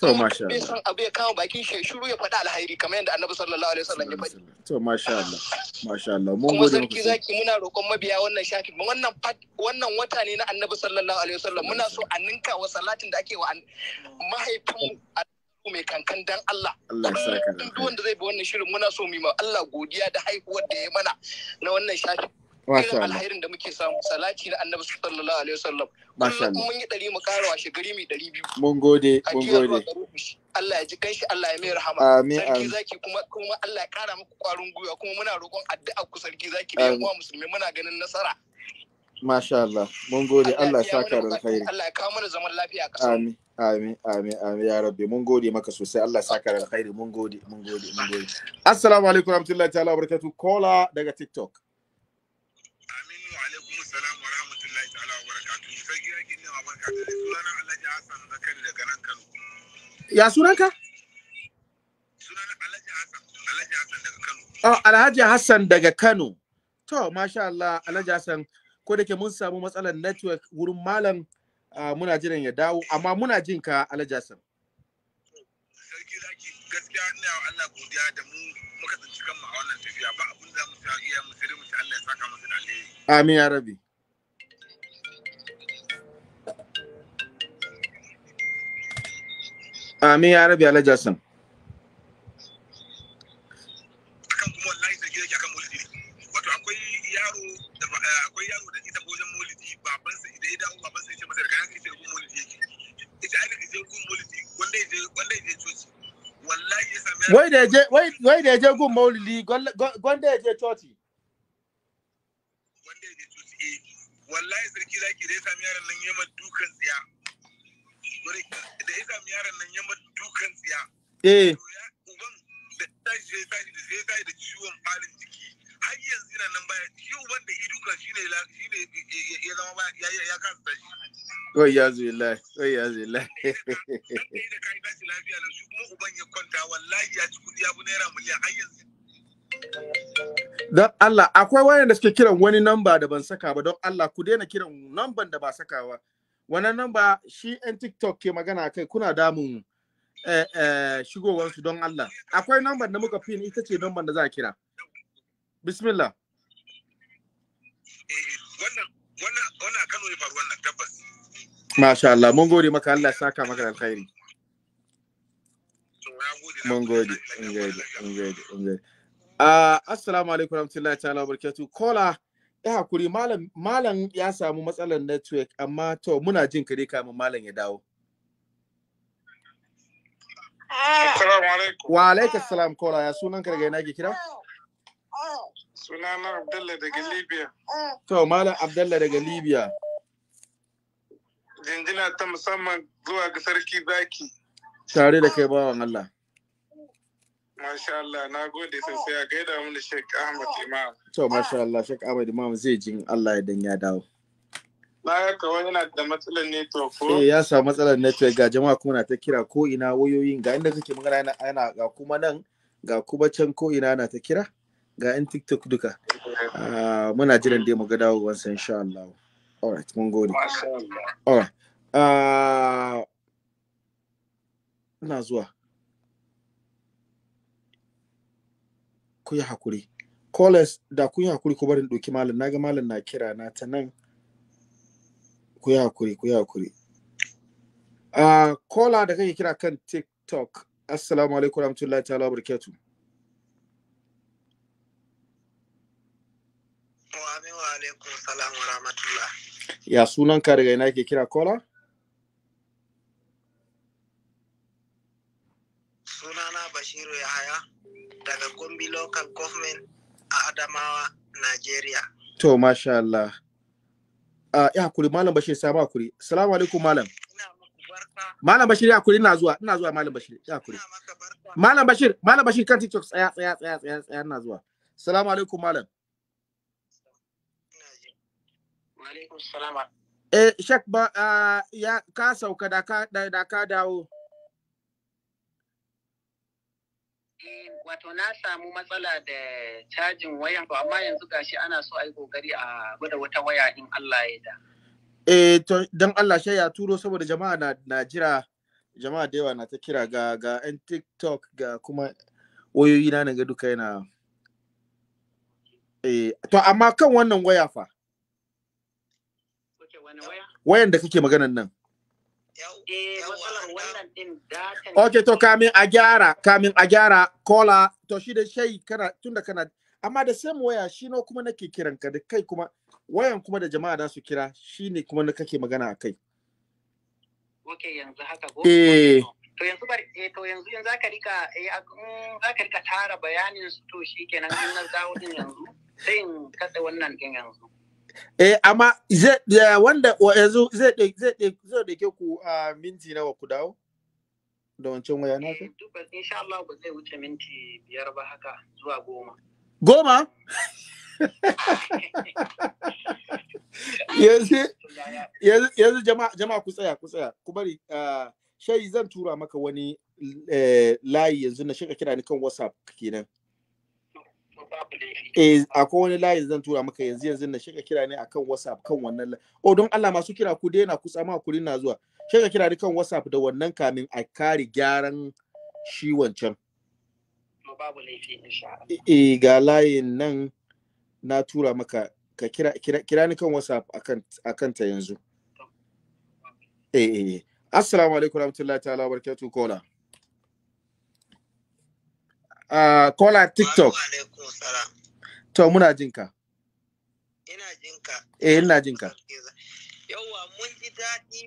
To masha Allah. san abu ya kawo bakin shi shiru ya faɗa alhairi kamar yadda Annabi sallallahu alaihi wasallam ya faɗi. To masha Allah. Masha Allah. Mun gode muku. Kuma zaki muna roƙon mabiya wannan shafin wannan wannan wata ne na Annabi sallallahu alaihi wasallam muna so a ninka wa salatin da ake wa mahaifin mai kankan dan Allah. Allah ya saka. Duk wanda zai bi wannan shirin muna so mu yi ma Allah godiya da haihuwar da ya mana na wannan shafin. irin alherin da na annabi sallallahu alaihi wasallam mun kara washe gode mun gode Allah ya ji kanshi kwarin gwiwa kuma muna roƙon addu'a ku sarki zaki da Allah ya kawo mana zaman lafiya a Amin, amin, amin, amin ya rabbi. Mun gode maka sosai. Allah ya ka da alkhairi. Mun gode, mun gode, mun gode. Assalamu alaikum rahmatullahi ta'ala wabarakatuh. Kola daga TikTok. ya sunanka ka? alhaji hassan daga kano oh alhaji hassan daga kano to masha Allah alhaji hassan ko da ke mun samu matsalar network wurin malam ah, muna jiran ya dawo amma muna jin ka alhaji hassan godiya da mu tsinci kanmu a wannan tafiya ba abin amin ya rabi Amin ya rabi Alhaji Hassan. Akan kuma wallahi da gida akan Wato akwai yaro da eh, akwai yaro da ita baban sa idan ya baban sa masa daga yake yake. Ita ai je gun mulki wanda ya je wanda je coci. Wallahi ya sami Wai da je wai wai da je gun maulidi gwanda ya je coci. Wanda ya je coci eh. Wallahi sarki zaki da ya yaron nan yamma dukan tsiya. da isa mi yaran nan ya mata dukan tsiya eh uban da tashi ya tashi da sai da ciwon halin jiki har yanzu yana nan baya shi uban da iduka shine shine ya zama ba ya ya kasa tashi wai ya zo illahi wai ya zo illahi da kai tashi lafiya da su kuma uban ya kwanta wallahi ya ci kudi ya bu naira miliyan har yanzu don Allah akwai da suke kiran wani namba da ban saka ba don Allah ku daina kiran namban da ba sakawa wannan ba shi 'yan tiktok ke magana kai kuna damun eh, eh, shigowarsu don Allah akwai namban da muka fi ita ce namban da za a kira bismillah eh, masha Allah mun gode maka Allah saka maka alkhairi mun gode mun gode mun gode ah, assalamu alaikum warahmatullahi ta'ala barakatuh. kola ya hakuri malam malam ya samu matsalar network amma to muna jin kare kamin malam ya dawo Wa alaikum salam kola ya sunan ka daga ina ke kira? Sunana Abdullahi daga Libya. To malam Abdullahi daga Libya. Jinjina ta musamman zuwa ga sarki zaki. Tare da kai bawan Allah. Masha Allah, na gode oh. sosai a gaida mu Sheikh Ahmad oh. Imam. To, Masha Allah, Sheikh Ahmad Imam zai jin Allah idan ya dawo. Na ya wani yana da matsalar network ko? Eh, ya samu matsalar network ga jama'a kuma na ta kira ko ina wayoyin ga inda kake magana yana ga kuma nan ga kuma can ko ina na ta kira ga yan TikTok duka. Ah, muna jiran dai mu ga dawowar sa insha Allah. mun gode. Masha Allah. Ah, ina zuwa. ku yi hakuri callers da ku yi hakuri ku barin ɗauki malam naga malam na kira na ta nan ku yi hakuri ku yi hakuri a kola da kake kira kan tiktok assalamu alaikum warahmatullahi ta'ala wa wa alaikum salam wa rahmatullah ya sunan ka daga ina ke kira kola? local government a Adamawa, Nigeria. To, masha Allah. Uh, ya kuri, Malam Bashir, samu hakuri. Salamu alaikum, Malam. Malam Bashir, ya kuri ina zuwa, ina zuwa Malam Bashir, ya kuri. Malam Bashir, Malam Bashir kan TikTok, tsaya, tsaya, tsaya, tsaya, tsaya, ina zuwa. Salamu alaikum, Malam. Eh, Shek, ba, uh, ya, ka sauka da ka dawo. Da, da, da, da, da, da, da, Eh, wato na samu matsala da cajin wayan to amma yanzu gashi ana so a yi kokari a gwada wata waya in Allah ya da. Eh to dan Allah shi ya turo saboda jama'a na, na jira jama'a da yawa na ta kira ga ga yan TikTok ga kuma wayoyi na ga duka yana eh to amma kan wannan waya fa. Okay, wannan waya? Wayan da kake maganan nan. Eh, ok, to kamin a gyara, kamin a gyara, kola, to shi da shai kana tun da kana, amma da same waya shi no kuma nake kiran ka da kai kuma, wayan kuma da jama'a da su kira shi ne kuma na kake magana a kai. Ok, yanzu haka go. Eh. To yanzu bari, eh, to yanzu yanzu zaka rika, eh, mm, zaka rika tara bayanin su to shi kenan, in dawo din yanzu, sai in katse wannan din yanzu. Eh, amma wanda yanzu zai ɗauke ku a minti nawa ku dawo? Da wancan waya na ku? Eh, insha Allah ba zai wuce minti biyar ba haka zuwa goma. Goma? yanzu jama'a ku tsaya ku tsaya ku bari shayi zan tura maka wani eh, layi yanzu na shi ka kira ni kan whatsapp kenan eh akwai wani layin zan tura maka yanzu yanzu na shiga kira ne akan WhatsApp kan wannan oh don Allah masu kira ku dai na kusa ma ku na zuwa shiga kira ne kan WhatsApp da wannan kamin a kare gyaran shi wancan to babu laifi insha Allah eh ga layin nan na tura maka ka kira kira, kira ni kan WhatsApp akan akan ta yanzu eh, eh eh assalamu alaikum warahmatullahi ta'ala barakatuh kola uh, ah, kola tiktok to muna jinka ina jinka eh ina jinka yawa mun ji daɗi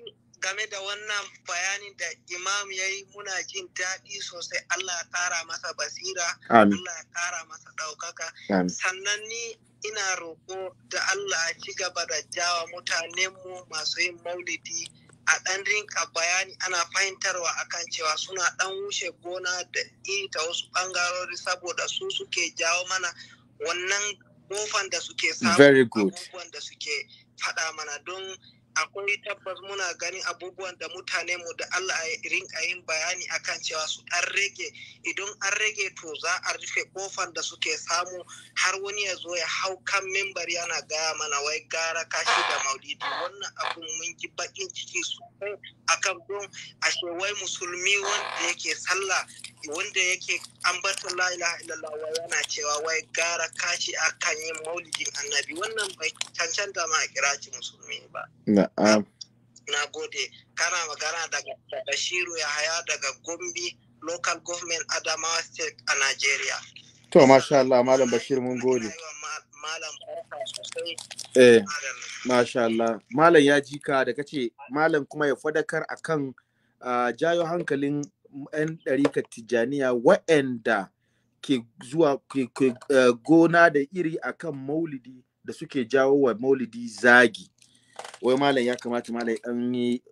game da wannan bayanin da imam ya yi muna jin daɗi sosai Allah ya ƙara masa basira Allah ya ƙara masa ɗaukaka sannan ni ina roƙo da Allah ya ci gaba da jawa mutanenmu masu yin maulidi a ɗan rinka bayani ana fahimtarwa akan cewa suna ɗan wuce gona da iri ta wasu ɓangarori saboda su suke jawo mana wannan kofan da suke samu abubuwan da suke faɗa mana don akwai tabbas muna ganin abubuwan da mutane mu da Allah ya rinka yin bayani akan cewa su an rage idan an rage to za a rufe kofan da suke samu har wani ya zo ya hau kan membar yana gaya mana wai gara kashi da maulidi wannan abu mun ji bakin ciki sosai akan don ashe wai musulmi wanda yake sallah wanda yake ambaton la ilaha illallah wai yana cewa wai gara kashi akan yin maulidin annabi wannan bai cancanta ma a kira musulmi ba Na'am. Na gode. Kana magana daga Bashiru haya daga Gombe Local Government Adamawa State a Nigeria. To, masha Allah, Malam Bashir mun gode. Eh, masha Allah. Malam ya ji ka da kace Malam kuma ya fadakar akan jayo hankalin 'yan ɗarikar Tijjaniya wa'anda ke zuwa ke eh, gona da iri akan maulidi da suke jawo wa maulidi zagi. wai malam ya kamata malam an yi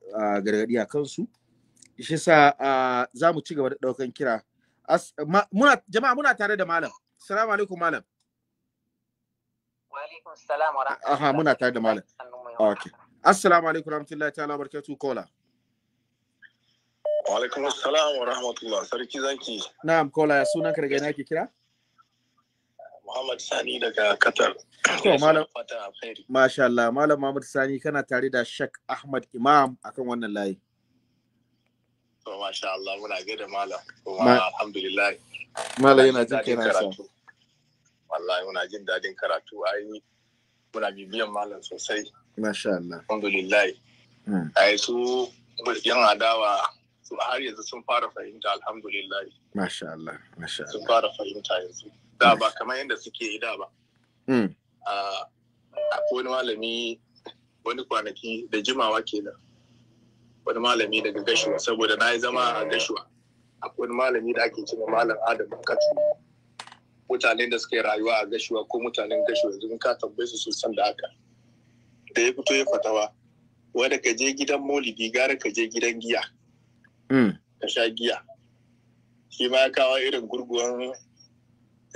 gargadi a kansu shi sa za mu ci gaba da daukan kira jama'a muna tare da malam assalamu alaikum malam wa aha muna tare da malam okay assalamu alaikum rahmatullahi ta'ala barkatu kola wa alaikum assalam wa rahmatullahi sarki zanki na'am kola ya sunan ka daga ina ke kira Muhammad Sani daga Qatar. To malam Masha Allah malam Muhammad Sani kana tare da Sheikh Ahmad Imam akan wannan layi. To masha Allah muna gaida malam alhamdulillah. Malam yana jin kira sa. Wallahi muna jin dadin karatu ai muna bibiyan malam sosai. Masha Allah. Alhamdulillah. Hmm. Ai su yan adawa su har yanzu sun fara fahimta alhamdulillah. Masha Allah. Masha Allah. Sun fara fahimta yanzu. da ba kamar yadda suke yi da ba hmm. akwai wani malami wani kwanaki da jimawa kenan wani malami daga gashuwa saboda na yi zama a gashuwa akwai wani malami da ake cewa malam adam katu mutanen da suke rayuwa a gashuwa ko mutanen gashuwa yanzu ka tambaye su sun da haka da ya fito ya fatawa wanda ka je gidan molidi gara ka je gidan giya hmm. ka sha giya shi ma ya kawo irin gurguwan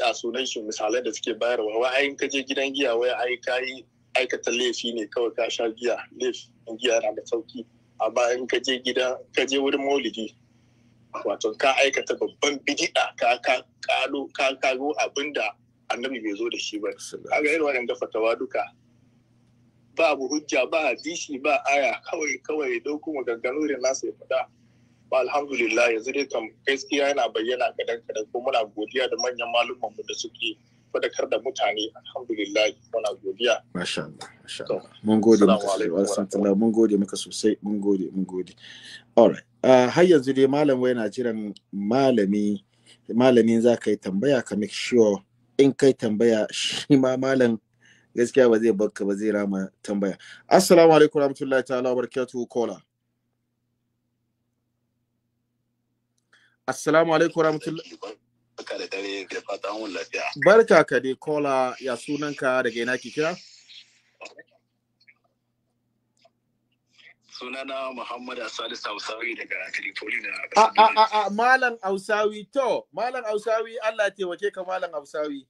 a sunan shi misalai da suke bayarwa wa ayin ka je gidan giya wai ai ka yi aikata laifi ne kawai ka sha giya laifin giya na da sauki amma in ka je gida ka je wurin maulidi wato ka aikata babban bidida ka ka kalo ka kago abinda annabi bai zo da shi ba kaga irin wannan dafa tawaduka abu hujja ba hadisi ba aya kawai kawai dokuma maganganu da nasa ya faɗa ba alhamdulillah yanzu dai kam gaskiya yana bayyana kadan kadan ko muna godiya da manyan malumman mu da suke fadakar da mutane alhamdulillah muna godiya masha Allah masha Allah mun gode maka sosai mun gode maka sosai mun gode mun gode alright ah, har yanzu dai malam wai na jiran malami malamin za ka yi tambaya ka make sure in kai tambaya shi ma malam gaskiya ba zai bakka ba zai rama tambaya assalamu alaikum warahmatullahi ta'ala wa barakatuhu kola Assalamu alaikum warahmatullahi. Barka da dare ka dai kola ya sunanka daga ina ki kira? Sunana Muhammad Asali Sausawi daga Tripoli da A a a Malam Ausawi to Malam Ausawi Allah taimake ka Malam Ausawi.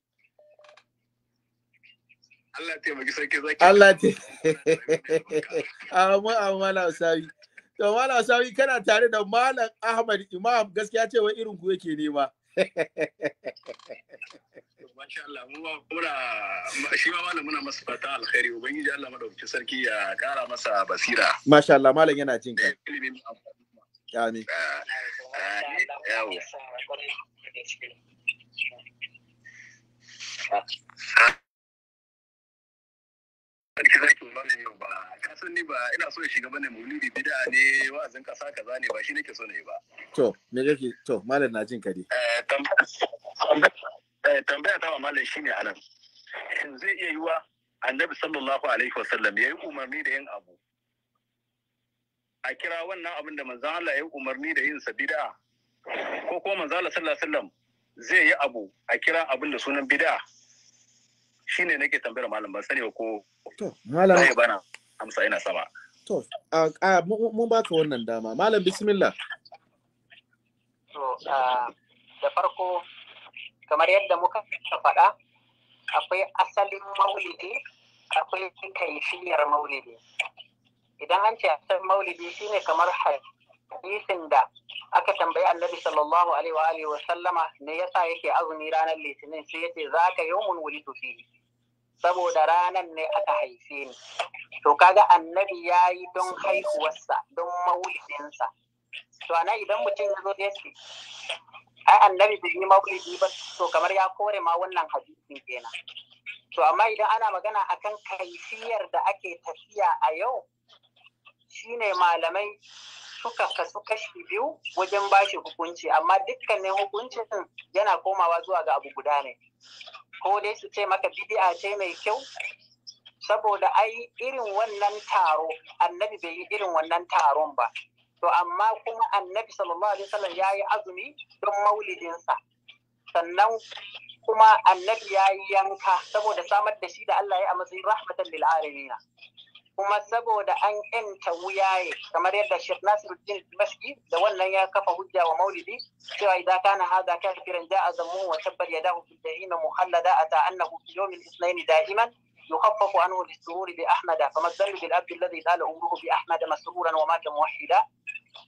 Allah taimaki sarki zaki. Allah taimake. Amma amma Malam Ausawi. to malam sawi kana tare da malam ahmad imam gaskiya ce wai irin ku yake nema Masha Allah, kura shi ma malam muna masa fata alkhairi, Ubangiji Allah madaukakin sarki ya kara masa basira. Masha Allah, malam yana jin ka. Amin. Sarki ah, ah, san ni ba ina so ya shiga bane maulidi bid'a ne wa'azin kasa kaza ne ba shi nake so ne ba to me kake to malam na jin kadi eh, eh tambaya ta malam shine anan shin zai iya yiwa annabi sallallahu alaihi wasallam yayi umarni da yin abu a kira wannan abin da manzon Allah yayi umarni da yin sa bid'a ko kuma manzon Allah sallallahu alaihi wasallam zai yi abu a kira abin da sunan bid'a shine nake tambayar malam ba sani ko to malam bana amsa yana sama to a mun baka wannan dama malam bismillah to da farko kamar yadda muka faɗa akwai asalin maulidi akwai kaifiyar maulidi idan an ce asalin maulidi shine kamar hadisin da aka tambayi annabi sallallahu alaihi wa sallama me yasa yake azumi ranar litinin sai yace zaka yawmun wulitu fihi saboda ranan ne aka haife ni to kaga annabi ya yi don haihuwarsa don maulidinsa to ana idan mutum ya zo ya ce ai annabi bai yi maulidi ba to kamar ya kore ma wannan hadisin kenan to amma idan ana magana akan kaifiyar da ake tafiya a yau shine malamai suka kasu kashi biyu wajen bashi hukunci amma dukkanin hukuncin yana komawa zuwa ga abu guda ne ko dai su ce maka bid'a ce mai kyau saboda ai irin wannan taro annabi bai yi irin wannan taron ba to amma kuma annabi sallallahu alaihi wasallam ya yi azumi don maulidinsa sannan kuma annabi ya yi yanka saboda samar da shi da Allah ya a matsayin rahmatan lil alamin kuma saboda an yanta wuyaye kamar yadda Sheikh Nasiruddin Dimashqi da wannan ya kafa hujja wa Maulidi cewa idza kana hadha kafiran ja'a zammu wa tabbar yadahu fil jahim muhallada ata annahu fi yawm al-ithnain da'iman يخفف عنه للسرور بأحمد فما الذنب بالعبد الذي طال عمره بأحمد مسرورا ومات موحدا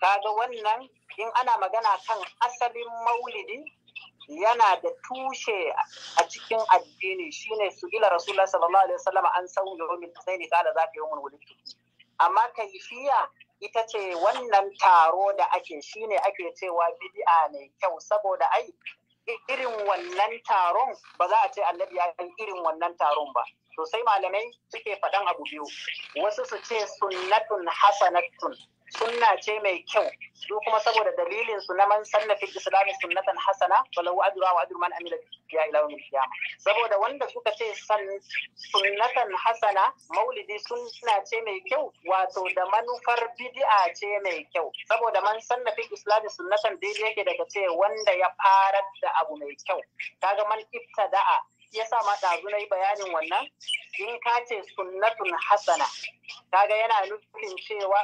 kaga wannan in ana magana kan asalin maulidi yana da tushe a cikin addini shine su gila rasulullah sallallahu alaihi wasallam an sau yawmin tsaini kala zaka wani wulidtu amma kaifiya ita ce wannan taro da ake shine ake cewa bid'a ne kyau saboda ai irin wannan taron ba za a ce annabi ya yi irin wannan taron ba Sosai malamai suke faɗan abu biyu wasu su ce sunnatun hasanatun sunna ce mai kyau su kuma saboda dalilin su na man sanna fil islami sunnatan hasana walau ajra wa ajru man amila biha ila yawmil saboda wanda suka ce sunnatan hasana maulidi sunna ce mai kyau wato da manufar bid'a ce mai kyau saboda man sanna fil islami sunnatan daidai yake daga ce wanda ya farar da abu mai kyau kaga man ibtada'a yasa ma ɗazu na bayanin wannan in ka ce sunnatun hasana kaga yana nufin cewa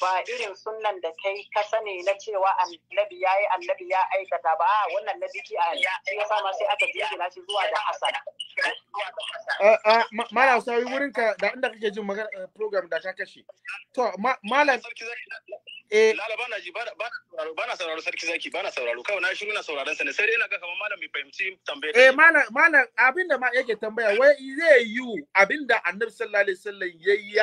ba irin sunan da kai ka sani na cewa annabi ya yi annabi ya aikata ba wannan na biki a shi ya sama sai aka jingina shi zuwa da hasan eh, eh, mala sauri wurin ka da inda kake jin magana eh, program da ka kashe to malam eh lalaba na ji ba na sauraro sarki zaki ba sauraro kawai na shiru na sauraron sa ne sai dai ina ga kamar malam bai fahimci tambayar eh malam malam abinda ma yake tambaya wai zai yi abinda annabi sallallahu alaihi wasallam yayi ya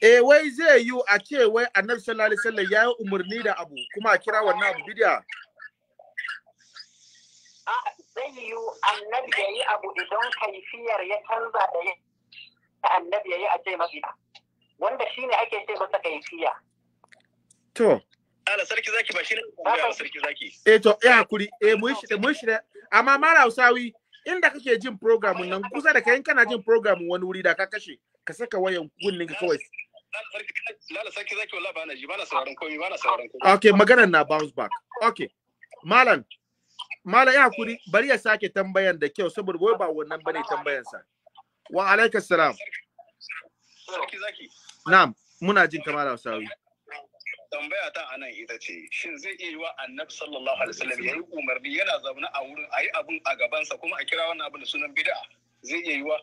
E wai zai yi a ce wai annabi sallallahu alaihi ya yi umarni da abu kuma a kira wannan abu bidiya zai yi annabi ya yi abu idan kaifiyar ya canza da ya annabi ya yi a ce masa wanda shi ne ake ce masa kaifiya to Ala sarki zaki ba shirin tambaya sarki zaki. Eh to eh hakuri E, eh, mun shi mun shi amma mara Hausawi inda kake jin program nan kusa da kai kana jin program wani wuri da ka kashe ka saka wayan kunnen ka kawai Okay, maganar na bounce back. Okay. Malam, Malam ya hakuri, bari ya sake tambayan da kyau saboda wai ba wannan bane tambayansa. Wa alaikas salam. Na'am, muna jin kamar Sawi. Tambaya ta anan ita ce, shin zai iya yi wa Annabi sallallahu alaihi wasallam yayi umarni yana zaune a wurin ayi abun a gabansa kuma a kira wannan abun da sunan bid'a? Zai iya yi wa?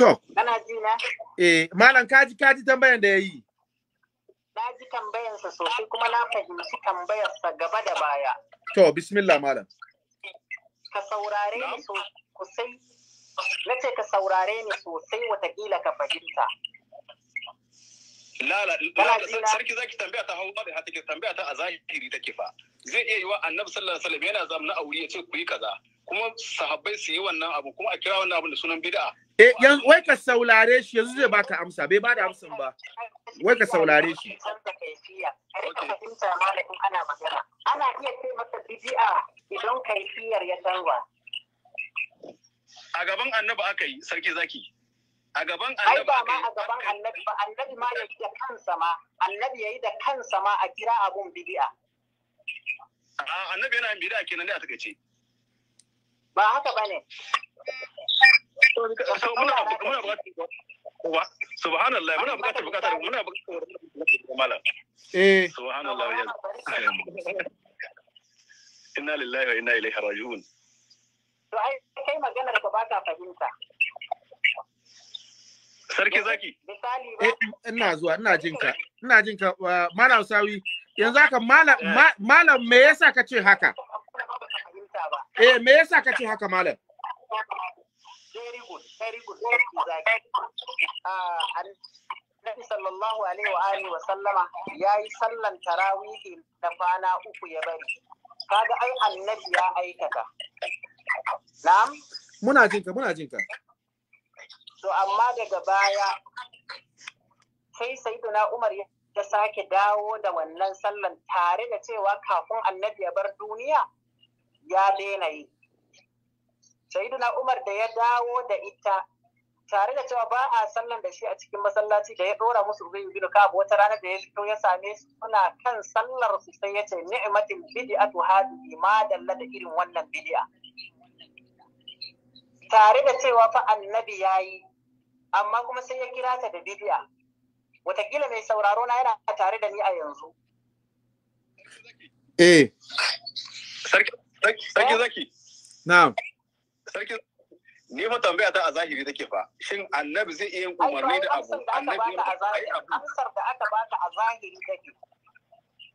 To. Kana ji na? Eh, malam kaji kaji tambayan da yayi. Na ji tambayansa sosai kuma na fahimci tambayarsa gaba da baya. To, bismillah malam. Ka saurare ni sosai. Na ce ka saurare ni sosai watakila ka fahimta. Lala, sarki zaki tambaya ta hawa da Ki tambaya ta a zahiri take fa. Zai iya yiwa annabi sallallahu alaihi wasallam yana na aure ya ce ku yi kaza. kuma sahabbai su yi wannan abu kuma a kira wannan abu da sunan bid'a eh yan wai ka saulare shi yanzu zai baka amsa bai bada amsan ba wai ka saulare shi ana iya ce masa bid'a idan kaifiyar ya canza a gaban annabi aka yi sarki zaki a gaban annabi ba ma a gaban annabi ba annabi ma ya yi da kansa ma annabi ya yi da kansa ma a kira abun bid'a annabi yana yin bid'a kenan ne a takaice ba haka bane so muna muna subhanallah muna bukatar bukatar muna bukatar muna eh subhanallah ya inna lillahi wa inna ilaihi raji'un to ai kai maganar ka ba ta fahimta Sarki zaki. Eh, ina zuwa, ina jinka, ina jinka, Malam Sawi, yanzu haka eh. Malam, me yasa ka ce haka? fahimta ba. Eh me yasa ka ce haka malam? Very good, very good, very good. Nabi sallallahu alaihi wa alihi wa sallama sallan tarawihi da kwana uku ya bari. Kaga ai annabi ya aikata. Na'am? Muna jinka, muna jinka. To amma daga baya sai Sayyidina Umar ya sake dawo da wannan sallan tare da cewa kafin annabi ya bar duniya ya daina yi sayyiduna umar da ya dawo da ita tare da cewa ba a sallan da shi a cikin masallaci da ya dora musu ubay ka abu. wata rana da ya fito ya same su suna kan sallar su sai ya ce ni'matil bid'atu hadihi ma dalla da irin wannan bid'a tare da cewa fa annabi yayi amma kuma sai ya kira ta da bid'a Wataƙila mai sauraro na yana tare da ni a yanzu eh sarki Sarki zaki. Na'am. Sarki ni fa tambaya ta a zahiri take fa. Shin Annabi zai iya yin umarni da abu? Annabi ya ai abu. Amsar da aka bata a zahiri take.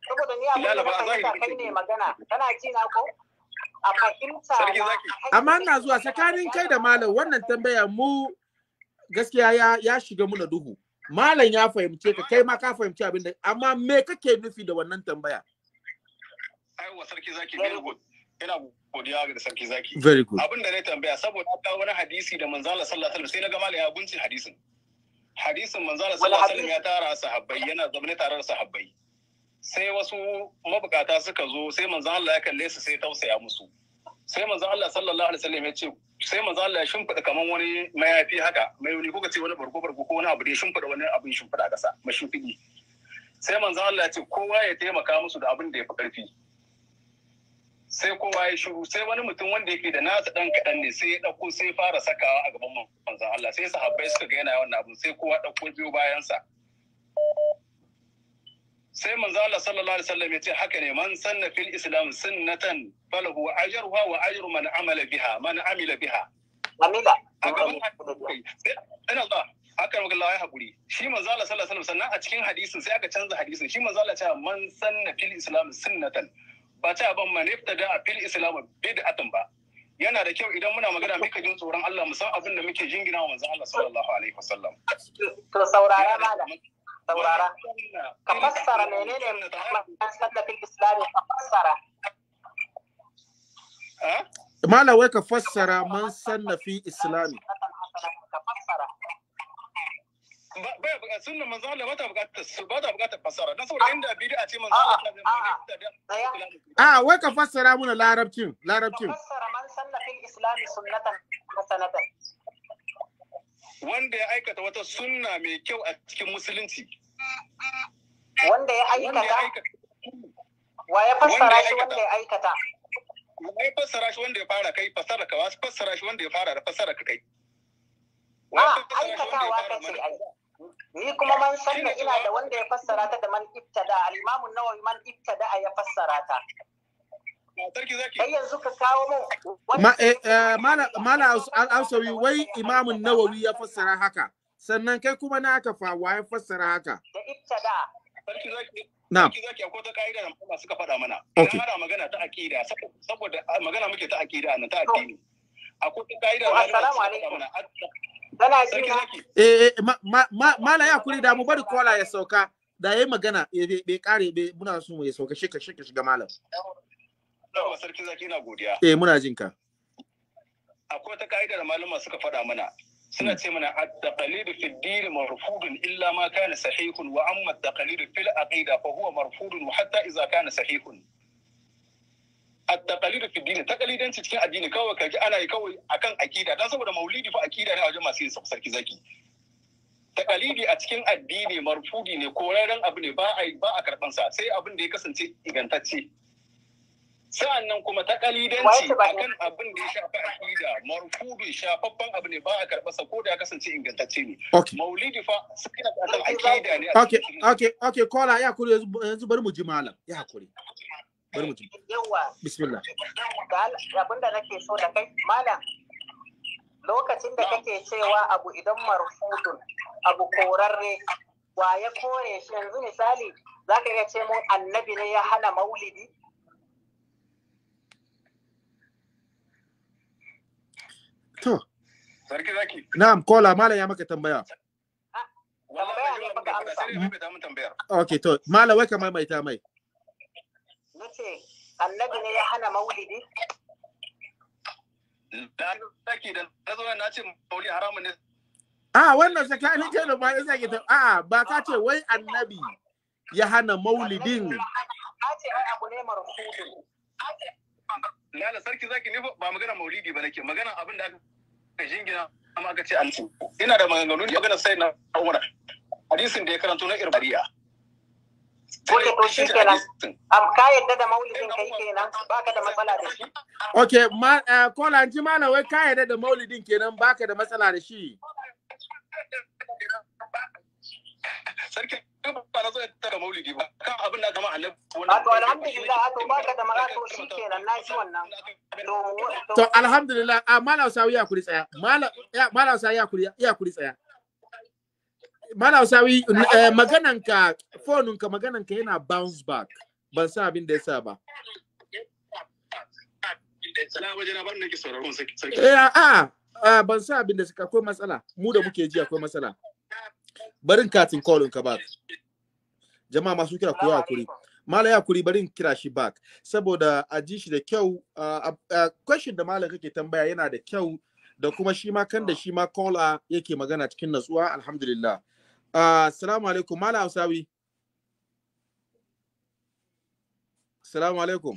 Saboda ni abin da fahimta kai ne magana. Kana ji na ko? A fahimta. Sarki zaki. Amma ina zuwa tsakanin kai da malam wannan tambaya mu gaskiya ya ya shiga muna duhu. Malam ya fahimce ka kai ma ka fahimci abin da amma me kake nufi da wannan tambaya? Aiwa sarki zaki ne yana godiya ga sarki zaki very good abin da na tambaya saboda ta wani hadisi da manzala sallallahu alaihi wasallam sai na gama malai ya hadisin hadisin manzala sallallahu alaihi wasallam ya tara sahabbai yana zaune tare da sahabbai sai wasu mabukata suka zo sai manzo Allah ya kalle su sai tausaya musu sai manzo Allah sallallahu alaihi wasallam ya ce sai manzo Allah ya shimfida kaman wani mayafi haka mai wani kuka ce wani barko barko ko wani abu da ya shimfida wani abu ya shimfida a kasa mashimfidi sai manzo Allah ya ce kowa ya taimaka musu da abin da ya fi karfi sai kowa ya shiru sai wani mutum wanda yake da nasa dan kaɗan ne sai ya ɗauko sai fara sakawa a gaban manzon Allah sai sahabbai suka ga yana wannan abu, sai kowa ɗauko biyo sa. sai manzo Allah sallallahu alaihi wasallam ya ce haka ne man sanna fil islam sunnatan falahu ajruha wa ajru man amala biha man amila biha amila ina zuwa haka maka Allah ya hakuri shi manzo Allah sallallahu alaihi wasallam sannan a cikin hadisin sai aka canza hadisin shi manzo Allah ya ce man sanna fil islam sunnatan ba ta ban manifta da a fil islam bid'atun ba yana da kyau idan muna magana muka jin tsoron Allah mu san abin da muke jingina wa manzon Allah sallallahu alaihi wasallam to saurara da saurara ka fassara menene mai sallafin islami ka fassara Mala wai ka fassara man sannafi islami. Ka fassara. ba sunna manzo Allah bata bukatar su bata bukatar fassara dan saboda ah, inda bid'a ce manzo ah, Allah ta zama a wai ka fassara muna larabcin larabcin fassara man sanna fil islam sunnatan hasanatan wanda ya aikata wata sunna mai kyau a cikin musulunci wanda ya aikata wa ya fassara shi wanda ya aikata wa ya fassara shi wanda ya fara kai fassara ka wasu fassara shi wanda ya fara da fassara ka kai wa ah, aikatawa kace ni kuma man sanna ina da wanda ya fassara ta da man ibtada al-imamu nawawi man ibtada ya fassara ta kai yanzu ka kawo mu eh, eh, mala ausawi wai imamu nawawi ya fassara haka sannan kai kuma na aka fa wa ya fassara haka da ibtada sarki zaki na zaki akwai ta ka'ida da mutane suka faɗa mana okay ana magana ta akida saboda magana muke ta akida nan ta addini akwai ta ka'ida da mutane suka faɗa mana Eh, eh mala ya kuri da mu bari kola ya sauka da ya yi magana eh, bai kare bai muna so ya sauka shika, shika, shi shiga malam. Yawa sarki zaki na godiya. Eh muna jin ka. Akwai ta ka'idar malama suka faɗa mana suna hmm. ce mana a taqlidu fi ad marfudun illa ma kana sahihun wa amma at-taqlidu fil aqida fa huwa marfudun hatta iza kana sahihun. at-taqalidu fi dini taqalidanci cikin addini kawai kaji ana yi kawai akan akida dan saboda maulidi fa akida ne a wajen masu yin sarki zaki takalidi a cikin addini marfudi ne koraren abu ne ba a ba a karban sa sai abin da ya kasance igantacce sa'an nan kuma takalidanci akan abin da ya shafi akida marfudi shafaffen abu ne ba a karɓan sa ko da ya kasance ingantacce ne maulidi fa sai akan akida ne okay okay okay kola ya kure yanzu bari mu ji malam ya kure bari mutum bismillah abinda nake so da kai malam lokacin da kake cewa abu idan marfudun abu korarre wa ya kore shi yanzu misali za ka iya ce mun annabi ne ya hana maulidi to sarki zaki na'am kola malam ya maka tambaya ah, tambaya ne baka amsa okay to malam wai ka maimaita mai annabi ne ya hana maulidi a wannan tsakanin ce da ba ya sake ta a ba ka ce wai annabi ya hana maulidin Lala sarki zaki ne ba magana maulidi ba nake magana abin da aka jingina amma aka ce an ina da maganganun ya magana sai na Umar hadisin da ya karanto na Irbariya Oke, shi kenan. Am ka yadda da maulidin kai kenan, baka da matsala da shi. Eh, kola ji mana wai ka da maulidin kenan ba na da maulidi ba. Kan To alhamdulillah, to baka da na shi wannan. To alhamdulillah, a malam ya kuri tsaya. Malam Sawi eh, magananka fonunka magananka yana bounce back ban san abin da ya sa ba. Eh, a ban san abin da suka akwai matsala mu da muke ji akwai matsala. Barin katin kolin ka back. Jama'a masu kira koyo hakuri. Malam ya kuri barin kira shi back saboda a ji shi da kyau question da malam kake tambaya yana da kyau da kuma shi ma kan da shi ma kola yake magana cikin natsuwa alhamdulillah. Ah, assalamu alaikum, Mala Hausawi. Assalamu alaikum.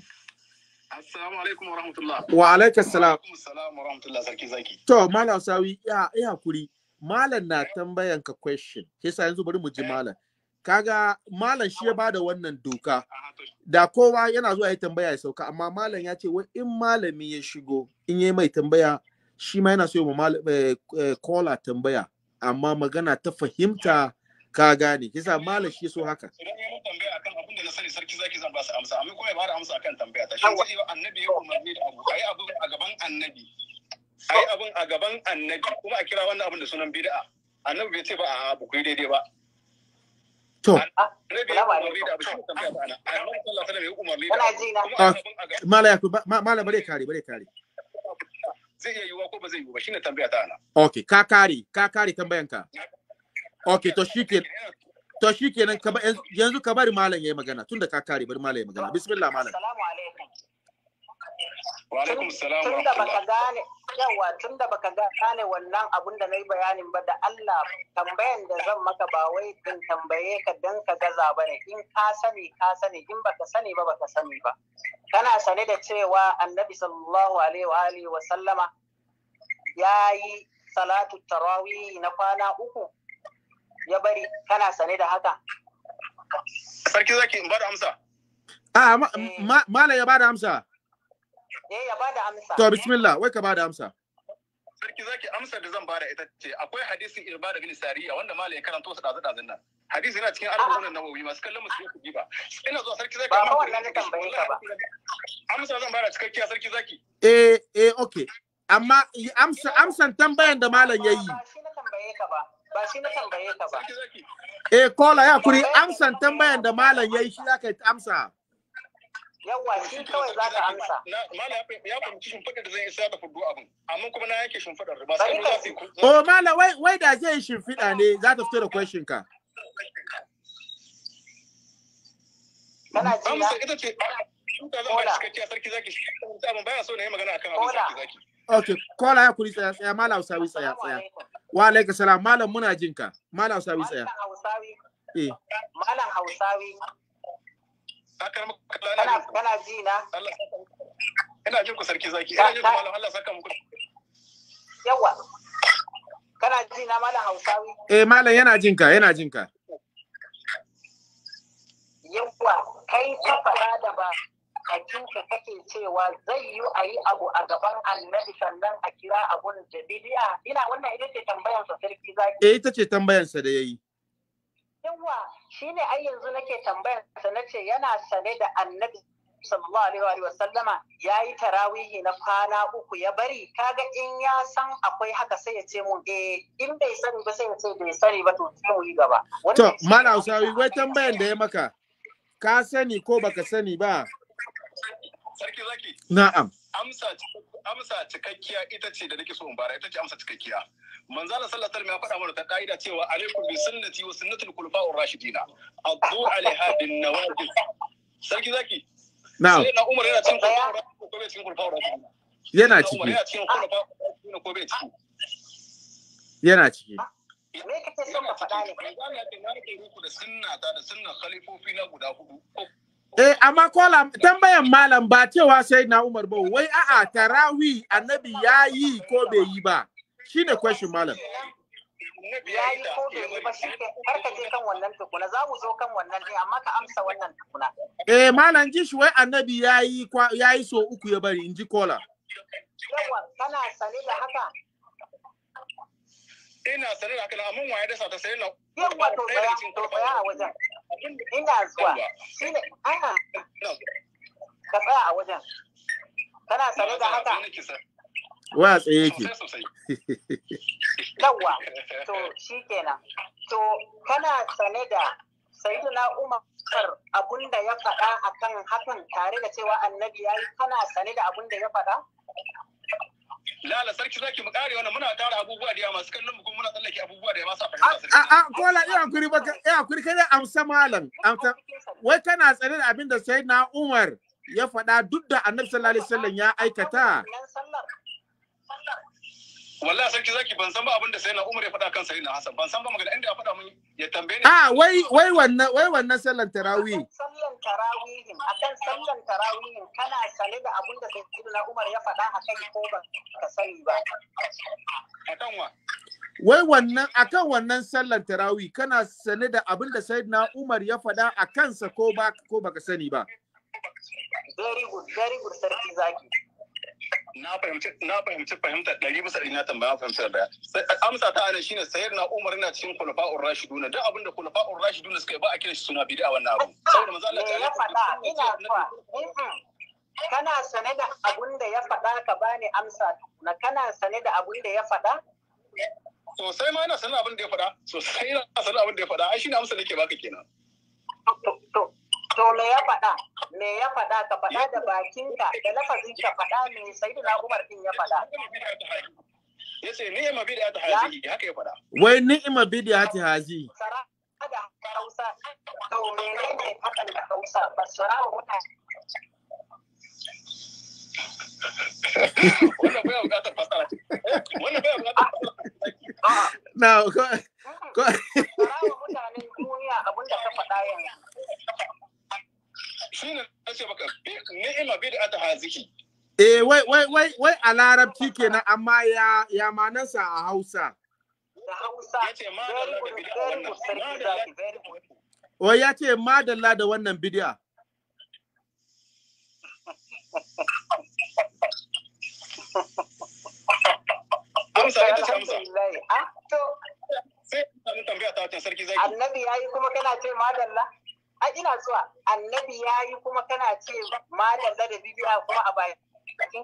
Assalamu alaikum wa rahmatullah. Wa alaikum salam. Wa alaikum wa rahmatullah sarki zaki. To, Mala Hausawi, ya ya kuri. Malam na tambayan ka question. Shi yanzu bari mu ji eh. malam. Kaga malam shi ya bada wannan doka. Da kowa yana zuwa ya tambaya ya sauka, amma malam ya ce wai in malami ya shigo, in yayi mai tambaya, shi ma yana so ya eh, kola eh, tambaya. amma magana ta fahimta ka gane kisa malam shi so haka idan tambaya akan abin na sani sarki zaki amma kuma ya annabi umarni da abu abu a gaban annabi a gaban annabi kuma a kira wannan abin da sunan bid'a annabi bai ce ba a abu daidai ba to ah, annabi ya umarni da abu shi tambaya ba ana annabi sallallahu alaihi ya umarni da abu ah, mala ya mala bare kare kare zai iya yiwuwa ko ba zai yiwu ba shine tambaya ta ana okay ka kare ka kare tambayan ka okay to shike to shike nan ka yanzu ka bari malam yayi magana tunda ka kare bari malam yayi magana bismillah malam assalamu alaikum Wa alaikum salam wa rahmatullah. gane yawa tunda baka gane wannan abun da nayi bayanin ba da Allah tambayan da zan maka ba wai din tambaye ka dan ka gaza ba ne in ka sani ka sani in baka sani ba baka sani ba. Kana sane da cewa Annabi sallallahu alaihi wa alihi wa sallama yayi salatu tarawih na kwana uku ya bari kana sane da haka. Sarki zaki in ba da amsa. Eh. A mala ya bada amsa. Eh ya bada amsa. To bismillah, wai ka bada amsa. Sarki zaki amsa da zan bada ita ce akwai hadisi da bin Sariya wanda malai ya karanto sa dazu dazun nan. Hadisi yana cikin wannan Nawawi masu kallon musu ku ba. Ina zuwa sarki zaki. Ba wannan ne tambaye ka ba. Amsa zan bada cikakkiya sarki zaki. Eh eh okay. Amma amsa amsan tambayan da malam yayi. Ba shi na tambaye ka ba. Ba shi na tambaye ka ba. Eh kola ya kuri amsan tambayan da malam yayi shi zaka amsa. yawa shi kawai za ka amsa ya fahimci shimfiɗar da zan da fudu abin amma kuma na yake shimfiɗar ba sai oh Malam, wai wai da zai shimfiɗa ne za ta fito da question ka ita ce Okay, kola ya kuri tsaya tsaya Malam Hausawi tsaya tsaya. Wa salam malam muna jinka. Malam Hausawi. Malam Hausawi eh. sakar kana na ina jin ku sarki zaki ina jin malam Allah saka muku yawa kana malam Hausawi eh malam yana jin ka yana jin ka yawa kai ka fara da ba hakinka kake cewa zai yi a yi abu a gaban annabi sannan a kira abun da bidiya ina wannan ita ce tambayansa sarki zaki eh ita ce tambayansa da yayi yawa shine ai yanzu nake tambayar na nace yana sane da annabi sallallahu alaihi wa sallama ya yi tarawihi na kwana uku ya bari kaga in ya san akwai haka sai ya ce mu eh in bai sani ba sai ya ce bai sani ba to sai mu yi gaba to mala usawi wai tambayar da ya maka ka sani ko baka sani ba sarki zaki na'am amsa amsa cikakkiya ita ce da nake so in bara ita ce amsa cikakkiya manzala Allah sallallahu alaihi wasallam ya faɗa mana ta kaida cewa alaikum bi sunnati wa sunnatul khulafa'ur rashidina addu alaiha bin nawajib sarki zaki na'am sai na Umar yana cikin rashidina ko bai cikin khulafa'ur rashidina yana ciki yana cikin khulafa'ur ko bai ciki yana ciki me kake son ka faɗa ne manzo da na ce ruku da sunna ta da sunnan khalifofi na guda hudu Eh, amma kola tambayan malam ba cewa sai na Umar ba wai a'a tarawi annabi ya yi ko bai yi ba. shi ne question malam ya yi ko bai yi ba shi har ka je kan wannan tukuna za mu zo kan wannan ne amma ka amsa wannan tukuna eh malam ji shi wai annabi ya yi ya so uku ya bari in ji kola yawa kana sane da haka ina sane da haka na amma waye da ta sane na yawa to baya to baya a wajen ina zuwa shi ne, a'a ka tsaya a wajen kana sane da haka wa tsaye yake yawa to shi kenan to kana sane da sayyidina umar abun da ya faɗa akan hakan tare da cewa annabi yayi kana sane da abun da ya faɗa Lala sarki zaki mu kare wannan muna tara abubuwa da yawa masu kallon mu kuma muna tsallake abubuwa da yawa sa fahimta sarki. A ko la iya kuri ba iya kuri kai amsa malam amsa wai kana tsare da abin da Umar ya faɗa duk da Annabi sallallahu alaihi wasallam ya aikata. sallar wallahi sarki zaki ban san ba abin da sai na Umar ya faɗa kan sai Hassan ban san ba magana inda ya faɗa mun ya tambaye ni ah wai wai wannan wai wannan sallan tarawih sallan tarawih akan sallan tarawih kana sane da abin da sai Umar ya faɗa akan ko ba ka sani ba akan wa wai wannan akan wannan sallan tarawih kana sane da abin da sayyidina Umar ya faɗa akan sa ko ba ko baka sani ba very good very good sarki zaki na fahimci na fahimci fahimta ɗari bisa ɗari na tambaya fahimtar da amsa ta ana shine sayar na umar na cikin rashi rashiduna duk abin da rashi rashiduna suka yi ba a kiran shi suna a wannan abu saboda manzo Allah ya faɗa ina zuwa kana sane da abun da ya faɗa ka bani amsa na kana sane da abun da ya faɗa sosai ma ina sane abin da ya faɗa sosai ina sane abin da ya faɗa ai shine amsa nake baka kenan to to me ya faɗa me ya faɗa ka faɗa da bakinka da lafazin ka faɗa me da Umar din ya faɗa yace ni'ima ta haji haka ya faɗa wai ni'ima bid'a ta haji da Hausa to da Hausa wannan bai bukatar fasara eh, wannan hmm. mutane duniya abinda ka faɗa yanzu shine maka ni'ima eh, wai a larabci kenan amma ya ya manansa a Hausa Wai ya ce madalla da wannan da wannan Amsa ce amsa. Ah, sarki zaki. Annabi yayi kuma kana ce madalla? a ina zuwa annabi ya yi kuma kana ce malam da bibiya kuma a bayan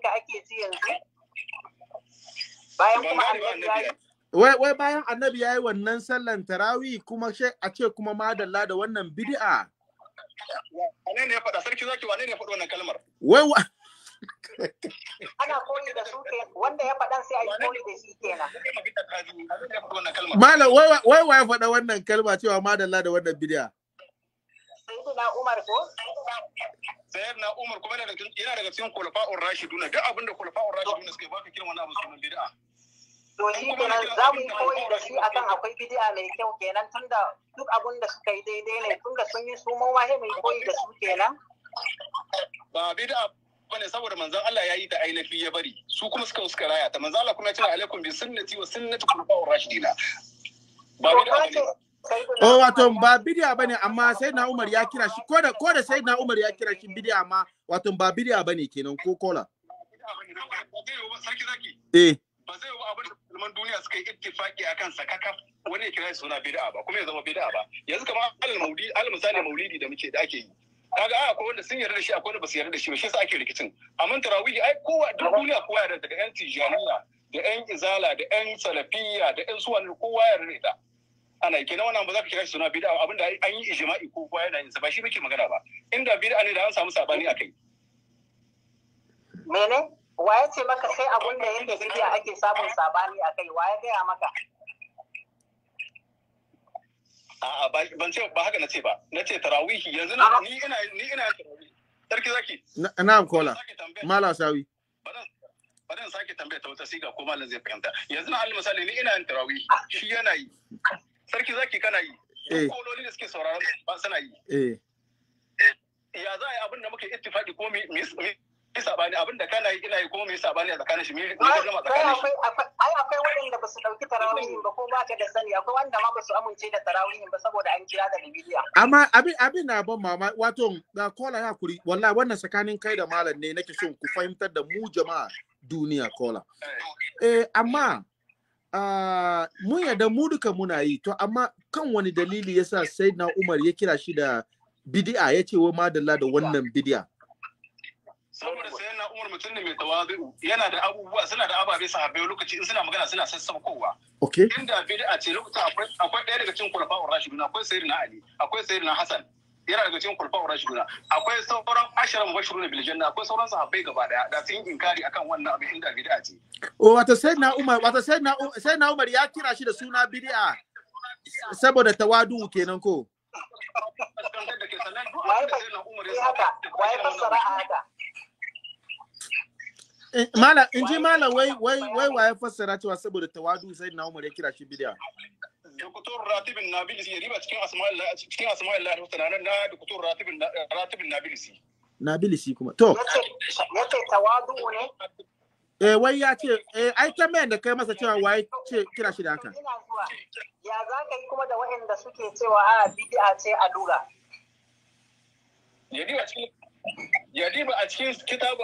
ka ake ji yanzu bayan kuma annabi ya yi wai wai bayan annabi ya yi wannan sallan tarawi kuma she a ce kuma madalla da wannan bid'a wane ne ya faɗa sarki zaki wane ne ya faɗa wannan kalmar wai wa ana koyi da su ke wanda ya faɗan sai a yi koyi da shi kenan malam wai wai ya faɗa wannan kalma cewa madalla da wannan bid'a sayyidina Umar ko sayyidina Umar kuma yana daga cikin khulafa'ur rashiduna duk abinda khulafa'ur rashiduna suka ba ka kiran wannan abu sunan bid'a to shi kenan za mu yi koyi da shi akan akwai bidi'a mai kyau kenan tunda duk abin da suka yi daidai ne tunda sun yi su mun wahe mai koyi da su kenan ba bid'a bane saboda manzon Allah ya yi ta ainihi ya bari su kuma suka suka raya ta manzon Allah kuma ya ce alaikum bi sunnati wa sunnati khulafa'ur rashidina ba bid'a bane Eh, o wato ba bidiya bane amma sai na Umar ya kira shi ko da sai na Umar ya kira shi bidiya amma wato ba bidiya bane kenan ko kola. Ba zai yi abin da musulman duniya suka yi ittifaki a kan kakaf wani ya kira shi suna bid'a ba kuma ya zama bid'a ba yanzu kamar alal maulidi alal misali maulidi da muke da ake yi kaga a akwai wanda sun yarda da shi akwai wanda ba su yarda da shi ba shi yasa ake rikicin amma tarawih ai kowa duk duniya kowa yarda daga yan tijaniya da yan izala da yan salafiyya da yan suwan kowa yarda da ita ana kenan wannan ba za ka kira shi suna bid'a abin da an yi ijma'i ko kowa yana yin sa ba shi muke magana ba inda bid'a ne da an samu sabani akai mene wa ya ce maka sai abun da yake bid'a ake samun sabani akai wa ya gaya maka a'a ban ce ba haka na ce ba na ce tarawihi yanzu na ni ina ni ina tarawihi sarki zaki na'am kola mala sawi bari in sake tambaya ta wata siga ko malam zai fahimta yanzu na alal misali ni ina yin tarawih shi yana yi sarki zaki kana yi eh. kololi da suke sauraron ba suna yi eh. Eh. ya za a yi abin da muke ittifaki ko mi yi sabani abin da kana yi ina yi ko mi yi sabani a tsakanin shi mu yi gudunma tsakanin shi ai akwai waɗanda ba su ɗauki tarawihin ba ko ba ka da sani akwai wanda ma ba su amince da tarawihin ba saboda an kira da bibiliya amma abin abin na ban mama wato da kola ya kuri wallahi wannan tsakanin kai da malam ne nake so ku fahimtar da mu jama'a duniya kola eh amma Ah, mun yarda mu duka muna yi to amma kan wani dalili yasa sai na umar ya kira shi da bidi'a ya ce wa madalla da wannan bidi'a saboda sai na umar mutum ne mai tawazu yana da abubuwa suna da ababe sahabbai lokaci in suna magana suna sassaukowa okay inda bid'a ce lokaci akwai akwai ɗaya daga cikin kulafa'ur rashidun akwai sayyidina ali akwai sayyidina hasan yana daga cikin kulfa rashiduna akwai sauran ashirin bashiruna bil na, akwai sauran sahabbai gaba daya da sun inkari akan wannan abin inda bid'a ce o oh, wato sai na umar wato sai na sai na umar ya kira shi da suna bid'a saboda tawadu kenan ko eh, Mala, in ji Mala wai wai wai waye fassara cewa saboda tawadu sai na Umar ya kira shi bid'a. الكتور راتب النابلسي يريبا cikin asma'illah cikin asma'illah husna nan na da kutur ratib ratib nabilisi nabilisi kuma to wato tawadu ne eh wai ya ce eh ai ta mai da kai masa cewa wai ce kira shi da haka ya za ka yi kuma da waɗanda suke cewa a ah, bid'a ce a lura yadiba cikin yadiba a cikin kitabu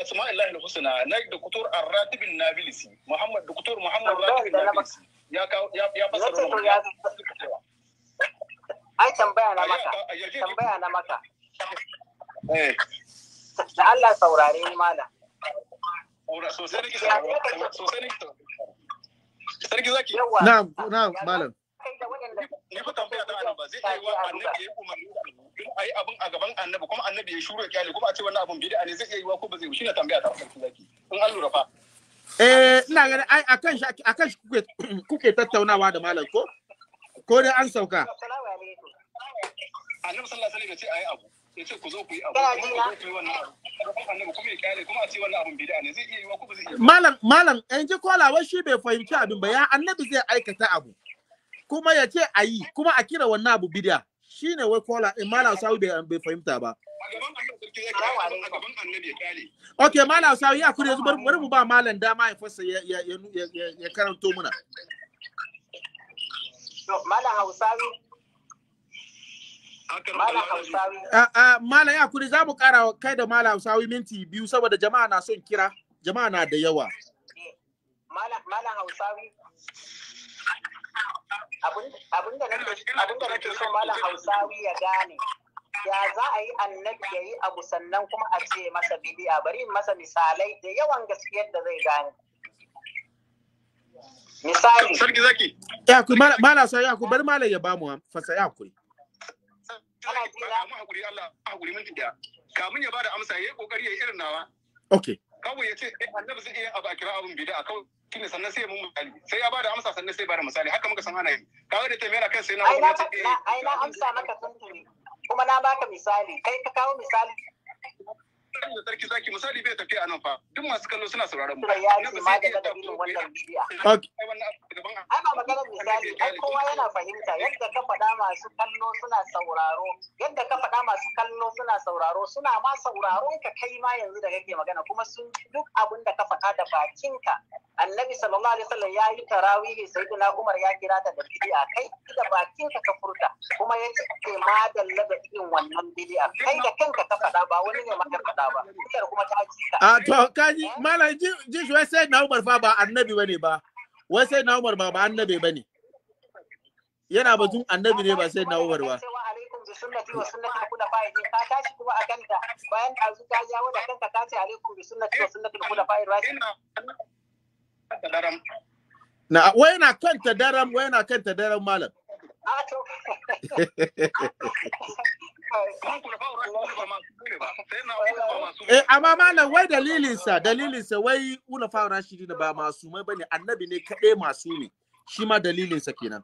asma'illah husna na da kutur ar-ratib nabilisi muhammad da kutur muhammad ratib nabilisi ya kawo ya ya fasa ya ai tambaya na maka tambaya na maka eh. da Allah saurare ni malam sosai nake sosai nake sarki zaki na'am na'am malam ni fa tambaya da annabi zai yi wa annabi ya umarni in ai abin a gaban annabi kuma annabi ya shuru kyale kuma a ce wannan abin bid'a ne zai iya yi wa ko ba zai yi shine tambaya ta sarki zaki in an lura fa Eh, ina ganin ai akan shi akan shi kuke kuke tattaunawa da malam ko? Ko dai an sauka? Annabi sallallahu alaihi wasallam ya ce abu. Ya ce ku zo ku yi abu. ku zo ku yi wannan abu. Annabi kuma ya kare kuma a ce wannan abun bid'a ne zai iya zai iya. Malam malam in ji kolawar shi bai fahimci abin ba ya Annabi zai aikata abu. Kuma ya ce ayi kuma a kira wannan abu bid'a. Shine wai kola in eh, malam sawi bai fahimta ba. Ok, Malam Sawi, ya kuri yanzu bari mu ba Malam dama ya fasa ya karanto muna. Malam Hausawi. Malam ya kure za mu kara kai da Malam Hausawi minti biyu saboda jama'a na son kira, jama'a na da yawa. Eh, Malam Hausawi. Abin da nake so Malam Hausawi ya gane. ya za a yi annabi ya yi abu sannan kuma a ce masa bidi'a bari masa misalai da yawan gaskiyar da zai gane misali sarki zaki ya ku mala sa ya ku bari mala ya bamu fasa ya ku ana ji na hakuri Allah hakuri minti da kamun ya bada amsa yayi kokari ya irin nawa okay kawai ya ce eh, annabi zai iya abu a kira abun bid'a kawai shine sannan sai mun misali sai ya bada amsa sannan sai bada misali haka muka san ana yi kawai da ta mera kan sai na ai na amsa maka tuntuni kuma na baka misali kai ka kawo misali sani da sarki zaki misali bai tafiya nan fa duk masu kallo suna sauraron mu. Ya yi ma daga da irin wannan biya. Ai ba maganar misali ai kowa yana fahimta yadda ka faɗa masu kallo suna sauraro yadda ka faɗa masu kallo suna sauraro suna ma sauraro ka kai ma yanzu da kake magana kuma sun duk abin da ka faɗa da bakinka. Annabi sallallahu alaihi wasallam ya yi tarawihi sayyidina Umar ya kira ta da bidiya kai da bakinka ka furta kuma ya ce ma dalla da irin wannan bidiya kai da kanka ka faɗa ba wani ne maka faɗa faɗa ba kuma ta ji ka a ah, to kaji malam ji shi na Umar fa ba annabi bane ba wai na Umar ba ba annabi bane yana batun annabi ne ba sai na Umar ba sunnati wa sunnati al-khulafa'i tashi kuma a kanta bayan zuka da kanka alaikum bi sunnati wa sunnati al-khulafa'i eh, na wai na kanta daram wai na kanta daram malam a ah, to Eh, amma malam wai dalilinsa, dalilinsa wai Ulafa da ba masu mai bane, annabi ne kaɗai masu ne. Shi ma dalilinsa kenan.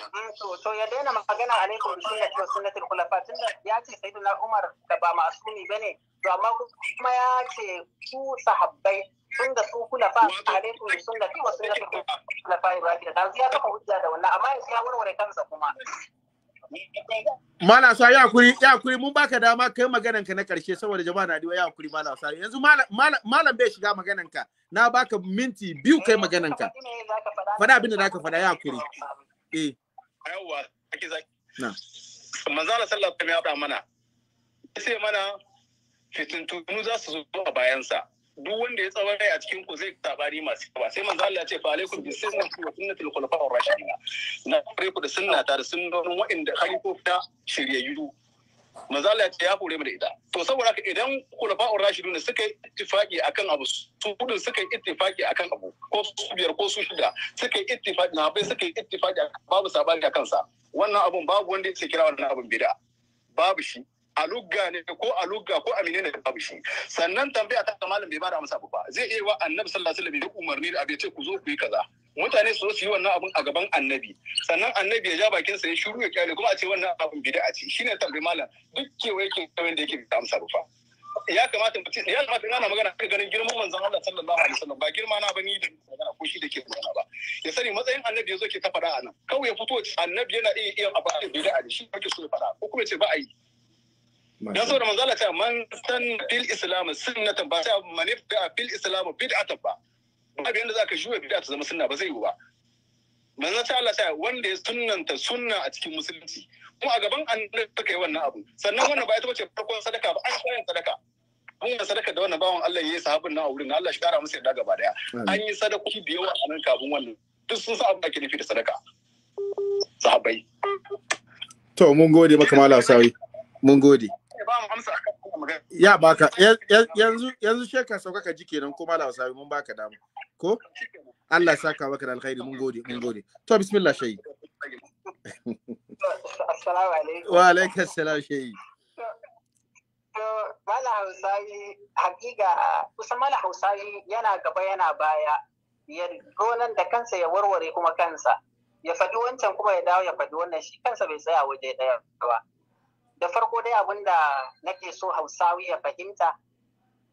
Eh, to ya daina magana a alaikum bi sun wa sunnatul khulafa tunda ya ce "Sai sayyidina Umar da ba masumi bane to amma kuma ya ce ku sahabbai tunda su khulafa alaikum bi sunnati wa sunnatul ba Ibrahim da ya kafa hujja da wannan amma ya ce ya warware kansa kuma Malam sa ya kuri ya kuri mun baka dama kai maganan ka na karshe saboda jama'a na diwa ya kuri malam sa yanzu malam bai shiga maganan ka na baka minti biyu kai maganan ka fada abin da zaka fada ya kuri eh yawa kake zaki na manzo Allah sallallahu alaihi wasallam ya faɗa mana sai mana mu za su zo a bayansa duk wanda ya tsawon a cikin ku zai tabari masu yawa sai manzo Allah ya ce fa alaikum bi sunnati wa sunnatil khulafa'ur rashidin na kare ku da sunna ta da sunnonin wa'inda khalifofi ta shiryayyu manzo Allah ya ce ya hore mu da ita to saboda haka idan khulafa'ur rashidin suka yi ittifaqi akan abu su kudin suka yi ittifaqi akan abu ko su biyar ko su shida suka yi ittifaqi na bai suka yi ittifaqi babu sabani akan sa wannan abun babu wanda ya kira wannan abun bid'a babu shi a lugga ne ko a lugga ko a menene babu shi sannan tambaya ta malam bai bada amsa ba zai iya wa annabi sallallahu alaihi wasallam umarni da abin ce ku zo ku yi kaza mutane su su yi wannan abun a gaban annabi sannan annabi ya ja bakin sa ya shiru ya kyale kuma a ce wannan abun bid'a ce shine tambayi malam duk kewaye ke kawai da yake da amsa ba ya kamata mutum ya kamata ina magana kan ganin girman manzon Allah sallallahu alaihi wasallam ba girma na ni da magana ko shi da ke magana ba ya sani matsayin annabi yazo ke ta a anan kawai ya fito annabi yana iya iya abu da bid'a ne shi kake so ya faɗa ko kuma ce ba a yi dan saboda manzo Allah ta man san bil islam sunnatan ba ta manif da bil islam bid'atan ba babu yanda zaka juya bid'a ta zama sunna ba zai yi ba manzo ta Allah ta wanda ya sunnanta sunna a cikin musulunci kuma a gaban annabi suka yi wannan abu sannan wannan ba ita bace farkon sadaka ba an yi sadaka Mun yi sadaka da wannan bawan Allah ya yi sahabin nan a wurin Allah shi kara masa yarda gaba daya an yi sadakoki da yawa a nan kafin wannan duk sun sa abin da ke nufi da sadaka sahabbai to mun gode maka mala sawi mun gode ba mu amsa akan magana ya baka yanzu yanzu ka sauka ka ji kenan ko malam sabi mun baka damu ko Allah ya saka maka da alkhairi mun gode mun gode to bismillah shayi assalamu alaikum wa alaikum assalam shayi to malam hausawi hakika kusan malam hausawi yana gaba yana baya ya gonan da kansa ya warware kuma kansa ya faɗi wancan kuma ya dawo ya faɗi wannan shi kansa bai tsaya waje ɗaya ba da farko dai abin da nake so hausawi ya fahimta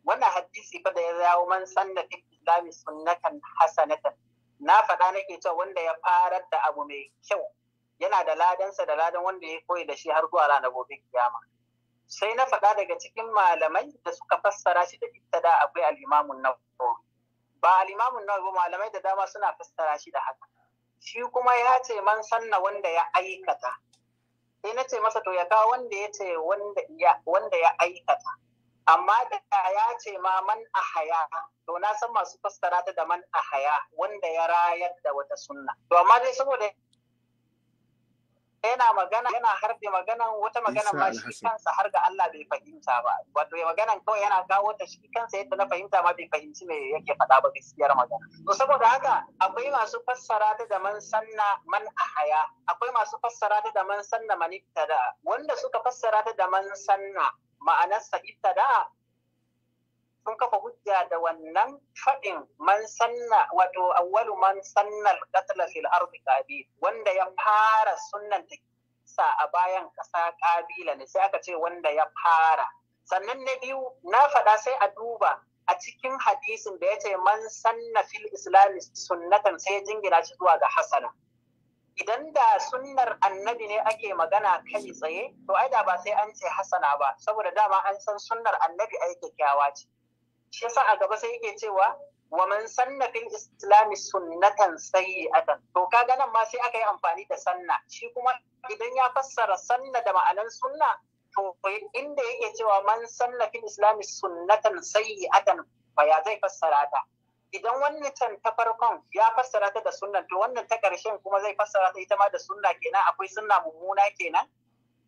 wannan hadisi fa da ya zawo man da fi islami sunnatan hasanatan na faɗa nake cewa wanda ya farar da abu mai kyau yana da ladansa da ladan wanda ya koyi da shi har zuwa ranar gobe kiyama sai na faɗa daga cikin malamai da suka fassara shi da da akwai al-imamun nawawi ba al-imamun nawawi malamai da dama suna fassara shi da haka shi kuma ya ce man sanna wanda ya aikata sai na ce masa to ya kawo wanda ya ce wanda ya aikata amma da ya ce ma man a haya to na san masu fassara ta da man a haya wanda ya rayar da wata sunna to amma dai saboda yana magana yana harbe magana wata magana ba shi kansa har ga Allah bai fahimta ba wato ya magana kawai yana kawo ta shi kansa yadda na fahimta ma bai fahimci me yake faɗa ba gaskiyar magana to saboda haka akwai masu fassara ta da man sanna man ahaya akwai masu fassara ta da man sanna man ibtada wanda suka fassara ta da man sanna ma'anarsa ibtada sun kafa hujja da wannan faɗin man sanna wato awwalu man sanna al-qatl fil ardi qabil wanda ya fara sunnan sa a bayan ƙasa ƙabila ne sai aka ce wanda ya fara sannan na biyu na faɗa sai a duba a cikin hadisin da ya ce man sanna fil islami sunnatan sai ya jingina shi zuwa ga hasana idan da sunnar annabi ne ake magana kai tsaye to ai da ba sai an ce hasana ba saboda dama an san sunnar annabi ai kyakkyawa ce shi yasa a gaba sai yake cewa wa man sanna fil islami sunnatan sayyi'atan to kaga nan ma sai aka yi amfani da sanna shi kuma idan ya fassara sanna da ma'anan sunna to inda yake cewa man sanna fil islami sunnatan sayyi'atan fa ya zai fassara ta idan wannan ta farkon ya fassara ta da sunna to wannan ta karshen kuma zai fassara ta ita ma da sunna kenan akwai sunna mummuna kenan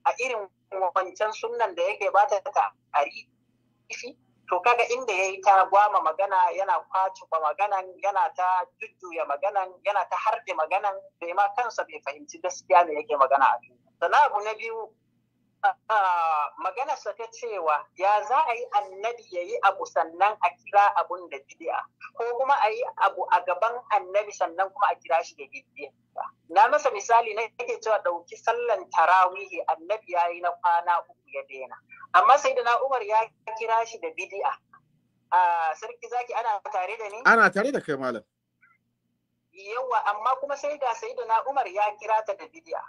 a irin wancan sunnan da yake bata ta tarifi to kaga inda ya yi ta gwama magana yana kwacewa ba maganan yana ta jujjuya maganan yana ta harbe maganan bai ma kansa bai fahimci gaskiya da yake magana a duniya sannan abu na biyu maganarsa ta cewa ya za a yi annabi ya yi abu sannan a kira abun da bidiya ko kuma a yi abu a gaban annabi sannan kuma a kira shi da bidiya na masa misali na yake cewa ɗauki sallan tarawihi annabi ya yi na kwana uku ya daina amma sai da na umar ya kira shi da A sarki zaki ana tare da ni ana tare da kai malam yawa amma kuma sai da sai da na umar ya kira ta da bidiya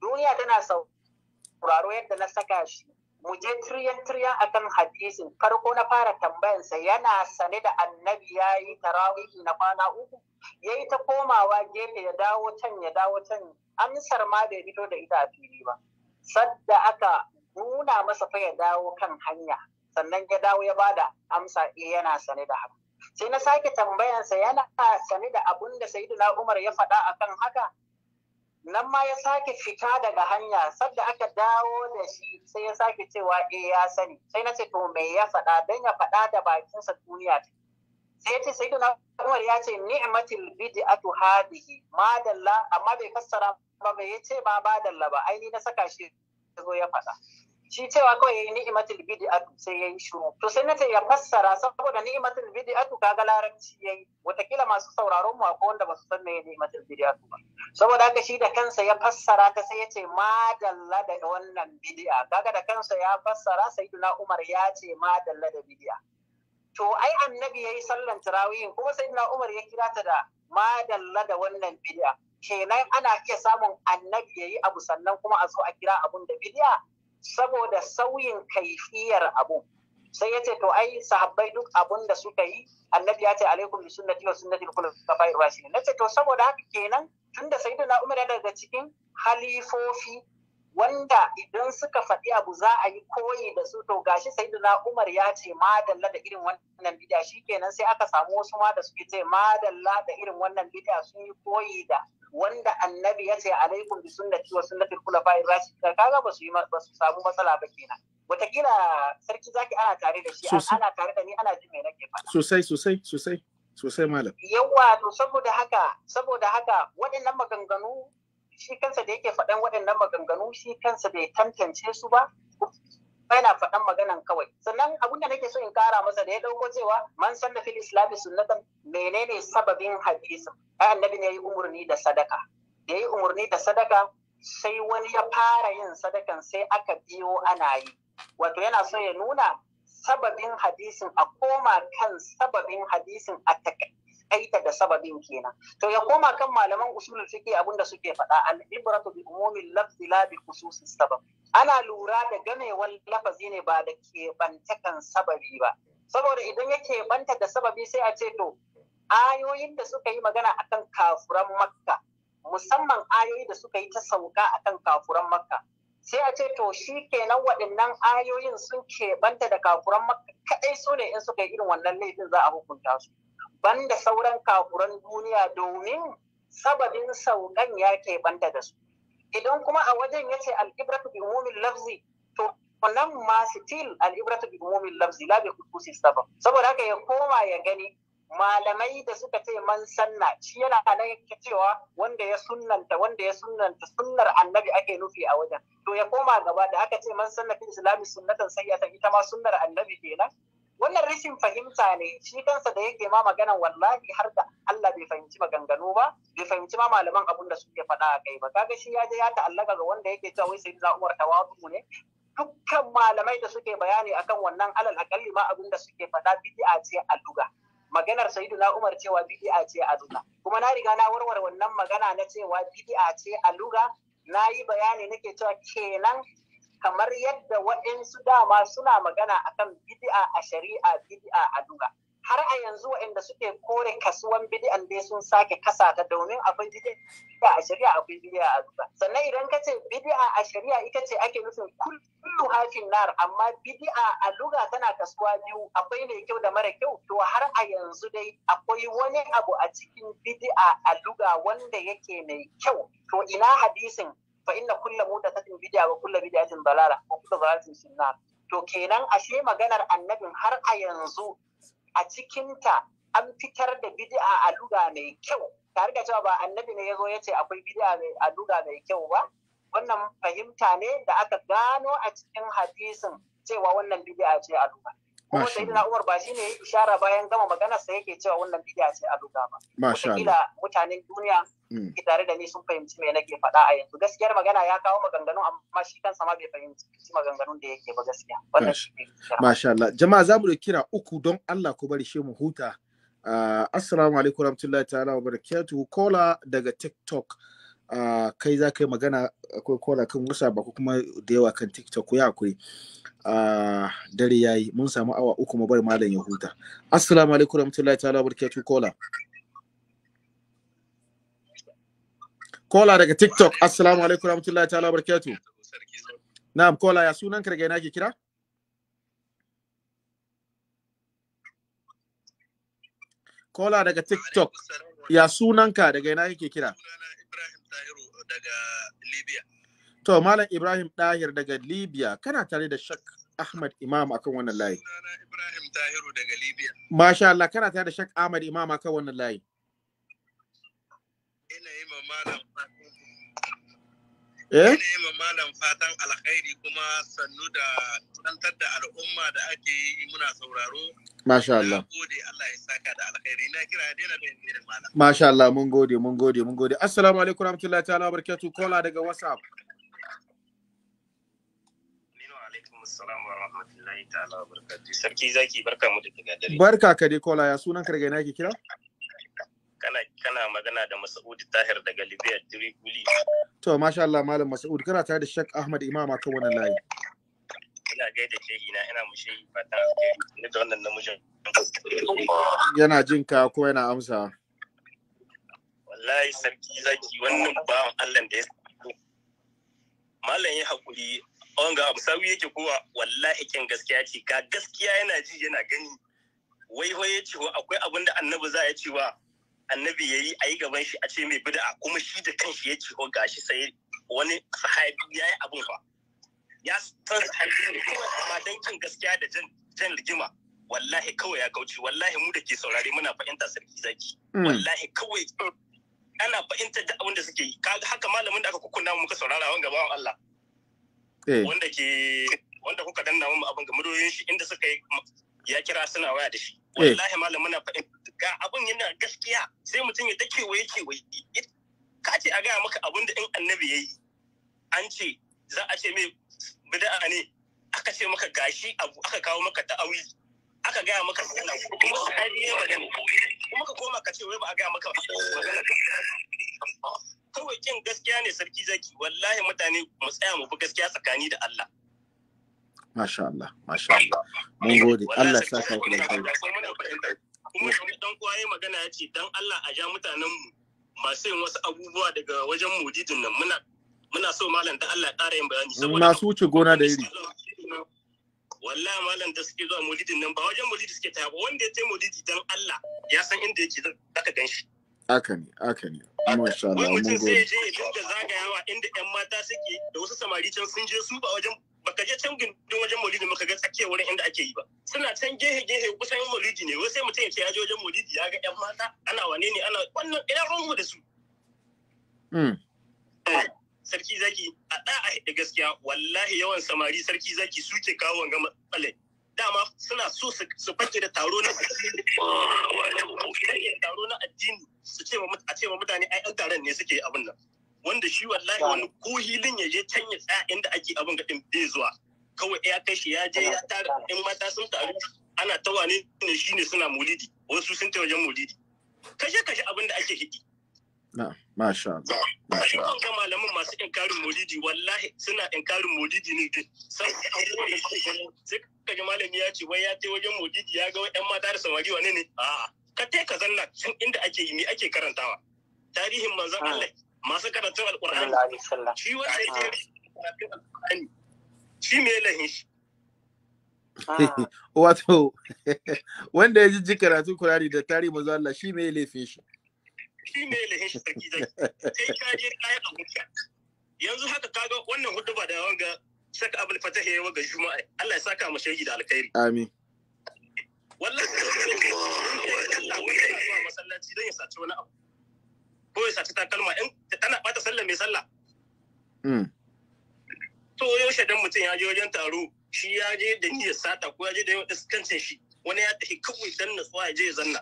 duniya tana sau sauraro yadda na saka shi mu je tiriyan a akan hadisin farko na fara tambayansa yana sane da annabi ya yi tarawihi na kwana uku ya yi ta komawa gefe ya dawo can ya dawo can amsar ma bai fito da ita a fili ba sadda aka nuna masa fa ya dawo kan hanya sannan ya dawo ya bada amsa e yana sane da haka sai na sake tambayansa yana sane da abun da sayyidina umar ya faɗa akan haka nan ma ya sake fita daga hanya sadda aka dawo da shi sai ya sake cewa eh ya sani sai na ce to me ya faɗa dan ya faɗa da sa duniya ta sai ya ce sai duna umar ya ce ni'matil bid'atu hadihi madalla amma bai fassara ba bai ya ce ba dalla ba aini na saka shi zo ya faɗa shi cewa kawai yayi ni'imatul bid'atu sai yayi shiru. to sai na ce ya fassara saboda ni'imatul bid'atu kaga larabci yayi watakila masu sauraron mu akwai wanda su san meye ni'imatul bid'atu ba saboda haka shi da kansa ya fassara ta sai yace ma dalla da wannan bid'a kaga da kansa ya fassara sayyidina Umar ya ce ma dalla da bid'a to ai annabi yayi sallan tarawihin kuma sayyidina Umar ya kira ta da ma dalla da wannan bid'a kenan ana iya samun annabi yayi abu sannan kuma a zo a kira abun da bid'a saboda sauyin kaifiyar abu sai ya ce to ai sahabbai duk abun da suka yi annabi ya ce alaikum bi sunnati wa sunnati kullu kafai rashidin nace to saboda haka kenan tunda sayyidina umar yana daga cikin halifofi wanda idan suka faɗi abu za a yi koyi da su to gashi sayyidina Umar ya ce madalla da irin wannan bid'a shikenan sai aka samu wasu ma da suke ce madalla da irin wannan bid'a sun yi koyi da wanda annabi ya ce alaikum bi sunnati wa sunnatil khulafa'ir rashidin kaga ba su yi ba su samu matsala ba kenan watakila sarki zaki ana tare da shi ana tare da ni ana jin me nake faɗa sosai sosai sosai sosai malam yawa to saboda haka saboda haka waɗannan maganganu shi kansa da yake faɗan waɗannan maganganu shi kansa bai tantance su ba yana faɗan maganan kawai sannan abin da nake so in kara masa da ya ɗauko cewa man da fil islami sunnatan menene sababin hadisin ai annabi ne yayi umurni da sadaka da yayi umurni da sadaka sai wani ya fara yin sadakan sai aka biyo ana yi wato yana so ya nuna sababin hadisin a koma kan sababin hadisin a takai Aita da sababin kenan to ya koma kan malaman usulul fiqh abinda suke faɗa al ibratu bi umumil lafzi la bi khususis sabab ana lura da gamewar lafazi ne ba da kebantakan sababi ba saboda idan yake banta da sababi sai a ce to ayoyin da suka yi magana akan kafuran makka musamman ayoyi da suka yi ta sauka akan kafuran makka sai a ce to shi kenan waɗannan ayoyin sun keɓanta da kafuran makka kaɗai sune in suka yi irin wannan laifin za a hukunta su banda sauran kafuran duniya domin sababin saukan ya ke banta da su idan kuma a wajen ya ce al'ibratu bi umumin lafzi to nan ma still al'ibratu bi umumin lafzi labe kuku saba. saboda haka ya koma ya gani malamai da suka ce man sanna shi yana na yake cewa wanda ya sunnanta wanda ya sunnanta sunnar annabi ake nufi a wajen to ya koma gaba da aka ce man sanna fi islami sunnatan sayyatan ita ma sunnar annabi kenan wannan rashin fahimta ne shi kansa da yake ma magana wallahi har da Allah bai fahimci maganganu ba bai fahimci ma malaman abun da suke faɗa a kai ba kaga shi ya je ya ta'allaka ga wanda yake cewa wai sayyidina Umar tawadu ne dukkan malamai da suke bayani akan wannan alal akalli ma abun da suke faɗa bid'a ce a duga maganar sayyidina Umar cewa bid'a ce a duga kuma na riga na warware wannan magana na cewa bid'a ce a duga na yi bayani nake cewa kenan kamar yadda waɗansu dama suna magana akan bid'a a shari'a bid'a a duga har a yanzu waɗanda suke kore kasuwan bid'an dai sun sake kasa ta domin akwai bid'a a shari'a akwai bid'a a duga sannan idan ka ce bid'a a shari'a ita ce ake nufin kullu hafin nar amma bidi'a a duga tana kasuwa biyu akwai mai kyau da mara kyau to har a yanzu dai akwai wani abu a cikin bidi'a a duga wanda yake mai kyau to ina hadisin fa inna kulla muhdathatin bid'a wa kulla bid'atin dalala wa kulla dalalatin sunnar to kenan ashe maganar annabin har a yanzu a cikinta an fitar da bid'a a luga mai kyau tare da cewa ba annabi ne ya zo ya ce akwai bid'a a luga mai kyau ba wannan fahimta ne da aka gano a cikin hadisin cewa wannan bid'a ce a luga kuma sayyidina Umar ba shine ya ishara bayan gama maganar sa yake cewa wannan bid'a ce a duka ba wataƙila mutanen duniya hmm. ke tare da ni sun fahimci me nake faɗa a yanzu gaskiyar magana ya kawo maganganu amma shi kansa ma bai fahimci maganganun da yake ba gaskiya wannan masha Allah jama'a za mu da kira uku don Allah ku bari shi mu huta ah, assalamu alaikum warahmatullahi ta'ala wa barakatuhu kola daga tiktok kai za ka yi magana akwai kola kan wasa ba ko kuma da yawa kan tiktok ya akwai dare ya yi mun samu awa uku mu bar malam ya huta assalamu alaikum rahmatullahi ta'ala barkatu kola kola daga tiktok assalamu alaikum rahmatullahi ta'ala barkatu na'am kola ya sunan ka daga ina ke kira kola daga tiktok ya sunanka daga ina ke kira Dahiru uh, daga Libya. To, Malam Ibrahim Dahir daga Libya, kana tare da Shak Ahmad Imam akan wannan layi. Sunana Ibrahim Dahiru daga Libya. Masha Allah, kana tare da Shak Ahmad Imam akan wannan layi. Ina yi ma Malam Eh? ma malam fatan alkhairi kuma sannu da tunantar da al'umma da ake yi muna sauraro. Masha Allah. gode Allah ya saka da alkhairi. kira malam. Masha Allah mun gode mun gode mun gode. Assalamu alaikum warahmatullahi ta'ala kola daga WhatsApp. warahmatullahi ta'ala Sarki zaki barka mu da daga dare. Barka ka dai kola ya sunan kira? kana kana magana da Masaudi Tahir daga Libya Tripoli. To masha Allah malam Masaudi kana tare da Sheikh Ahmad Imam akan wannan layi. Ina gaida shehi na ina mushe fatan alheri ni da wannan namijin. Yana jin ka ko yana amsa. Wallahi sarki zaki wannan bawan Allah da ya Malam ya hakuri wanga abu sawi yake kowa wallahi kin gaskiya ce ga gaskiya yana ji yana gani wai wai ya ce akwai abin da annabi za ya ce wa annabi ya yi a yi gaban shi a ce mai bid'a kuma shi da kanshi ya ce ko oh, shi sai wani sahabi ya yi abin fa ya san sahabi ne amma dan kin gaskiya da jan rigima wallahi kawai ya kauce wallahi mu da ke saurare muna fahimta sarki zaki mm. wallahi kawai ana fahimtar da abin da suke yi haka malamin da aka kukunna muka saurara wanga ba Allah eh. wanda ke wanda kuka danna mu abin ga mudoyin shi inda suka yi ya kira suna waya da shi eh. wallahi malamin muna fahimta ga abun yana gaskiya sai mutum ya ta kewaye kewaye ka ce a gaya maka abun da in annabi ya yi an ce za a ce mai bida'a ne aka ce maka gashi abu aka kawo maka ta'awi aka gaya maka magana kuma ka ajiye magana kuma ka koma ka ce wai ba a gaya maka magana kawai kin gaskiya ne sarki zaki wallahi mutane mu tsaya mu bi gaskiya tsakani da Allah Masha Allah, Masha Allah. Mun gode, Allah ya sa ka kuma kuma shi dan ya magana ya ce dan Allah a ja mutanen mu masu yin wasu abubuwa daga wajen mujidin nan muna muna so malam da Allah ƙara yin bayani saboda masu wuce gona da iri wallahi malam da suke zuwa mujidin nan ba wajen mujidi suke ta ba wanda ya ce mujidi dan Allah ya san inda yake zaka ganshi haka ne haka ne masha Allah mun gode mutum sai ya je ya dinga zagayawa inda ƴan mata suke da wasu samari can sun je su ba wajen baka je can gindin wajen maulidi muka ga tsakiyar wurin inda ake yi ba suna can gehe gehe kusan maulidi ne wai sai mutum ya ce ya je wajen maulidi ya ga yan mata ana wane ne ana wannan ina ranmu da su hmm. eh, sarki zaki a da a gaskiya wallahi yawan samari sarki zaki suke kawo wanga matsalai dama suna so su fake da taro na addini su ce a mutane ai an taron ne suke abin nan wanda shi wallahi wani ko hilin ya je can ya tsaya inda ake abin gadin bai zuwa kawai ya kashi ya je ya tara in mata sun taru ana ta wane ne shine suna mulidi wasu sun ta wajen mulidi kashe kashe abin da ake hidi na masha Allah masha Allah ga malaman masu inkarin mulidi wallahi suna inkarin mulidi ne sai sai kaje malami ya ce wai ya ce wajen mulidi ya ga 'yan mata da samari wane ne a'a ka te ka zanna sun inda ake yi me ake karantawa tarihin manzon Allah masu karatu alkur'ani shi wanda yake je ah. alkur'ani shi ne lahin shi ah. wato wanda ya ji karatu kurari da tari mazu Allah shi mai laifin shi shi mai laifin shi sarki zai sai ka je kayan abuja yanzu haka kaga wannan hudu ba da wanga shaka abul fatah ya waga juma'a Allah ya saka mu shahidi da alkhairi amin wallahi masallaci dan ya saci wani abu ko ya saci takalma in tana bata sallah mai sallah mm. to yaushe dan mutum ya je wajen taro shi ya je da niyyar sata ko ya je da yawan iskancin shi wani ya tafi kawai dan natsuwa ya je ya zanna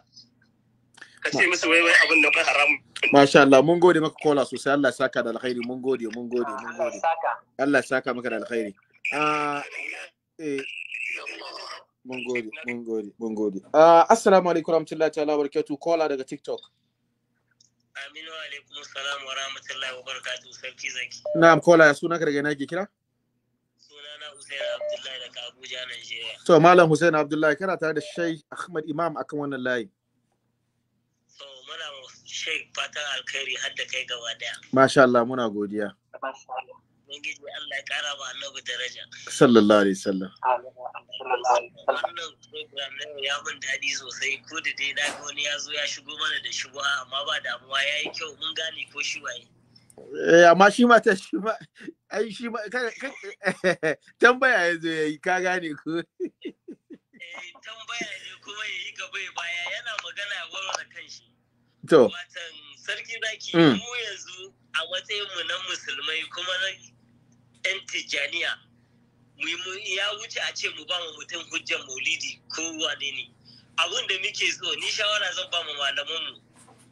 ka ce musu wai wai abin da kai haramun Masha Allah mun gode maka kola sosai Allah ya saka da alkhairi mun gode mun gode mun gode Allah ya saka maka da alkhairi ah, eh. mun gode mun gode mun gode ah, assalamu alaikum warahmatullahi ta'ala barakatuh kola daga TikTok Aminu alaikum salam wa rahmatullahi wa barakatuhu sarki zaki. Na'am kola ya suna karge nake kira? Sunana Hussein Abdullahi daga Abuja Najeriya. To Malam Hussein Abdullahi kana tare da Sheikh Ahmad Imam akan wannan layi. To muna Sheikh fatan alkhairi har da kai gaba daya. Masha Allah muna godiya. Masha Allah. ubangiji Allah ya kara ma annabi daraja sallallahu alaihi wasallam wannan program ne ya mun dadi sosai ko da dai na wani ya zo ya shigo mana da shigo amma ba damuwa yayi kyau mun gane ko shi waye Eh, amma shi ma ta shi ma ai shi ma tambaya ya zo ya yi ka gane ko eh tambaya ne kuma ya yi gaba ya baya yana magana ya warware kanshi to watan sarki zaki mm. mu yanzu a matsayin mu na musulmai kuma na 'yan tijjaniya ya wuce a ce mu ba mu mutum hujjar maulidi ko wane ne abin da muke so ni shawara zan ba mu malamanmu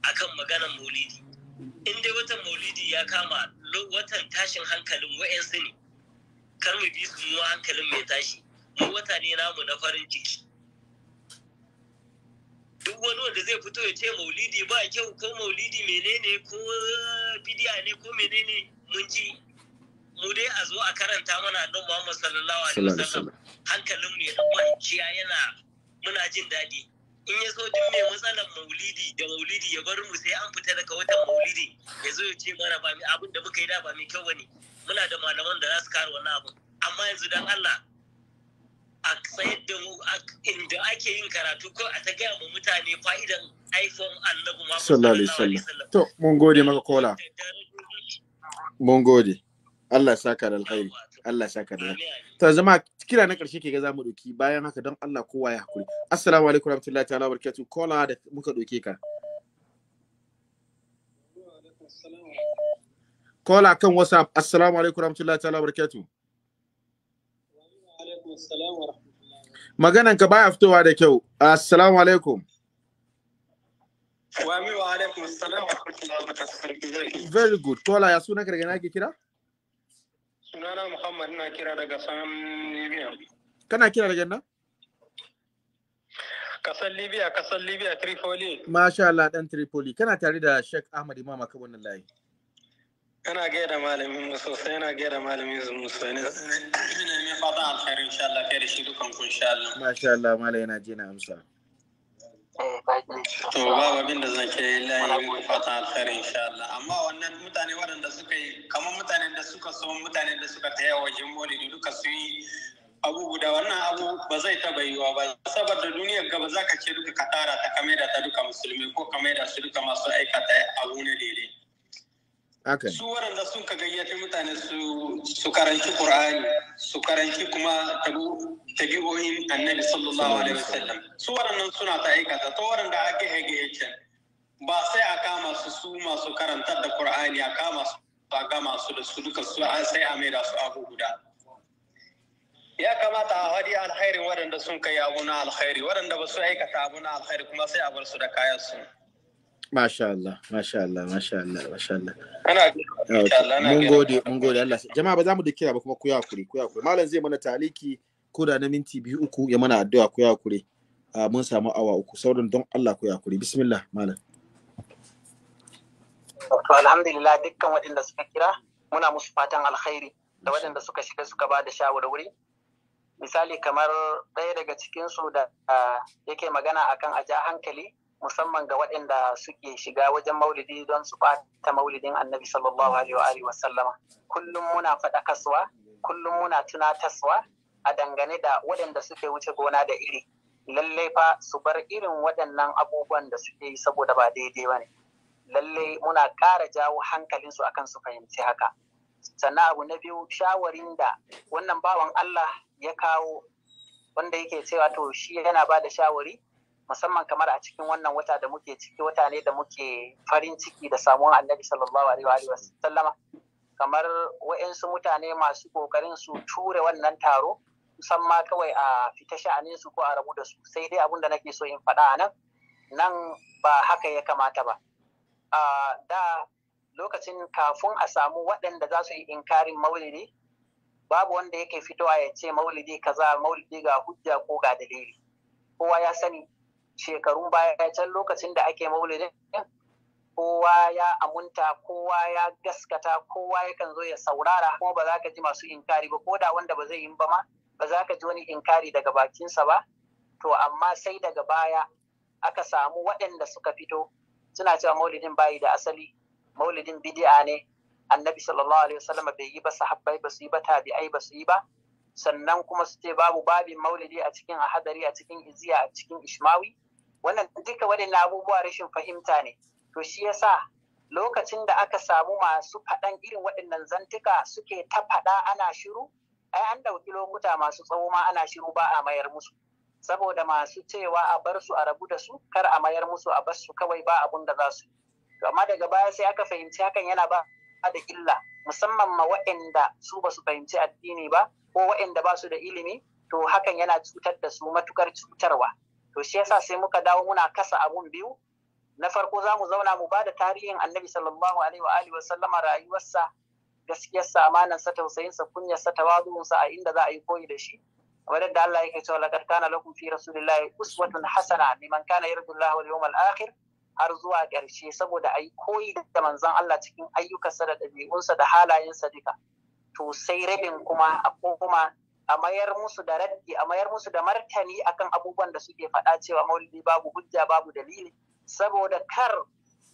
akan maganar maulidi in dai watan maulidi ya kama watan tashin hankalin wa'yansu ne kar mu bi su mu hankalin mai tashi mu wata ne namu na farin ciki duk wani wanda zai fito ya ce maulidi ba kyau ko maulidi menene ko bidiya ne ko menene mun ji mu dai a zo a karanta mana annabi Muhammad sallallahu alaihi wasallam hankalin mu ya kwanciya yana muna jin daɗi in ya zo duk mai matsalar maulidi da maulidi ya bar mu sai an fita daga watan maulidi ya zo ya ce mana ba mai abin da muka yi da ba mai kyau bane muna da malaman da za su kare wannan abu. amma yanzu dan Allah a tsayar da mu inda ake yin karatu ko a ta gaya ma mutane fa'idan iPhone annabi Muhammad sallallahu alaihi wasallam to mun gode maka kola mun gode Allah saka da alkhairi Allah saka da to zama kira na karshe ke ga zamu doki bayan haka don Allah kowa ya hakuri assalamu alaikum warahmatullahi ta'ala barakatuh kola da muka doke ka kola kan whatsapp assalamu alaikum warahmatullahi ta'ala barakatuh maganan ka baya fitowa da kyau assalamu alaikum Wa alaikum assalam wa rahmatullahi wa barakatuh. Very good. Kola ya suna ka daga nake kira? Sunana Muhammad na kira daga san Libya. Kana kira daga nan? Kasar Libya, kasar Libya, Tripoli. Masha Allah dan Tripoli. Kana tare da Sheikh Ahmad Imam aka wannan layi. Ana gaya da malamin mu sosai, ana gaya da malamin mu sosai. Ina mai fata alkhairi insha Allah kai da shi dukan ku insha Allah. Masha Allah malai yana je na amsa. Eh, to ba abin da zan ke layi fatan alkhairi insha Allah amma wannan mutane waɗanda suka yi kamar mutanen da suka so mutanen da suka taya wajen da duka su yi abu guda wannan abu ba zai taba yiwa ba saboda duniyar gaba za ka ce duka ka tara ta kame da ta duka musulmi ko kame da su duka masu aikata abu na daidai su waɗanda sun ka gayyafi mutane su karanci qur'ani su karanci kuma tabi'o'in annabi sallallahu alaihi wasallam su waɗannan suna ta aikata to waɗanda aka hege ba sai a kama su su masu karantar da qur'ani a kama su a gama su da su duka su sai a maida su abu guda ya kamata a hadi alkhairi waɗanda sun kai abu na alkhairi waɗanda ba su aikata abu na alkhairi kuma sai a bar su da kayan su Masha Allah, masha Allah, masha Allah, masha Allah. Mun gode, mun gode Allah. Jama'a ba za mu da kira ba kuma ku yakuri, ku yakuri. Malam zai mana taliki ko da na minti biyu uku ya mana addu'a ku yakuri. Mun samu awa uku sauran don Allah ku yakuri. Bismillah, malam. To alhamdulillah dukkan waɗanda suka kira muna musu fatan alkhairi da waɗanda suka shiga suka ba da shawarwari. Misali kamar ɗaya daga cikinsu da yake magana akan a ja hankali musamman ga waɗanda suke shiga wajen maulidi don su ɓata maulidin annabi sallallahu alaihi wa sallama kullum muna faɗa faɗakaswa kullum muna tunataswa a dangane da waɗanda suke wuce gona da iri lallai fa su bar irin waɗannan abubuwan da suke yi saboda ba daidai ba ne lallai muna ƙara jawo hankalinsu akan su fahimci haka sannan abu na biyu shawarin da wannan bawan Allah ya kawo wanda yake cewa to shi yana ba da shawari musamman kamar a cikin wannan wata da muke ciki wata ne da muke farin ciki da samuwar annabi sallallahu alaihi wa sallama kamar wa'insu mutane masu kokarin su ture wannan taro musamman kawai a fita sha'anin su ko a rabu da su sai dai abin da nake so in faɗa a nan nan ba haka ya kamata ba a da lokacin kafin a samu waɗanda za su yi inkarin maulidi babu wanda yake fitowa ya ce maulidi kaza maulidi ga hujja ko ga dalili kowa ya sani Shekarun baya can lokacin da ake maulidin kowa ya amunta kowa ya gaskata kowa yakan zo ya saurara kuma ba za ka ji masu inkari ba ko da wanda ba zai yi ba ma ba za ka ji wani inkari daga bakinsa ba to amma sai daga baya aka samu waɗanda suka fito suna cewa maulidin bayi da asali maulidin bidi'a ne annabi sallallahu alaihi wasallam bai yi ba sahabbai ba su yi ba tabi'ai ba su yi ba sannan kuma su ce babu babin maulidi a cikin ahadari a cikin iziya a cikin ishmawi wannan duka waɗannan abubuwa rashin fahimta ne to shi yasa lokacin da aka samu masu faɗan irin waɗannan zantuka suke ta faɗa ana shiru ai an ɗauki lokuta masu tsawo ma ana shiru ba a mayar musu saboda masu cewa a bar su a rabu da su kar a mayar musu a bar su kawai ba abun da za su to amma daga baya sai aka fahimci hakan yana ba da illa musamman ma waɗanda su ba su fahimci addini ba ko waɗanda ba su da ilimi to hakan yana cutar da su matukar cutarwa to shi yasa sai muka dawo muna kasa abun biyu na farko za mu zauna mu bada tarihin annabi sallallahu alaihi wa alihi wasallama rayuwarsa gaskiyarsa amanarsa tausayinsa kunyarsa tawazu'unsa a inda za a yi koyi da shi kamar da Allah yake cewa laqad kana lakum fi rasulillahi uswatun hasana liman kana yarju Allah wal yawmal akhir har zuwa ƙarshe saboda a yi koyi da manzon Allah cikin ayyukansa da ɗabi'unsa da halayensa duka to sai rabin kuma a koma a mayar musu da raddi a mayar musu da martani akan abubuwan da suke faɗa cewa maulidi babu hujja babu dalili saboda kar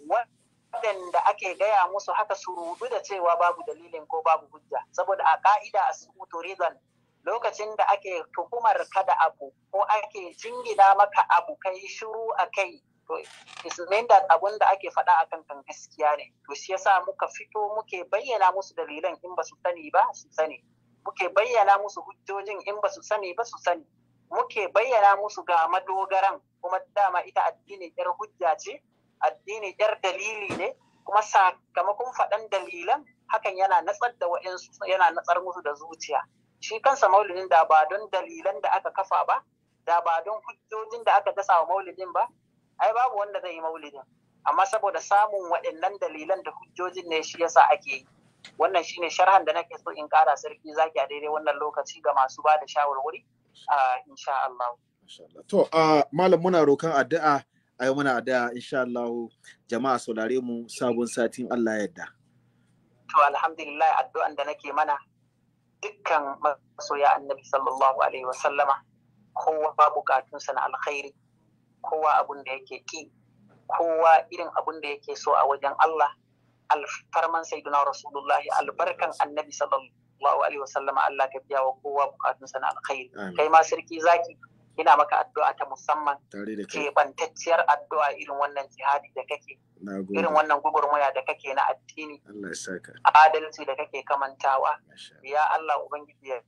waɗanda ake gaya musu haka su rudu da cewa babu dalilin ko babu hujja saboda a ka'ida a sukutu rizan lokacin da ake tuhumar ka da abu ko ake jingina maka abu kai shiru a kai to ismin da abun da ake faɗa akan kan kan gaskiya ne to shi yasa muka fito muke bayyana musu dalilan in ba su sani ba su sani muke bayyana musu hujjojin in ba su sani ba su sani muke bayyana musu ga madogaran kuma dama ita addini yar hujja ce addini yar dalili ne kuma sakamakon faɗan dalilan hakan yana natsar da wa'insu yana natsar musu da zuciya shi kansa maulidin da ba don dalilan da aka kafa ba da ba don hujjojin da aka dasa wa maulidin ba ai babu wanda zai yi maulidin amma saboda samun waɗannan dalilan da hujjojin ne shi yasa ake yi wannan shine sharhan da nake so in kara sarki zaki a daidai wannan lokaci ga masu ba da shawarwari insha Allah to malam muna rokan addu'a yi muna addu'a insha Allah jama'a saurare mu sabon satin Allah yadda to alhamdulillah addu'an da nake mana dukkan masoya annabi sallallahu alaihi wasallama kowa ba bukatunsa na alkhairi kowa abun da yake ki kowa irin abun da yake so a wajen Allah alfarman sayyiduna rasulullahi albarkan annabi sallallahu alaihi wasallama Allah ka biya wa kowa bukatun na alkhairi kai ma sarki zaki ina maka addu'a ta musamman keɓantacciyar addu'a irin wannan jihadi da kake irin wannan gugurmaya da kake na addini adalci da kake kamantawa ya Allah ubangiji ya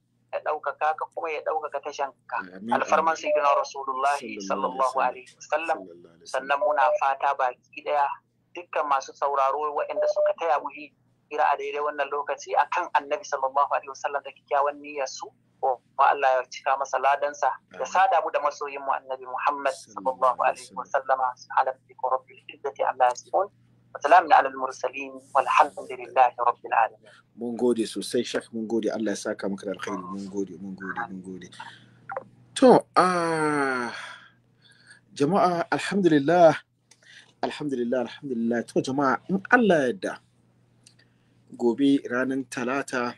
ɗaukaka ka kuma ya ɗaukaka ta shanka alfarman sayyidina rasulullahi sallallahu alaihi wasallam sannan muna fata baki ɗaya dukkan masu sauraro waɗanda suka taya wuri hira a daidai wannan lokaci akan annabi sallallahu alaihi wasallam da kyakkyawan niyyar su ko Allah ya cika masa ladansa da sada mu da masoyin mu annabi Muhammad sallallahu alaihi wasallama ala bika rabbil izzati amma yasifun wa salamun ala mursalin walhamdulillahi rabbil alamin mun gode sosai shek mun gode Allah ya saka maka da alkhairi mun gode mun gode mun gode to ah jama'a alhamdulillah alhamdulillah alhamdulillah to jama'a in allah yadda gobe ranar talata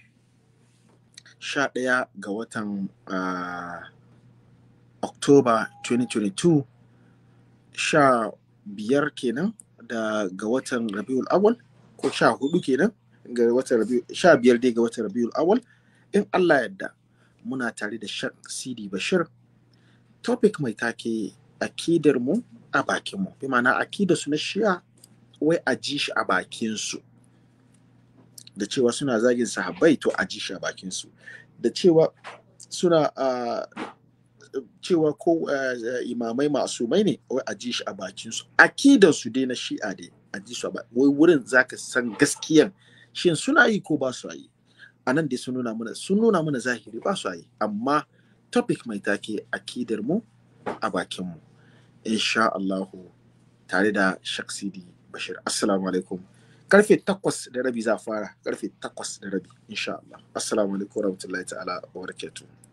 sha ɗaya ga watan uh, oktoba 2022 sha biyar kenan da ga watan rabiul awal ko sha hudu kenan ga watan sha biyar dai ga watan rabiul awal in allah yadda muna tare da shak sidi bashir topic mai take akidar mu a bakinmu bi ma'ana akida su na shi'a wai a ji shi a bakinsu da cewa suna zagin sahabbai to a ji shi a bakinsu da cewa suna cewa ko imamai mai ne wai a ji shi a bakinsu akidansu dai na shi'a dai a ji su a wai wurin zaka san gaskiyan shin suna yi ko ba su yi a nan dai sun nuna mana sun nuna mana zahiri ba su yi amma topic mai take akidar mu a bakin mu insha Allahu tare da Shaksidi Bashir. Assalamu alaikum. Karfe takwas da rabi za a fara, karfe takwas da rabi, insha Allah. Assalamu alaikum warahmatullahi ta'ala wa barakatuh.